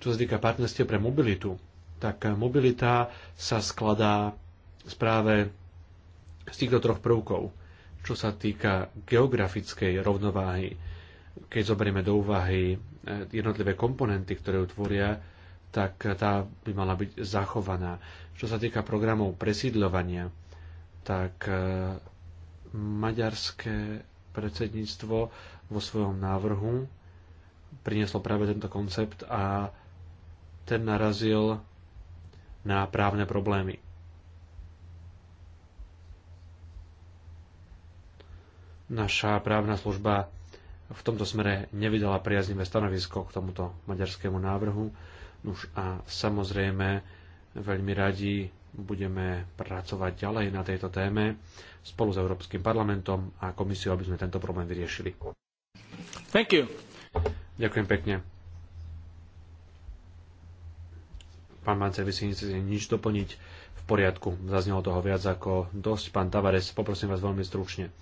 Čo sa týka partnerstiev pre mobilitu, tak mobilita sa skladá z práve z týchto troch prvkov. Čo sa týka geografickej rovnováhy, keď zoberieme do úvahy uh, jednotlivé komponenty, ktoré ju tvoria, tak tá by mala byť zachovaná. Čo sa týka programov presídľovania, tak e, maďarské predsedníctvo vo svojom návrhu prinieslo práve tento koncept a ten narazil na právne problémy. Naša právna služba v tomto smere nevydala priaznivé stanovisko k tomuto maďarskému návrhu. Už a samozrejme Veľmi radi budeme pracovať ďalej na tejto téme spolu s Európskym parlamentom a komisiou, aby sme tento problém vyriešili. Thank you. Ďakujem pekne. Pán Mance, vy si nechcete nič doplniť v poriadku. Zaznelo toho viac ako dosť. Pán Tavares, poprosím vás veľmi stručne.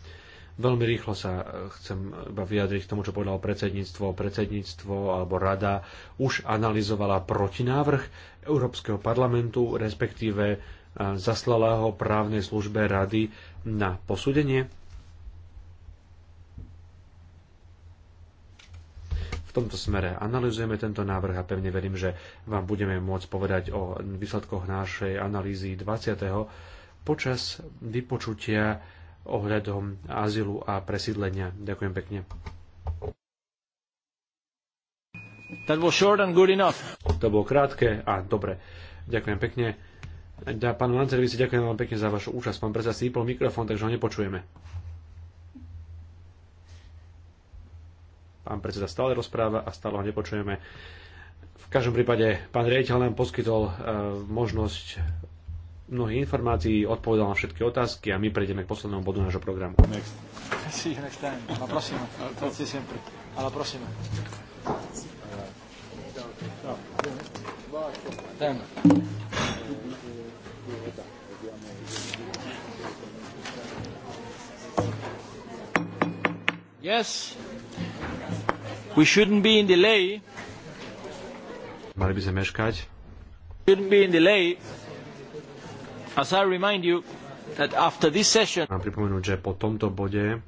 Veľmi rýchlo sa e, chcem iba vyjadriť k tomu, čo povedal predsedníctvo. Predsedníctvo alebo rada už analyzovala protinávrh Európskeho parlamentu, respektíve e, zaslala ho právnej službe rady na posúdenie. V tomto smere analyzujeme tento návrh a pevne verím, že vám budeme môcť povedať o výsledkoch našej analýzy 20. počas vypočutia ohľadom azylu a presídlenia. Ďakujem pekne. That was short and good enough. To bolo krátke a dobre. Ďakujem pekne. Da, pán Lancer, vy si ďakujem veľmi pekne za vašu účasť. Pán predseda si vypol mikrofón, takže ho nepočujeme. Pán predseda stále rozpráva a stále ho nepočujeme. V každom prípade pán riaditeľ nám poskytol e, možnosť mnohých informácií, odpovedal na všetky otázky a my prejdeme k poslednému bodu nášho programu. Next. Sí, next time. A la próxima. Yes. We shouldn't be in delay. Mali by sme meškať. Shouldn't be in delay. As I remind you that after this session... Mám pripomenúť, že po tomto bode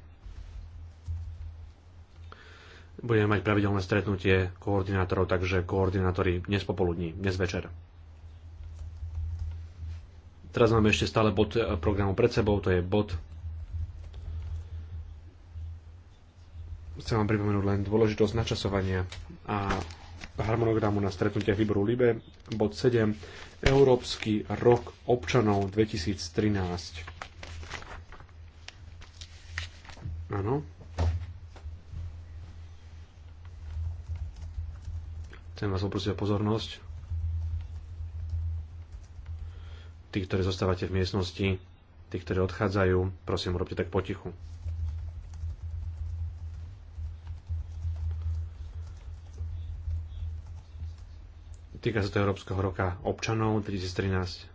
budeme mať pravidelné stretnutie koordinátorov, takže koordinátori dnes popoludní, dnes večer. Teraz máme ešte stále bod eh, programu pred sebou, to je bod chcem vám pripomenúť len dôležitosť načasovania a harmonogramu na stretnutia výboru LIBE. Bod 7. Európsky rok občanov 2013. Áno. Chcem vás poprosiť o pozornosť. Tí, ktorí zostávate v miestnosti, tí, ktorí odchádzajú, prosím, robte tak potichu. Týka sa to Európskeho roka občanov 2013.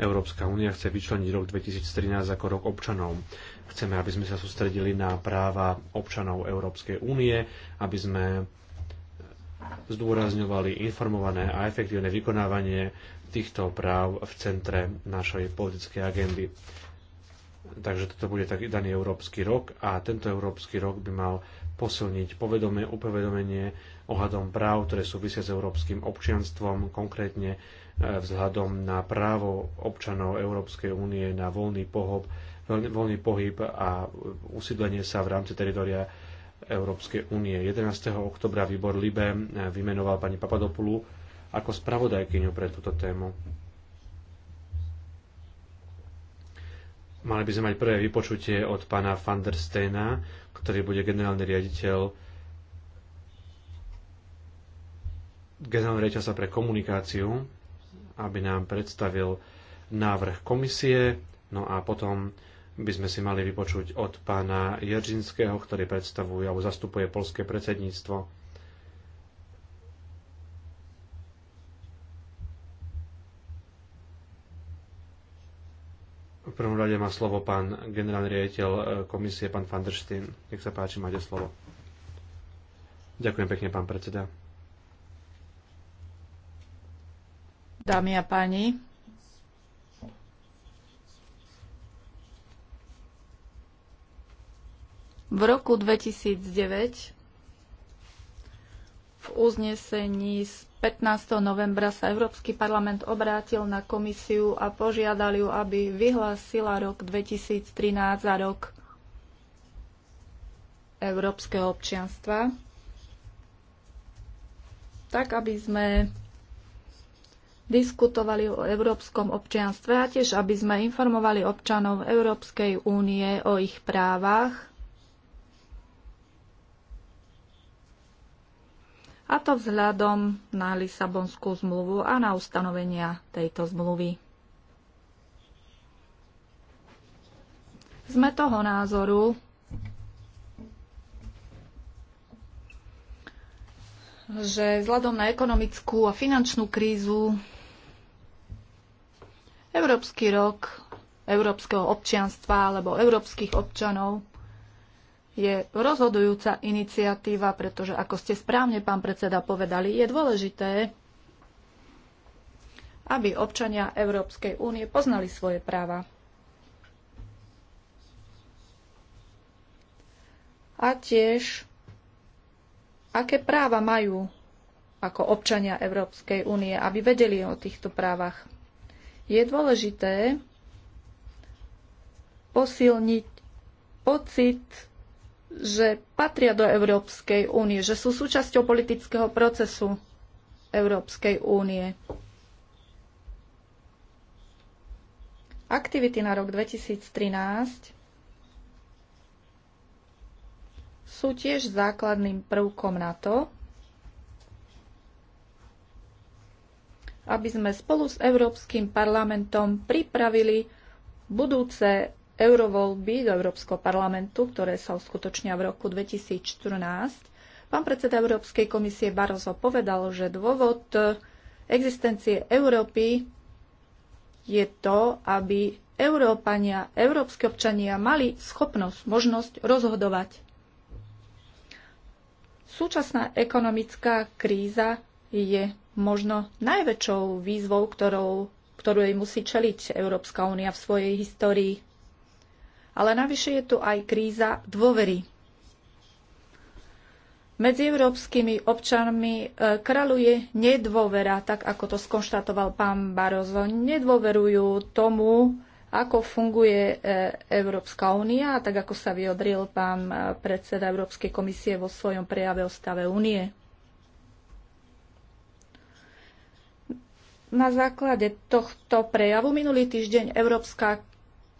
Európska únia chce vyčleniť rok 2013 ako rok občanov. Chceme, aby sme sa sústredili na práva občanov Európskej únie, aby sme zdôrazňovali informované a efektívne vykonávanie týchto práv v centre našej politickej agendy. Takže toto bude tak daný Európsky rok a tento Európsky rok by mal posilniť povedomie, upovedomenie ohľadom práv, ktoré súvisia s európskym občianstvom, konkrétne e, vzhľadom na právo občanov Európskej únie na voľný, pohob, voľný pohyb a usídlenie sa v rámci teritoria Európskej únie. 11. oktobra výbor Libe e, vymenoval pani Papadopulu ako spravodajkyňu pre túto tému. Mali by sme mať prvé vypočutie od pána van der Steina, ktorý bude generálny riaditeľ generálny riaditeľ sa pre komunikáciu, aby nám predstavil návrh komisie, no a potom by sme si mali vypočuť od pána Jeržinského, ktorý predstavuje alebo zastupuje polské predsedníctvo prvom rade má slovo pán generálny riaditeľ e, komisie, pán van der Steen. Nech sa páči, máte slovo. Ďakujem pekne, pán predseda. Dámy a páni, v roku 2009 v uznesení z 15. novembra sa Európsky parlament obrátil na komisiu a požiadali ju, aby vyhlásila rok 2013 za rok európskeho občianstva, tak aby sme diskutovali o európskom občianstve a tiež aby sme informovali občanov Európskej únie o ich právach a to vzhľadom na Lisabonskú zmluvu a na ustanovenia tejto zmluvy. Sme toho názoru, že vzhľadom na ekonomickú a finančnú krízu Európsky rok európskeho občianstva alebo európskych občanov je rozhodujúca iniciatíva, pretože ako ste správne, pán predseda, povedali, je dôležité, aby občania Európskej únie poznali svoje práva. A tiež, aké práva majú ako občania Európskej únie, aby vedeli o týchto právach. Je dôležité posilniť pocit že patria do Európskej únie, že sú súčasťou politického procesu Európskej únie. Aktivity na rok 2013 sú tiež základným prvkom na to, aby sme spolu s Európskym parlamentom pripravili budúce eurovoľby do Európskeho parlamentu, ktoré sa uskutočnia v roku 2014, pán predseda Európskej komisie Barroso povedal, že dôvod existencie Európy je to, aby Európania, európske občania mali schopnosť, možnosť rozhodovať. Súčasná ekonomická kríza je možno najväčšou výzvou, ktorou, ktorú jej musí čeliť Európska únia v svojej histórii ale navyše je tu aj kríza dôvery. Medzi európskymi občanmi e, kraluje nedôvera, tak ako to skonštatoval pán Barozo. Nedôverujú tomu, ako funguje e, Európska únia, tak ako sa vyjadril pán e, predseda Európskej komisie vo svojom prejave o stave únie. Na základe tohto prejavu minulý týždeň Európska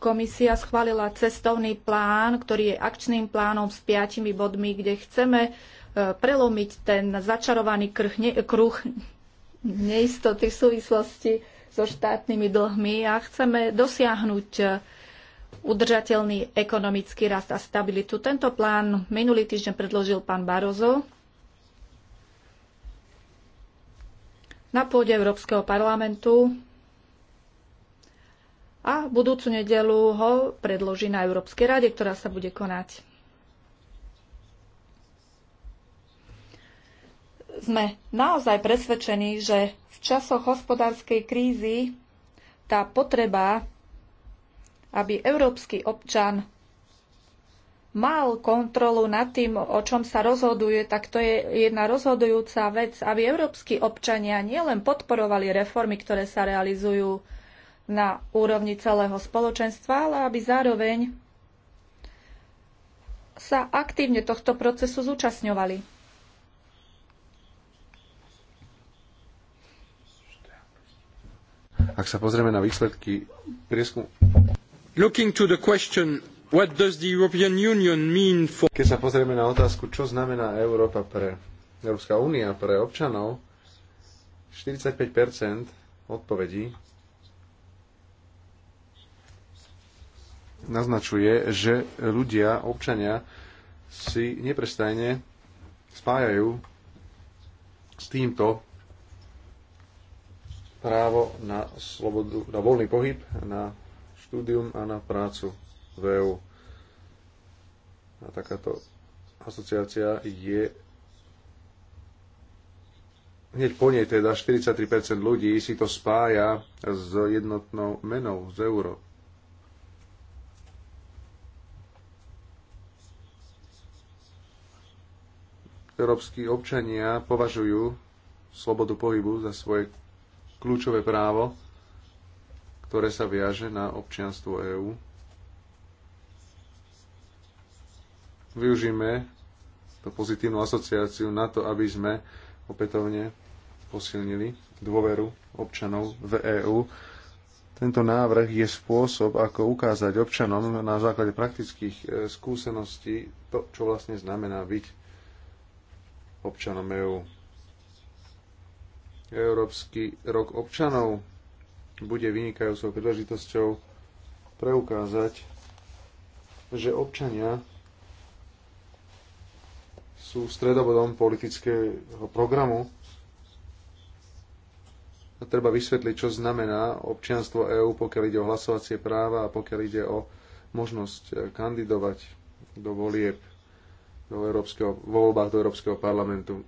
Komisia schválila cestovný plán, ktorý je akčným plánom s piatimi bodmi, kde chceme e, prelomiť ten začarovaný ne, kruh neistoty v súvislosti so štátnymi dlhmi a chceme dosiahnuť e, udržateľný ekonomický rast a stabilitu. Tento plán minulý týždeň predložil pán Barozo na pôde Európskeho parlamentu a budúcu nedelu ho predloží na Európskej rade, ktorá sa bude konať. Sme naozaj presvedčení, že v časoch hospodárskej krízy tá potreba, aby európsky občan mal kontrolu nad tým, o čom sa rozhoduje, tak to je jedna rozhodujúca vec, aby európsky občania nielen podporovali reformy, ktoré sa realizujú na úrovni celého spoločenstva, ale aby zároveň sa aktívne tohto procesu zúčastňovali. Ak sa pozrieme na výsledky prieskumu... Looking to the question, what does the European Union mean for... Keď sa pozrieme na otázku, čo znamená Európa pre Európska únia pre občanov, 45% odpovedí naznačuje, že ľudia, občania si neprestajne spájajú s týmto právo na, slobodu, na voľný pohyb, na štúdium a na prácu v EU. A takáto asociácia je hneď po nej teda 43% ľudí si to spája s jednotnou menou, z euro. Európsky občania považujú slobodu pohybu za svoje kľúčové právo, ktoré sa viaže na občianstvo EÚ. Využíme tú pozitívnu asociáciu na to, aby sme opätovne posilnili dôveru občanov v EÚ. Tento návrh je spôsob, ako ukázať občanom na základe praktických e, skúseností to, čo vlastne znamená byť občanom EÚ. Európsky rok občanov bude vynikajúcou príležitosťou preukázať, že občania sú stredobodom politického programu a treba vysvetliť, čo znamená občianstvo EÚ, pokiaľ ide o hlasovacie práva a pokiaľ ide o možnosť kandidovať do volieb do európskeho, voľbách do Európskeho parlamentu.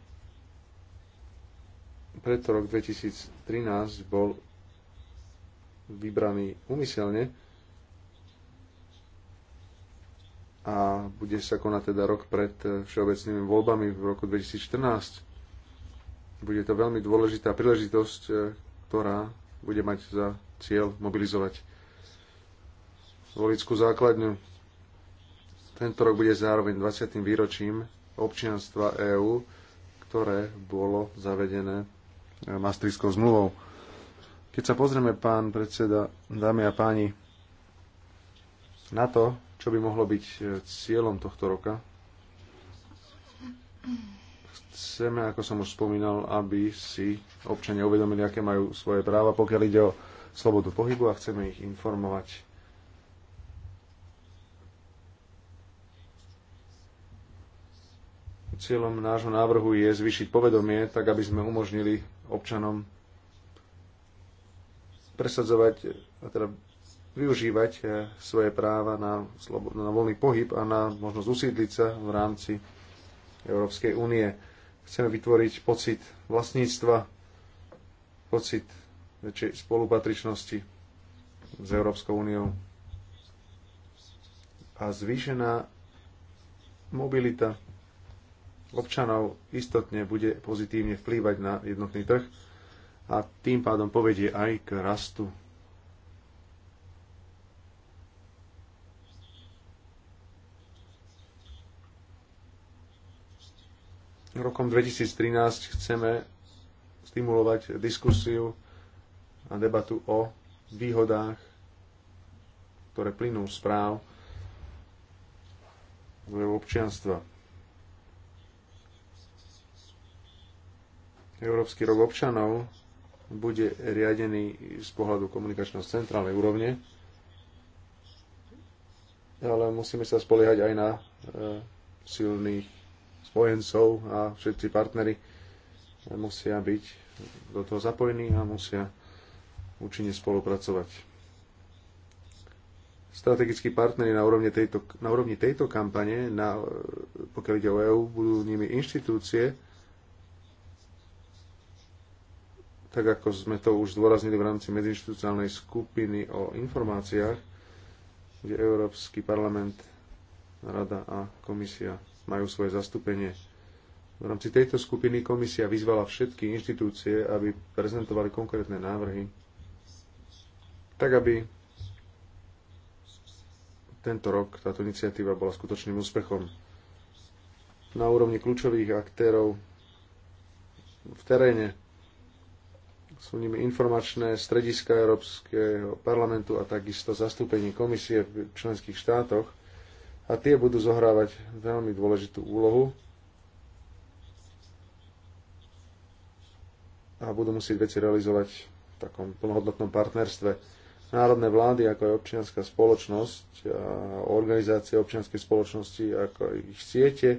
Preto rok 2013 bol vybraný umyselne a bude sa konať teda rok pred eh, všeobecnými voľbami v roku 2014. Bude to veľmi dôležitá príležitosť, eh, ktorá bude mať za cieľ mobilizovať volickú základňu tento rok bude zároveň 20. výročím občianstva EÚ, ktoré bolo zavedené e, Maastrichtskou zmluvou. Keď sa pozrieme, pán predseda, dámy a páni, na to, čo by mohlo byť e, cieľom tohto roka, chceme, ako som už spomínal, aby si občania uvedomili, aké majú svoje práva, pokiaľ ide o slobodu pohybu a chceme ich informovať Cieľom nášho návrhu je zvýšiť povedomie, tak aby sme umožnili občanom presadzovať a teda využívať e, svoje práva na, na voľný pohyb a na možnosť usídliť sa v rámci Európskej únie. Chceme vytvoriť pocit vlastníctva, pocit väčšej spolupatričnosti s Európskou úniou a zvýšená mobilita občanov istotne bude pozitívne vplývať na jednotný trh a tým pádom povedie aj k rastu. Rokom 2013 chceme stimulovať diskusiu a debatu o výhodách, ktoré plynú správ občianstva. Európsky rok občanov bude riadený z pohľadu komunikačného centrálnej úrovne, ale musíme sa spoliehať aj na e, silných spojencov a všetci partnery musia byť do toho zapojení a musia účinne spolupracovať. Strategickí partnery na úrovni tejto, na úrovni tejto kampane, na, pokiaľ ide o EÚ, budú nimi inštitúcie, tak ako sme to už zdôraznili v rámci medzinstitucionálnej skupiny o informáciách, kde Európsky parlament, Rada a Komisia majú svoje zastúpenie. V rámci tejto skupiny komisia vyzvala všetky inštitúcie, aby prezentovali konkrétne návrhy, tak aby tento rok táto iniciatíva bola skutočným úspechom. Na úrovni kľúčových aktérov v teréne sú nimi informačné strediska Európskeho parlamentu a takisto zastúpenie komisie v členských štátoch a tie budú zohrávať veľmi dôležitú úlohu a budú musieť veci realizovať v takom plnohodnotnom partnerstve. Národné vlády, ako aj občianská spoločnosť, a organizácie občianskej spoločnosti, ako aj ich siete,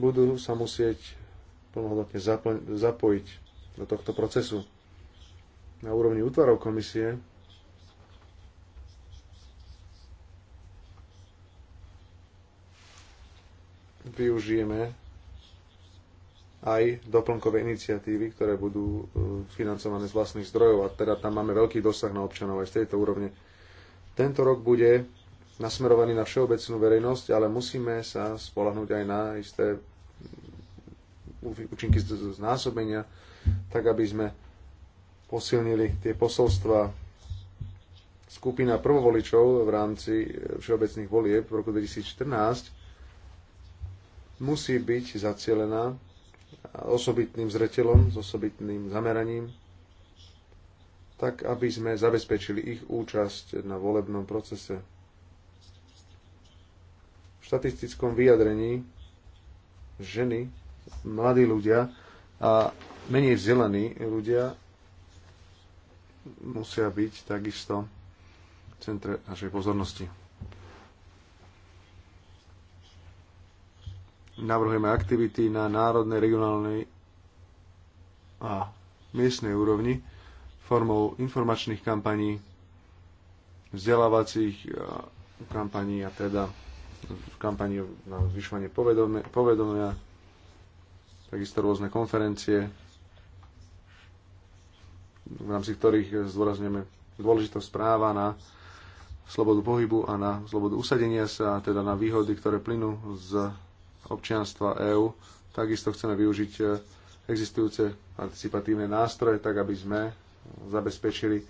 budú sa musieť plnohodnotne zapojiť do tohto procesu na úrovni útvarov komisie využijeme aj doplnkové iniciatívy, ktoré budú e, financované z vlastných zdrojov a teda tam máme veľký dosah na občanov aj z tejto úrovne. Tento rok bude nasmerovaný na všeobecnú verejnosť, ale musíme sa spolahnúť aj na isté účinky znásobenia, tak aby sme posilnili tie posolstva. Skupina prvovoličov v rámci všeobecných volieb v roku 2014 musí byť zacielená osobitným zretelom, s osobitným zameraním, tak aby sme zabezpečili ich účasť na volebnom procese. V štatistickom vyjadrení ženy, mladí ľudia a menej vzdelaní ľudia musia byť takisto v centre našej pozornosti. Navrhujeme aktivity na národnej, regionálnej a miestnej úrovni formou informačných kampaní, vzdelávacích kampaní a teda kampaní na zvyšovanie povedomia, povedomia takisto rôzne konferencie, v rámci ktorých zdôrazňujeme dôležitosť práva na slobodu pohybu a na slobodu usadenia sa, teda na výhody, ktoré plynú z občianstva EÚ. Takisto chceme využiť e, existujúce participatívne nástroje, tak aby sme zabezpečili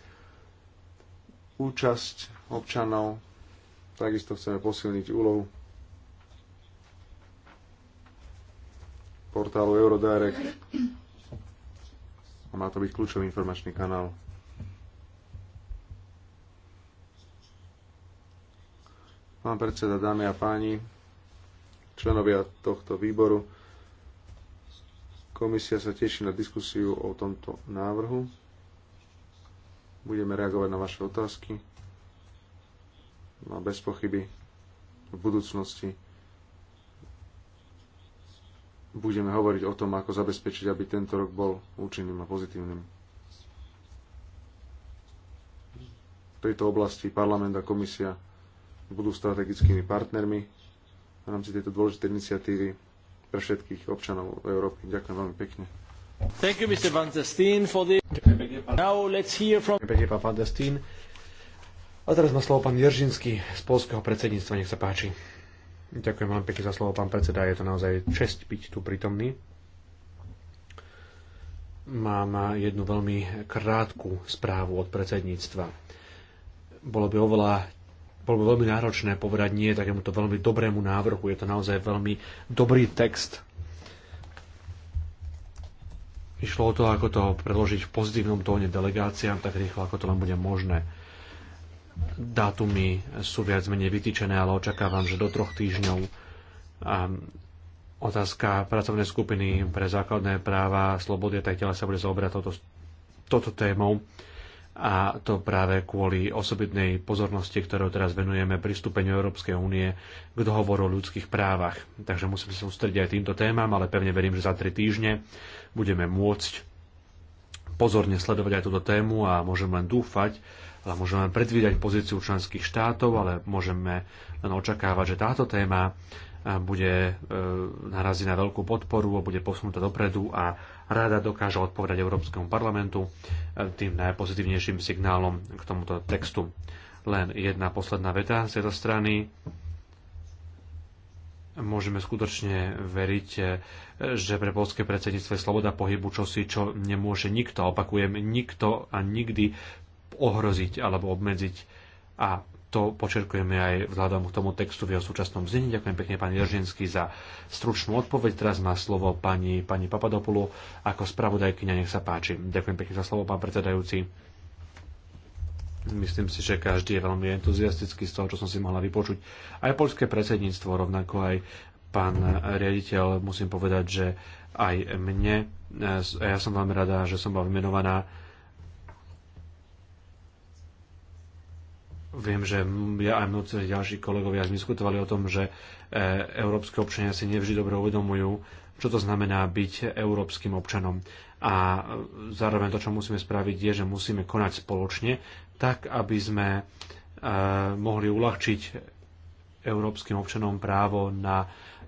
účasť občanov. Takisto chceme posilniť úlohu portálu Eurodirect a má to byť kľúčový informačný kanál. Pán predseda, dámy a páni, členovia tohto výboru, komisia sa teší na diskusiu o tomto návrhu. Budeme reagovať na vaše otázky. No a bez pochyby v budúcnosti budeme hovoriť o tom, ako zabezpečiť, aby tento rok bol účinným a pozitívnym. V tejto oblasti parlament a komisia budú strategickými partnermi v rámci tejto dôležitej iniciatívy pre všetkých občanov Európy. Ďakujem veľmi pekne. Thank you, Mr. Van der Steen, for the... Now let's hear from... Pekne, pán Van der Steen. A teraz má slovo pán Jeržinský z polského predsedníctva. Nech sa páči. Ďakujem veľmi pekne za slovo, pán predseda. Je to naozaj čest byť tu prítomný. Mám jednu veľmi krátku správu od predsedníctva. Bolo by oveľa bolo by veľmi náročné povedať nie takémuto veľmi dobrému návrhu. Je to naozaj veľmi dobrý text. Išlo o to, ako to predložiť v pozitívnom tóne delegáciám tak rýchlo, ako to len bude možné dátumy sú viac menej vytýčené, ale očakávam, že do troch týždňov otázka pracovnej skupiny pre základné práva, a slobody a tak ďalej sa bude zaoberať toto, toto témou a to práve kvôli osobitnej pozornosti, ktorú teraz venujeme pristúpeniu Európskej únie k dohovoru o ľudských právach. Takže musíme sa sústrediť aj týmto témam, ale pevne verím, že za tri týždne budeme môcť pozorne sledovať aj túto tému a môžem len dúfať, ale môžeme predvídať pozíciu členských štátov, ale môžeme len očakávať, že táto téma e, bude e, narazí na veľkú podporu a bude posunutá dopredu a rada dokáže odpovedať Európskemu parlamentu e, tým najpozitívnejším signálom k tomuto textu. Len jedna posledná veta z tejto strany môžeme skutočne veriť, že pre polské predsedníctvo je sloboda pohybu čosi, čo nemôže nikto. Opakujem, nikto a nikdy ohroziť alebo obmedziť. A to počerkujeme aj vzhľadom k tomu textu v jeho súčasnom znení. Ďakujem pekne pani Jeržinský za stručnú odpoveď. Teraz má slovo pani, pani Papadopulu ako spravodajkyňa. Nech sa páči. Ďakujem pekne za slovo, pán predsedajúci. Myslím si, že každý je veľmi entuziastický z toho, čo som si mohla vypočuť. Aj poľské predsedníctvo, rovnako aj pán riaditeľ, musím povedať, že aj mne. E, ja som veľmi rada, že som bola vymenovaná Viem, že ja aj mnohí ďalší kolegovia diskutovali o tom, že e, európske občania si nevždy dobre uvedomujú, čo to znamená byť európskym občanom. A e, zároveň to, čo musíme spraviť, je, že musíme konať spoločne, tak aby sme e, mohli uľahčiť európskym občanom právo na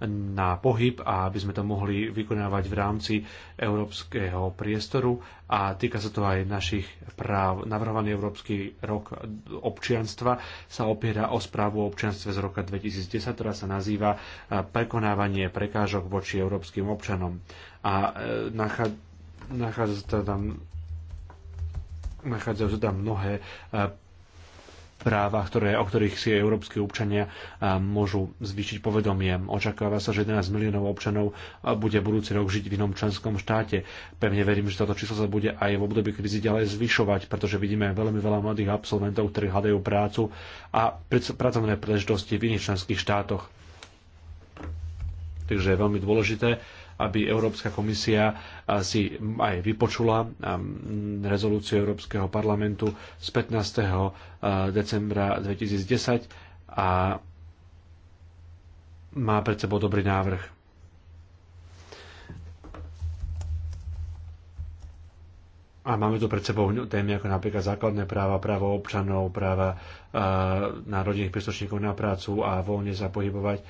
na pohyb a aby sme to mohli vykonávať v rámci európskeho priestoru a týka sa to aj našich práv. Navrhovaný Európsky rok občianstva sa opiera o správu o občianstve z roka 2010, ktorá sa nazýva e, Prekonávanie prekážok voči európskym občanom. A e, nachádza sa tam nachádzajú sa tam mnohé e, práva, ktoré, o ktorých si európsky občania môžu zvýšiť povedomie. Očakáva sa, že 11 miliónov občanov bude budúci rok žiť v inom členskom štáte. Pevne verím, že toto číslo sa bude aj v období krízy ďalej zvyšovať, pretože vidíme veľmi veľa mladých absolventov, ktorí hľadajú prácu a pracovné príležitosti v iných členských štátoch. Takže je veľmi dôležité, aby Európska komisia si aj vypočula rezolúciu Európskeho parlamentu z 15. decembra 2010 a má pred sebou dobrý návrh. A máme tu pred sebou témy ako napríklad základné práva, právo občanov, práva uh, národných príslušníkov na prácu a voľne sa pohybovať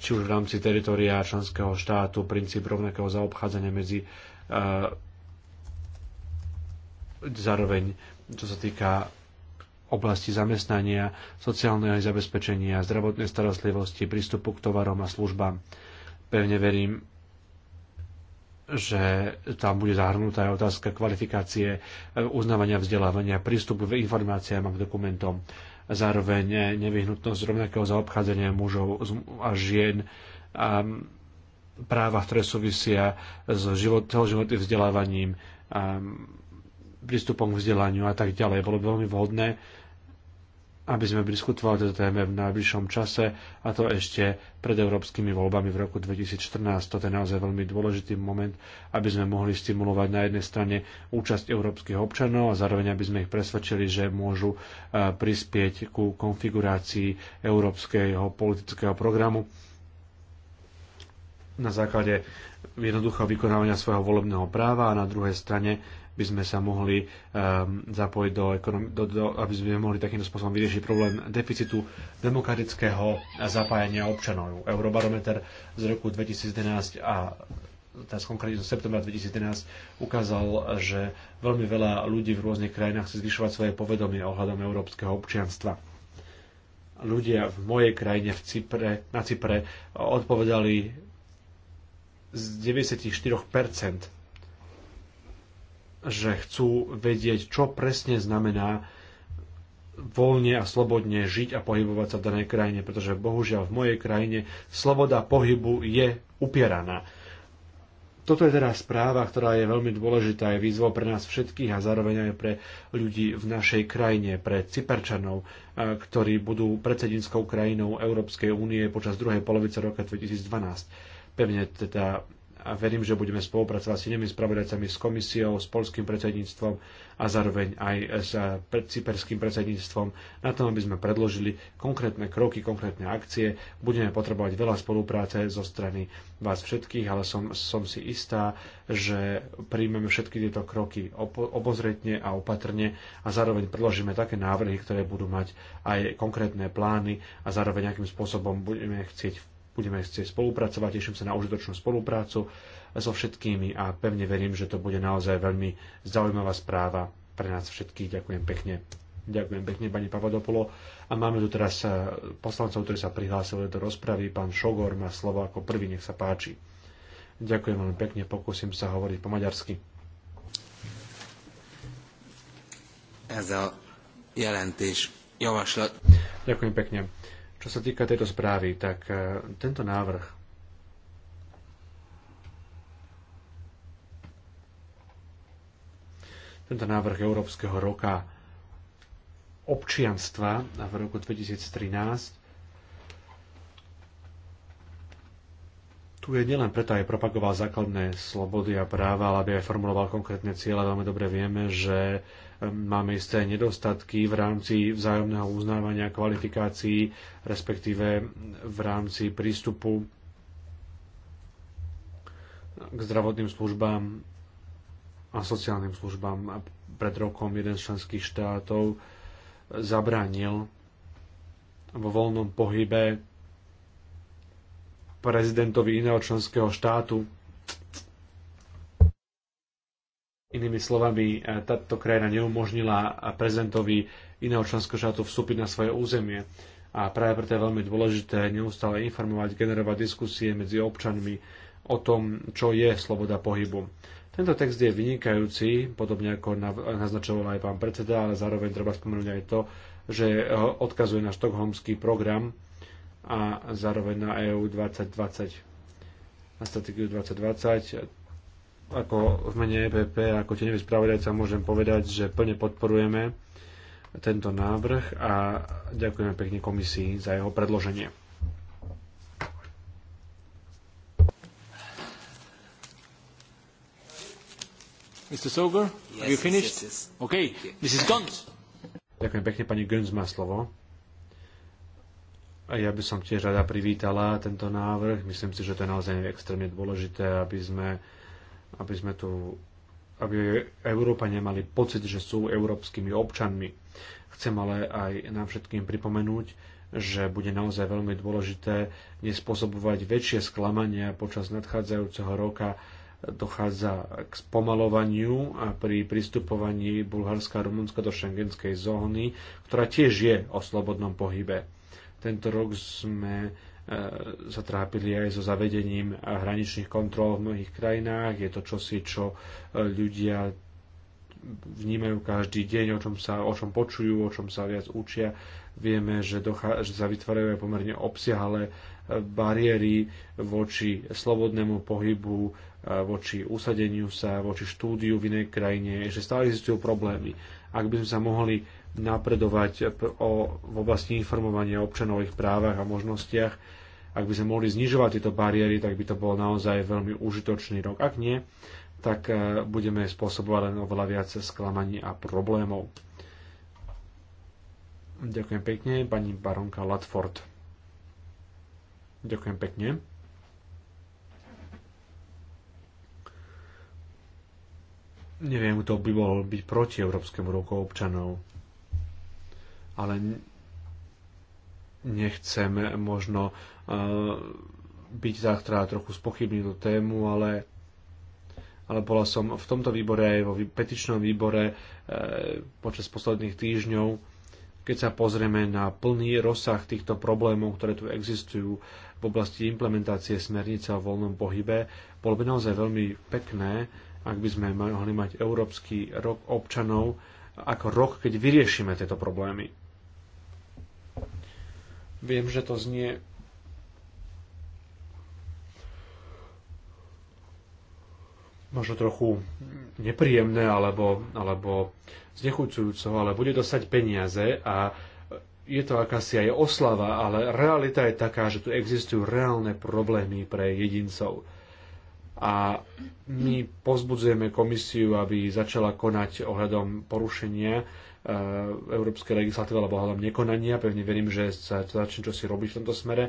či už v rámci teritoria členského štátu, princíp rovnakého zaobchádzania medzi eh, zároveň, čo sa týka oblasti zamestnania, sociálneho zabezpečenia, zdravotnej starostlivosti, prístupu k tovarom a službám. Pevne verím, že tam bude zahrnutá aj otázka kvalifikácie, eh, uznávania vzdelávania, prístupu k informáciám a k dokumentom zároveň nevyhnutnosť rovnakého zaobchádzania mužov a žien a práva, ktoré súvisia s život, celoživotným vzdelávaním, a prístupom k vzdelaniu a tak ďalej. Bolo by veľmi vhodné aby sme diskutovali tejto téme v najbližšom čase a to ešte pred európskymi voľbami v roku 2014. Toto je naozaj veľmi dôležitý moment, aby sme mohli stimulovať na jednej strane účasť európskych občanov a zároveň aby sme ich presvedčili, že môžu e, prispieť ku konfigurácii európskeho politického programu na základe jednoduchého vykonávania svojho volebného práva a na druhej strane by sme sa mohli um, zapojiť do, do, do, aby sme mohli takýmto spôsobom vyriešiť problém deficitu demokratického zapájania občanov. Eurobarometer z roku 2011 a teraz konkrétne z septembra 2011 ukázal, že veľmi veľa ľudí v rôznych krajinách chce zvyšovať svoje povedomie ohľadom európskeho občianstva. Ľudia v mojej krajine v Cipre, na Cypre odpovedali z 94% že chcú vedieť, čo presne znamená voľne a slobodne žiť a pohybovať sa v danej krajine, pretože bohužiaľ v mojej krajine sloboda pohybu je upieraná. Toto je teda správa, ktorá je veľmi dôležitá, je výzvou pre nás všetkých a zároveň aj pre ľudí v našej krajine, pre Cyperčanov, e, ktorí budú predsedinskou krajinou Európskej únie počas druhej polovice roka 2012. Pevne teda a verím, že budeme spolupracovať s inými spravodajcami, s komisiou, s polským predsedníctvom a zároveň aj s eh, cyperským predsedníctvom na tom, aby sme predložili konkrétne kroky, konkrétne akcie. Budeme potrebovať veľa spolupráce zo strany vás všetkých, ale som, som si istá, že príjmeme všetky tieto kroky obozretne a opatrne a zároveň predložíme také návrhy, ktoré budú mať aj konkrétne plány a zároveň akým spôsobom budeme chcieť budeme chcieť spolupracovať, teším sa na užitočnú spoluprácu so všetkými a pevne verím, že to bude naozaj veľmi zaujímavá správa pre nás všetkých. Ďakujem pekne. Ďakujem pekne, pani Pavadopolo. A máme tu teraz eh, poslancov, ktorí sa prihlásili do rozpravy. Pán Šogor má slovo ako prvý, nech sa páči. Ďakujem veľmi pekne, pokúsim sa hovoriť po maďarsky. Ez a jelentés javaslat. Ďakujem pekne. Čo sa týka tejto správy, tak e, tento návrh tento návrh Európskeho roka občianstva v roku 2013. Tu je nielen preto aj propagoval základné slobody a práva, ale aby aj formuloval konkrétne cieľe. Veľmi dobre vieme, že Máme isté nedostatky v rámci vzájomného uznávania kvalifikácií, respektíve v rámci prístupu k zdravotným službám a sociálnym službám. Pred rokom jeden z členských štátov zabránil vo voľnom pohybe prezidentovi iného členského štátu Inými slovami, e, táto krajina neumožnila prezidentovi iného členského štátu vstúpiť na svoje územie. A práve preto je veľmi dôležité neustále informovať, generovať diskusie medzi občanmi o tom, čo je sloboda pohybu. Tento text je vynikajúci, podobne ako naznačoval aj pán predseda, ale zároveň treba spomenúť aj to, že odkazuje na štokholmský program a zároveň na EU 2020 na stratégiu 2020 ako v mene EPP, ako tenevý spravodajca môžem povedať, že plne podporujeme tento návrh a ďakujeme pekne komisii za jeho predloženie. Mr. Soger, yes, are you finished? Yes, yes. Okay, Mrs. Guns. Ďakujem pekne, pani Guns má slovo. A ja by som tiež rada privítala tento návrh. Myslím si, že to je naozaj extrémne dôležité, aby sme uh, aby sme tu aby Európa nemali pocit, že sú európskymi občanmi. Chcem ale aj nám všetkým pripomenúť, že bude naozaj veľmi dôležité nespôsobovať väčšie sklamania počas nadchádzajúceho roka, dochádza k spomalovaniu a pri pristupovaní Bulharska a Rumunska do šengenskej zóny, ktorá tiež je o slobodnom pohybe. Tento rok sme sa e, trápili aj so zavedením hraničných kontrol v mnohých krajinách. Je to čosi, čo e, ľudia vnímajú každý deň, o čom, sa, o čom počujú, o čom sa viac učia. Vieme, že, dochá, že sa vytvárajú aj pomerne obsiahle e, bariéry voči slobodnému pohybu voči usadeniu sa, voči štúdiu v inej krajine, že stále existujú problémy. Ak by sme sa mohli napredovať o, v oblasti informovania občanov o ich právach a možnostiach, ak by sme mohli znižovať tieto bariéry, tak by to bol naozaj veľmi užitočný rok. Ak nie, tak e, budeme spôsobovať len oveľa viac sklamaní a problémov. Ďakujem pekne, pani baronka Latford. Ďakujem pekne. neviem, kto by bol byť proti Európskemu roku občanov. Ale nechcem možno e, byť tá, ktorá trochu spochybní tú tému, ale, ale bola som v tomto výbore aj vo petičnom výbore e, počas posledných týždňov, keď sa pozrieme na plný rozsah týchto problémov, ktoré tu existujú v oblasti implementácie smernice o voľnom pohybe, bolo by naozaj veľmi pekné, ak by sme mohli mať Európsky rok občanov ako rok, keď vyriešime tieto problémy. Viem, že to znie možno trochu nepríjemné alebo, alebo znechúcujúco, ale bude dostať peniaze a je to akási aj oslava, ale realita je taká, že tu existujú reálne problémy pre jedincov a my pozbudzujeme komisiu, aby začala konať ohľadom porušenia e, európskej legislatívy alebo ohľadom nekonania. Pevne verím, že sa začne čosi robiť v tomto smere.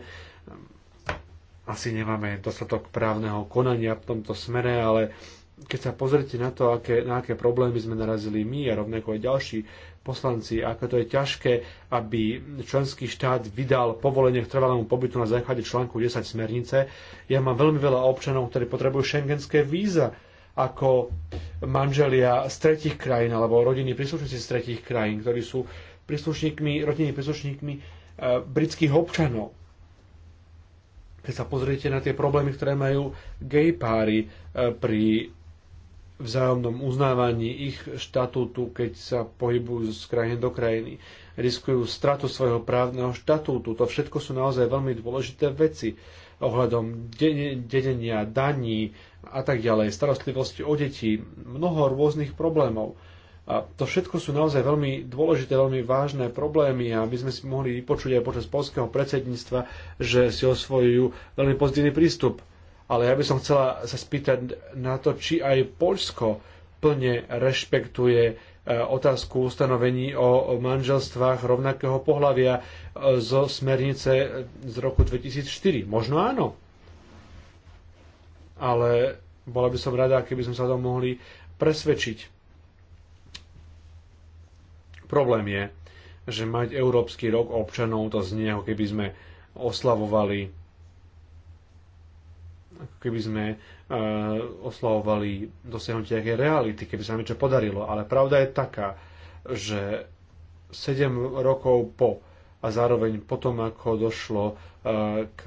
Asi nemáme dostatok právneho konania v tomto smere, ale keď sa pozrite na to, aké, na aké problémy sme narazili my a rovnako aj ďalší poslanci, ako to je ťažké, aby členský štát vydal povolenie k trvalému pobytu na základe článku 10 smernice. Ja mám veľmi veľa občanov, ktorí potrebujú šengenské víza ako manželia z tretich krajín alebo rodiny príslušníci z tretich krajín, ktorí sú príslušníkmi, rodiny príslušníkmi e, britských občanov. Keď sa pozriete na tie problémy, ktoré majú gay páry e, pri vzájomnom uznávaní ich štatútu, keď sa pohybujú z krajiny do krajiny. Riskujú stratu svojho právneho štatútu. To všetko sú naozaj veľmi dôležité veci ohľadom de- dedenia, daní a tak ďalej, starostlivosti o deti, mnoho rôznych problémov. A to všetko sú naozaj veľmi dôležité, veľmi vážne problémy a my sme si mohli vypočuť aj počas polského predsedníctva, že si osvojujú veľmi pozitívny prístup ale ja by som chcela sa spýtať na to, či aj Poľsko plne rešpektuje e, otázku ustanovení o manželstvách rovnakého pohľavia e, zo smernice z roku 2004. Možno áno. Ale bola by som rada, keby sme sa to mohli presvedčiť. Problém je, že mať Európsky rok občanov to znie, ako keby sme oslavovali keby sme e, oslavovali dosiahnutie nejakej reality, keby sa nám niečo podarilo. Ale pravda je taká, že 7 rokov po a zároveň potom, ako došlo e, k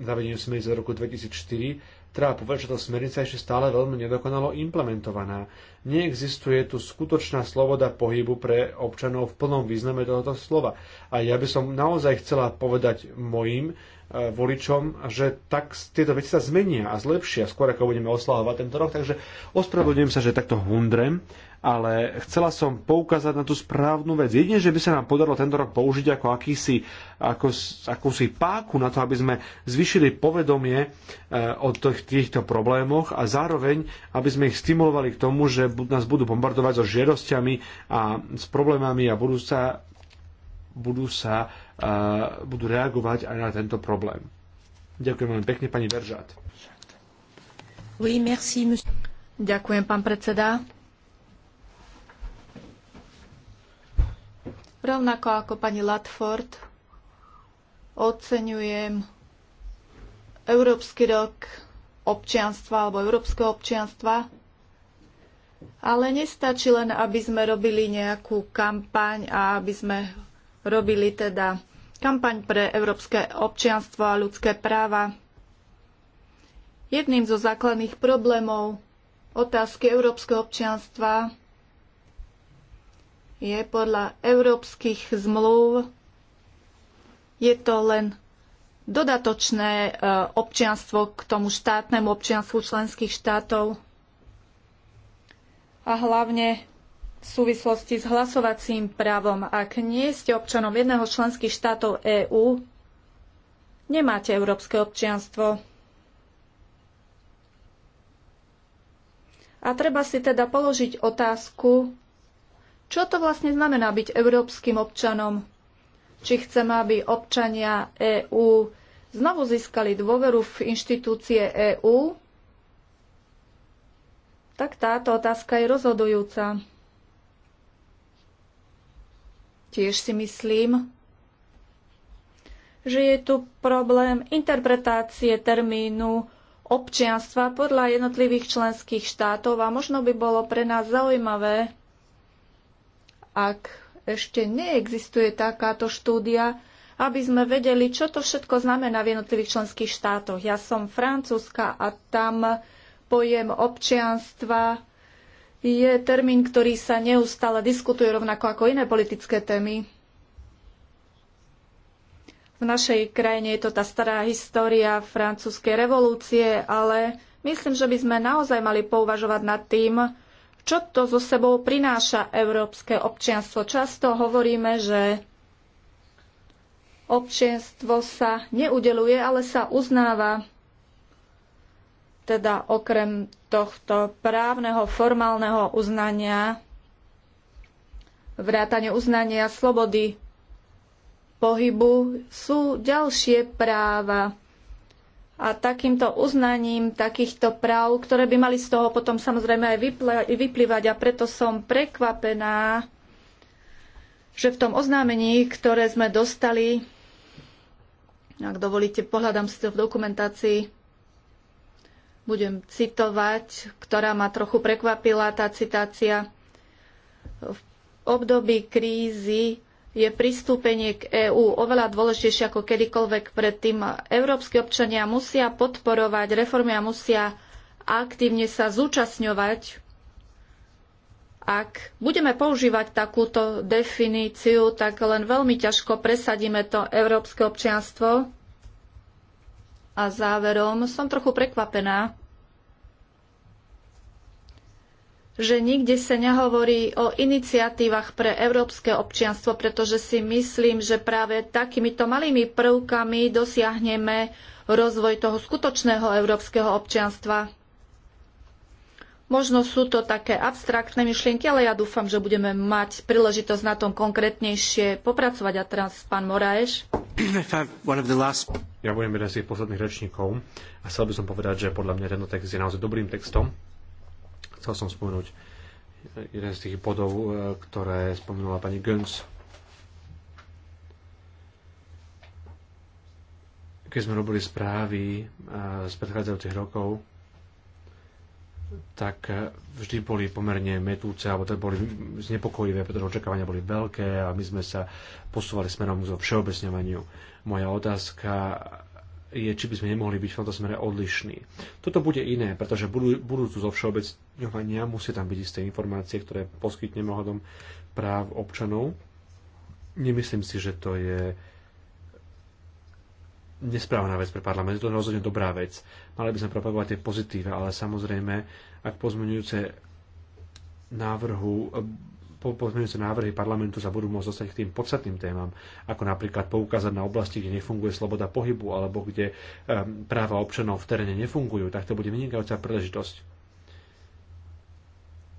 zavedeniu smernice v roku 2004, Treba povedať, že tá smernica ešte stále veľmi nedokonalo implementovaná. Neexistuje tu skutočná sloboda pohybu pre občanov v plnom význame tohoto slova. A ja by som naozaj chcela povedať mojim e, voličom, že tak tieto veci sa zmenia a zlepšia skôr, ako budeme oslahovať tento rok. Takže ospravedlňujem sa, že takto hundrem, ale chcela som poukázať na tú správnu vec. Jedine, že by sa nám podarilo tento rok použiť ako akýsi, ako, akúsi páku na to, aby sme zvyšili povedomie e, o týchto problémoch a zároveň, aby sme ich stimulovali k tomu, že nás budú bombardovať so žiadosťami a s problémami a budú sa, budú sa e, budú reagovať aj na tento problém. Ďakujem veľmi pekne, pani Veržát. Oui, merci, Ďakujem, pán predseda. Rovnako ako pani Latford, oceňujem Európsky rok občianstva alebo európskeho občianstva, ale nestačí len, aby sme robili nejakú kampaň a aby sme robili teda kampaň pre európske občianstvo a ľudské práva. Jedným zo základných problémov otázky európskeho občianstva je podľa európskych zmluv je to len dodatočné e, občianstvo k tomu štátnemu občianstvu členských štátov a hlavne v súvislosti s hlasovacím právom. Ak nie ste občanom jedného členských štátov EÚ, nemáte európske občianstvo. A treba si teda položiť otázku, čo to vlastne znamená byť európskym občanom? Či chceme, aby občania EÚ znovu získali dôveru v inštitúcie EÚ? Tak táto otázka je rozhodujúca. Tiež si myslím, že je tu problém interpretácie termínu občianstva podľa jednotlivých členských štátov a možno by bolo pre nás zaujímavé ak ešte neexistuje takáto štúdia, aby sme vedeli, čo to všetko znamená v jednotlivých členských štátoch. Ja som francúzska a tam pojem občianstva je termín, ktorý sa neustále diskutuje rovnako ako iné politické témy. V našej krajine je to tá stará história francúzskej revolúcie, ale myslím, že by sme naozaj mali pouvažovať nad tým, čo to so sebou prináša európske občianstvo? Často hovoríme, že občianstvo sa neudeluje, ale sa uznáva. Teda okrem tohto právneho formálneho uznania, vrátane uznania slobody pohybu, sú ďalšie práva a takýmto uznaním takýchto práv, ktoré by mali z toho potom samozrejme aj vyplývať. A preto som prekvapená, že v tom oznámení, ktoré sme dostali, ak dovolíte, pohľadám si to v dokumentácii, budem citovať, ktorá ma trochu prekvapila, tá citácia. V období krízy je pristúpenie k EÚ oveľa dôležitejšie ako kedykoľvek predtým. Európsky občania musia podporovať reformy a musia aktívne sa zúčastňovať. Ak budeme používať takúto definíciu, tak len veľmi ťažko presadíme to európske občianstvo. A záverom som trochu prekvapená, že nikde sa nehovorí o iniciatívach pre európske občianstvo, pretože si myslím, že práve takýmito malými prvkami dosiahneme rozvoj toho skutočného európskeho občianstva. Možno sú to také abstraktné myšlienky, ale ja dúfam, že budeme mať príležitosť na tom konkrétnejšie popracovať. A teraz pán Moraeš. Ja budem jeden z posledných rečníkov a chcel by som povedať, že podľa mňa tento text je naozaj dobrým textom Chcel som spomenúť jeden z tých bodov, e, ktoré spomenula pani Gönz. Keď sme robili správy e, z predchádzajúcich rokov, tak e, vždy boli pomerne metúce, alebo to boli znepokojivé, pretože očakávania boli veľké a my sme sa posúvali smerom k všeobecňovaniu. Moja otázka je, či by sme nemohli byť v tomto smere odlišní. Toto bude iné, pretože budú, budú tu zo všeobecňovania, musí tam byť isté informácie, ktoré poskytneme ohľadom práv občanov. Nemyslím si, že to je nesprávna vec pre parlament, to je rozhodne dobrá vec. Mali by sme propagovať tie pozitíve, ale samozrejme, ak pozmenujúce návrhu pozmeňujúce návrhy parlamentu sa budú môcť dostať k tým podstatným témam, ako napríklad poukázať na oblasti, kde nefunguje sloboda pohybu alebo kde práva občanov v teréne nefungujú, tak to bude vynikajúca príležitosť.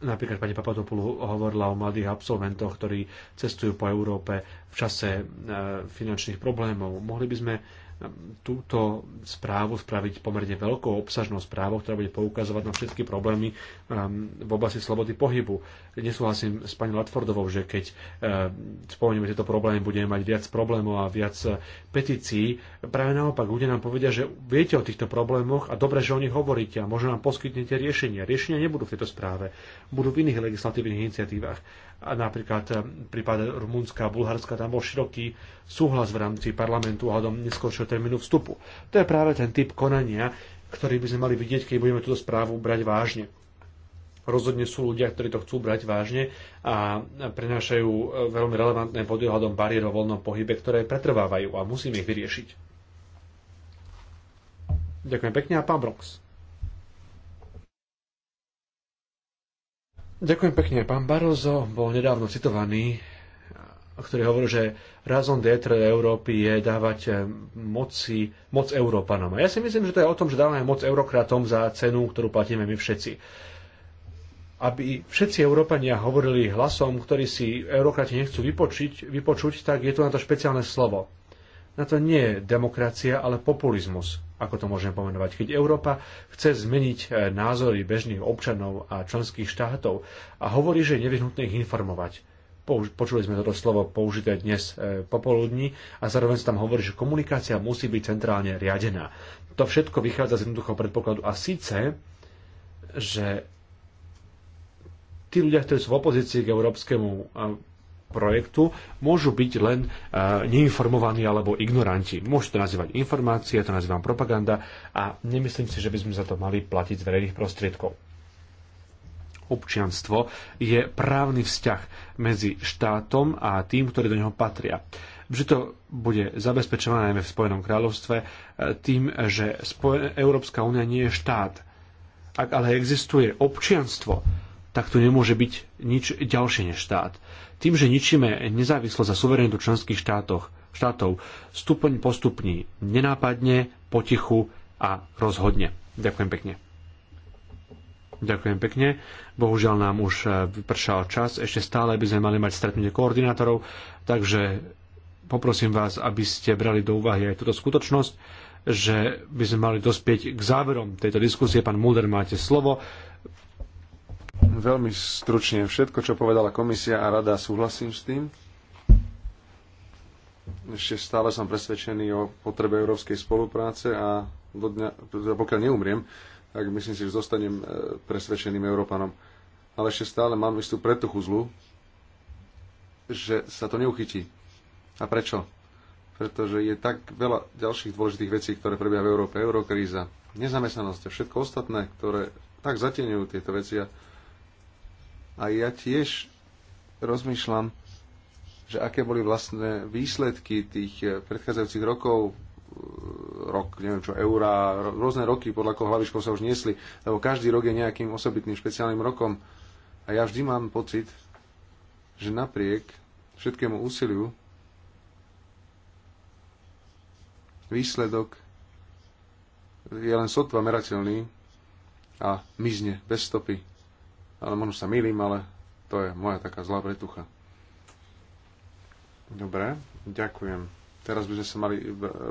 Napríklad pani Papadopoulou hovorila o mladých absolventoch, ktorí cestujú po Európe v čase finančných problémov. Mohli by sme túto správu spraviť pomerne veľkou obsažnou správou, ktorá bude poukazovať na všetky problémy um, v oblasti slobody pohybu. Nesúhlasím s pani Latfordovou, že keď um, spomenieme tieto problémy, budeme mať viac problémov a viac uh, petícií. Práve naopak, ľudia nám povedia, že viete o týchto problémoch a dobre, že o nich hovoríte a možno nám poskytnete riešenia. Riešenia nebudú v tejto správe, budú v iných legislatívnych iniciatívach. A napríklad um, prípad Rumunska a Bulharska, tam bol široký súhlas v rámci parlamentu ohľadom neskôr termínu vstupu. To je práve ten typ konania, ktorý by sme mali vidieť, keď budeme túto správu brať vážne. Rozhodne sú ľudia, ktorí to chcú brať vážne a prenášajú e, veľmi relevantné pod ohľadom bariér vo voľnom pohybe, ktoré pretrvávajú a musíme ich vyriešiť. Ďakujem pekne a pán Brox. Ďakujem pekne. Pán Barozo bol nedávno citovaný ktorý hovorí, že razom d'être Európy je dávať eh, moci, moc Európanom. A ja si myslím, že to je o tom, že dávame moc eurokratom za cenu, ktorú platíme my všetci. Aby všetci Európania hovorili hlasom, ktorý si eurokrati nechcú vypočiť, vypočuť, tak je tu na to špeciálne slovo. Na to nie je demokracia, ale populizmus, ako to môžeme pomenovať. Keď Európa chce zmeniť eh, názory bežných občanov a členských štátov a hovorí, že je nevyhnutné ich informovať počuli sme toto slovo použité dnes e, popoludní a zároveň sa tam hovorí, že komunikácia musí byť centrálne riadená. To všetko vychádza z jednoduchého predpokladu a síce, že tí ľudia, ktorí sú v opozícii k európskemu e, projektu môžu byť len e, neinformovaní alebo ignoranti. Môžu to nazývať informácie, to nazývam propaganda a nemyslím si, že by sme za to mali platiť z verejných prostriedkov občianstvo je právny vzťah medzi štátom a tým, ktorý do neho patria že to bude zabezpečované najmä v Spojenom kráľovstve e, tým, že Európska únia nie je štát. Ak ale existuje občianstvo, tak tu nemôže byť nič ďalšie než štát. Tým, že ničíme nezávislosť a suverenitu členských štátoch, štátov, stupoň postupní, nenápadne, potichu a rozhodne. Ďakujem pekne. Ďakujem pekne. Bohužiaľ nám už e, vypršal čas. Ešte stále by sme mali mať stretnutie koordinátorov, takže poprosím vás, aby ste brali do úvahy aj túto skutočnosť, že by sme mali dospieť k záverom tejto diskusie. Pán Mulder, máte slovo. Veľmi stručne všetko, čo povedala komisia a rada, súhlasím s tým. Ešte stále som presvedčený o potrebe európskej spolupráce a do dňa, pokiaľ neumriem, tak myslím si, že zostanem e, presvedčeným Európanom. Ale ešte stále mám istú pretuchu zlu, že sa to neuchytí. A prečo? Pretože je tak veľa ďalších dôležitých vecí, ktoré prebieha v Európe. Eurokríza, nezamestnanosť a všetko ostatné, ktoré tak zatieňujú tieto veci. A ja tiež rozmýšľam, že aké boli vlastné výsledky tých e, predchádzajúcich rokov rok, neviem čo, eurá, rôzne roky podľa koho hlavičkov sa už niesli, lebo každý rok je nejakým osobitným špeciálnym rokom. A ja vždy mám pocit, že napriek všetkému úsiliu výsledok je len sotva merateľný a mizne bez stopy. Ale možno sa milím, ale to je moja taká zlá pretucha. Dobre, ďakujem. Teraz by sme sa mali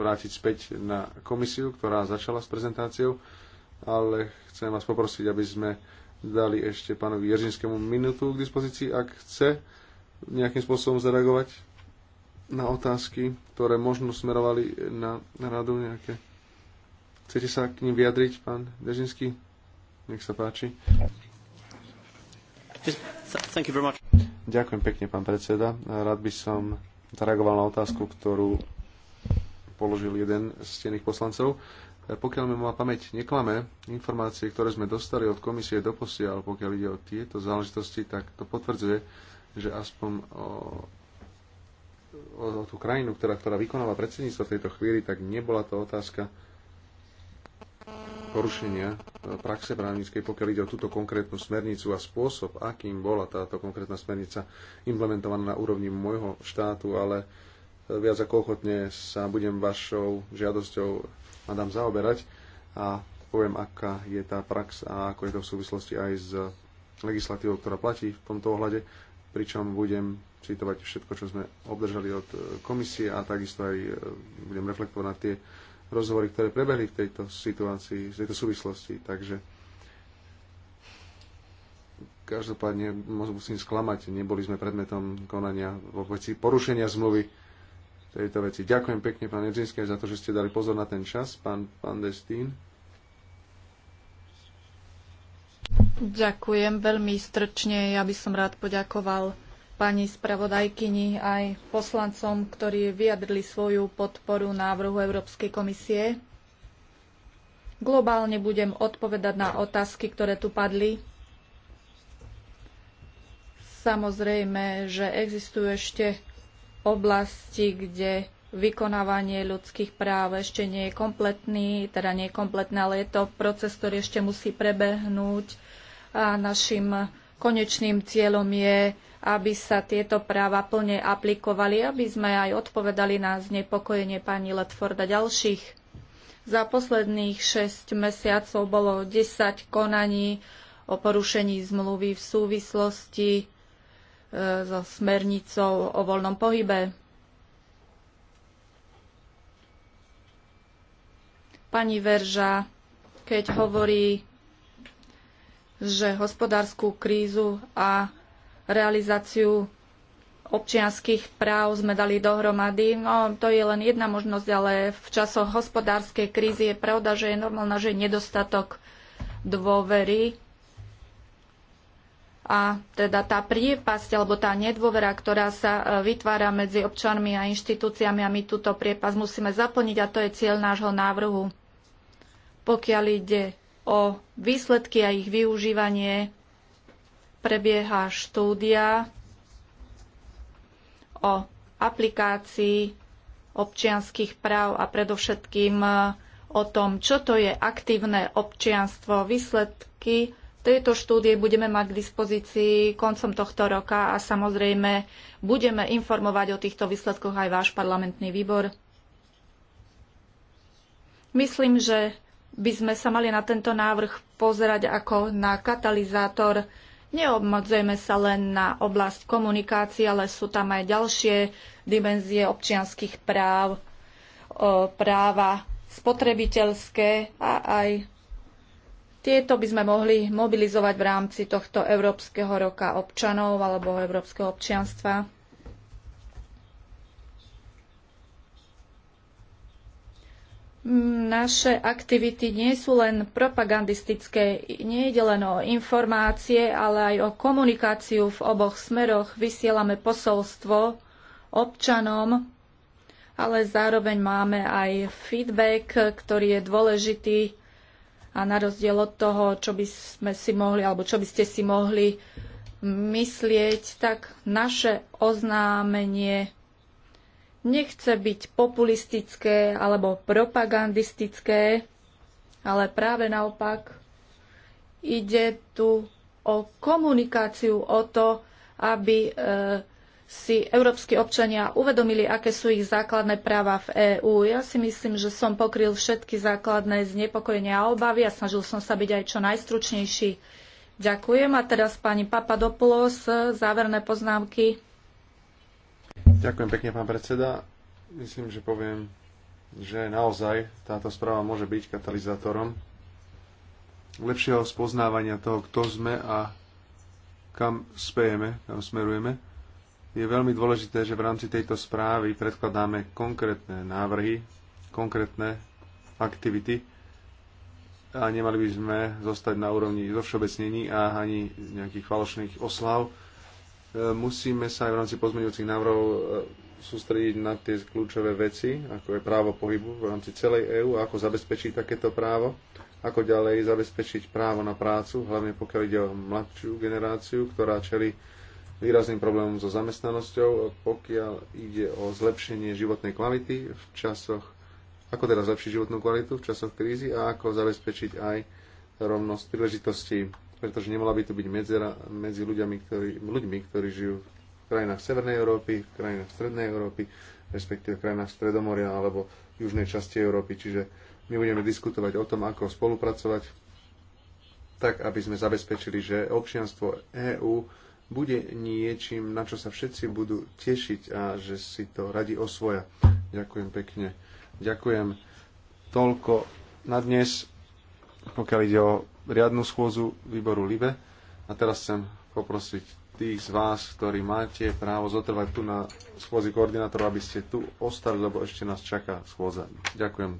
vrátiť späť na komisiu, ktorá začala s prezentáciou, ale chcem vás poprosiť, aby sme dali ešte pánovi Jeržinskému minútu k dispozícii, ak chce nejakým spôsobom zareagovať na otázky, ktoré možno smerovali na, na radu nejaké. Chcete sa k ním vyjadriť, pán Dežinský? Nech sa páči. Ďakujem pekne, pán predseda. Rád by som zareagoval na otázku, ktorú položil jeden z stených poslancov. E, pokiaľ mi má pamäť neklame, informácie, ktoré sme dostali od komisie do posiaľ, pokiaľ ide o tieto záležitosti, tak to potvrdzuje, že aspoň o, o, o tú krajinu, ktorá, ktorá vykonáva predsedníctvo v tejto chvíli, tak nebola to otázka porušenia e, praxe právnickej, pokiaľ ide o túto konkrétnu smernicu a spôsob, akým bola táto konkrétna smernica implementovaná na úrovni môjho štátu, ale e, viac ako ochotne sa budem vašou žiadosťou, madam, zaoberať a poviem, aká je tá prax a ako je to v súvislosti aj s legislatívou, ktorá platí v tomto ohľade, pričom budem citovať všetko, čo sme obdržali od e, komisie a takisto aj budem reflektovať na tie rozhovory, ktoré prebehli v tejto situácii, v tejto súvislosti. Takže každopádne musím sklamať, neboli sme predmetom konania vo veci porušenia zmluvy tejto veci. Ďakujem pekne, pán Jedzinský, za to, že ste dali pozor na ten čas, pán, pán Destín. Ďakujem veľmi strčne. Ja by som rád poďakoval pani spravodajkyni aj poslancom, ktorí vyjadrili svoju podporu návrhu Európskej komisie. Globálne budem odpovedať na otázky, ktoré tu padli. Samozrejme, že existujú ešte oblasti, kde vykonávanie ľudských práv ešte nie je kompletný, teda nie je kompletné, ale je to proces, ktorý ešte musí prebehnúť a našim konečným cieľom je aby sa tieto práva plne aplikovali, aby sme aj odpovedali na znepokojenie pani Letforda a ďalších. Za posledných 6 mesiacov bolo 10 konaní o porušení zmluvy v súvislosti e, so smernicou o voľnom pohybe. Pani Verža, keď hovorí, že hospodárskú krízu a realizáciu občianských práv sme dali dohromady. No, to je len jedna možnosť, ale v časoch hospodárskej krízy je pravda, že je normálna, že je nedostatok dôvery a teda tá priepasť alebo tá nedôvera, ktorá sa e, vytvára medzi občanmi a inštitúciami a my túto priepasť musíme zaplniť a to je cieľ nášho návrhu. Pokiaľ ide o výsledky a ich využívanie, prebieha štúdia o aplikácii občianských práv a predovšetkým e, o tom, čo to je aktívne občianstvo. Výsledky tejto štúdie budeme mať k dispozícii koncom tohto roka a samozrejme budeme informovať o týchto výsledkoch aj váš parlamentný výbor. Myslím, že by sme sa mali na tento návrh pozerať ako na katalizátor Neobmedzujeme sa len na oblasť komunikácie, ale sú tam aj ďalšie dimenzie občianských práv, práva spotrebiteľské a aj tieto by sme mohli mobilizovať v rámci tohto Európskeho roka občanov alebo Európskeho občianstva. naše aktivity nie sú len propagandistické, nie ide len o informácie, ale aj o komunikáciu v oboch smeroch. Vysielame posolstvo občanom, ale zároveň máme aj feedback, ktorý je dôležitý a na rozdiel od toho, čo by sme si mohli, alebo čo by ste si mohli myslieť, tak naše oznámenie nechce byť populistické alebo propagandistické, ale práve naopak ide tu o komunikáciu, o to, aby e, si európsky občania uvedomili, aké sú ich základné práva v EÚ. Ja si myslím, že som pokryl všetky základné znepokojenia a obavy a snažil som sa byť aj čo najstručnejší. Ďakujem a teraz pani Papadopoulos, záverné poznámky. Ďakujem pekne, pán predseda. Myslím, že poviem, že naozaj táto správa môže byť katalizátorom lepšieho spoznávania toho, kto sme a kam spejeme, kam smerujeme. Je veľmi dôležité, že v rámci tejto správy predkladáme konkrétne návrhy, konkrétne aktivity a nemali by sme zostať na úrovni zovšeobecnení a ani nejakých falošných oslav, E, musíme sa aj v rámci pozmeňujúcich návrhov e, sústrediť na tie kľúčové veci, ako je právo pohybu v rámci celej EÚ, ako zabezpečiť takéto právo, ako ďalej zabezpečiť právo na prácu, hlavne pokiaľ ide o mladšiu generáciu, ktorá čeli výrazným problémom so zamestnanosťou, pokiaľ ide o zlepšenie životnej kvality v časoch, ako teda zlepšiť životnú kvalitu v časoch krízy a ako zabezpečiť aj rovnosť príležitostí pretože nemala by tu byť medzera medzi ľuďami, ktorí, ľuďmi, ktorí žijú v krajinách Severnej Európy, v krajinách Strednej Európy, respektíve v krajinách Stredomoria alebo južnej časti Európy. Čiže my budeme diskutovať o tom, ako spolupracovať, tak aby sme zabezpečili, že občianstvo EÚ bude niečím, na čo sa všetci budú tešiť a že si to radi osvoja. Ďakujem pekne. Ďakujem toľko na dnes, pokiaľ ide o riadnu schôzu výboru LIBE. A teraz chcem poprosiť tých z vás, ktorí máte právo zotrvať tu na schôzi koordinátorov, aby ste tu ostali, lebo ešte nás čaká schôza. Ďakujem.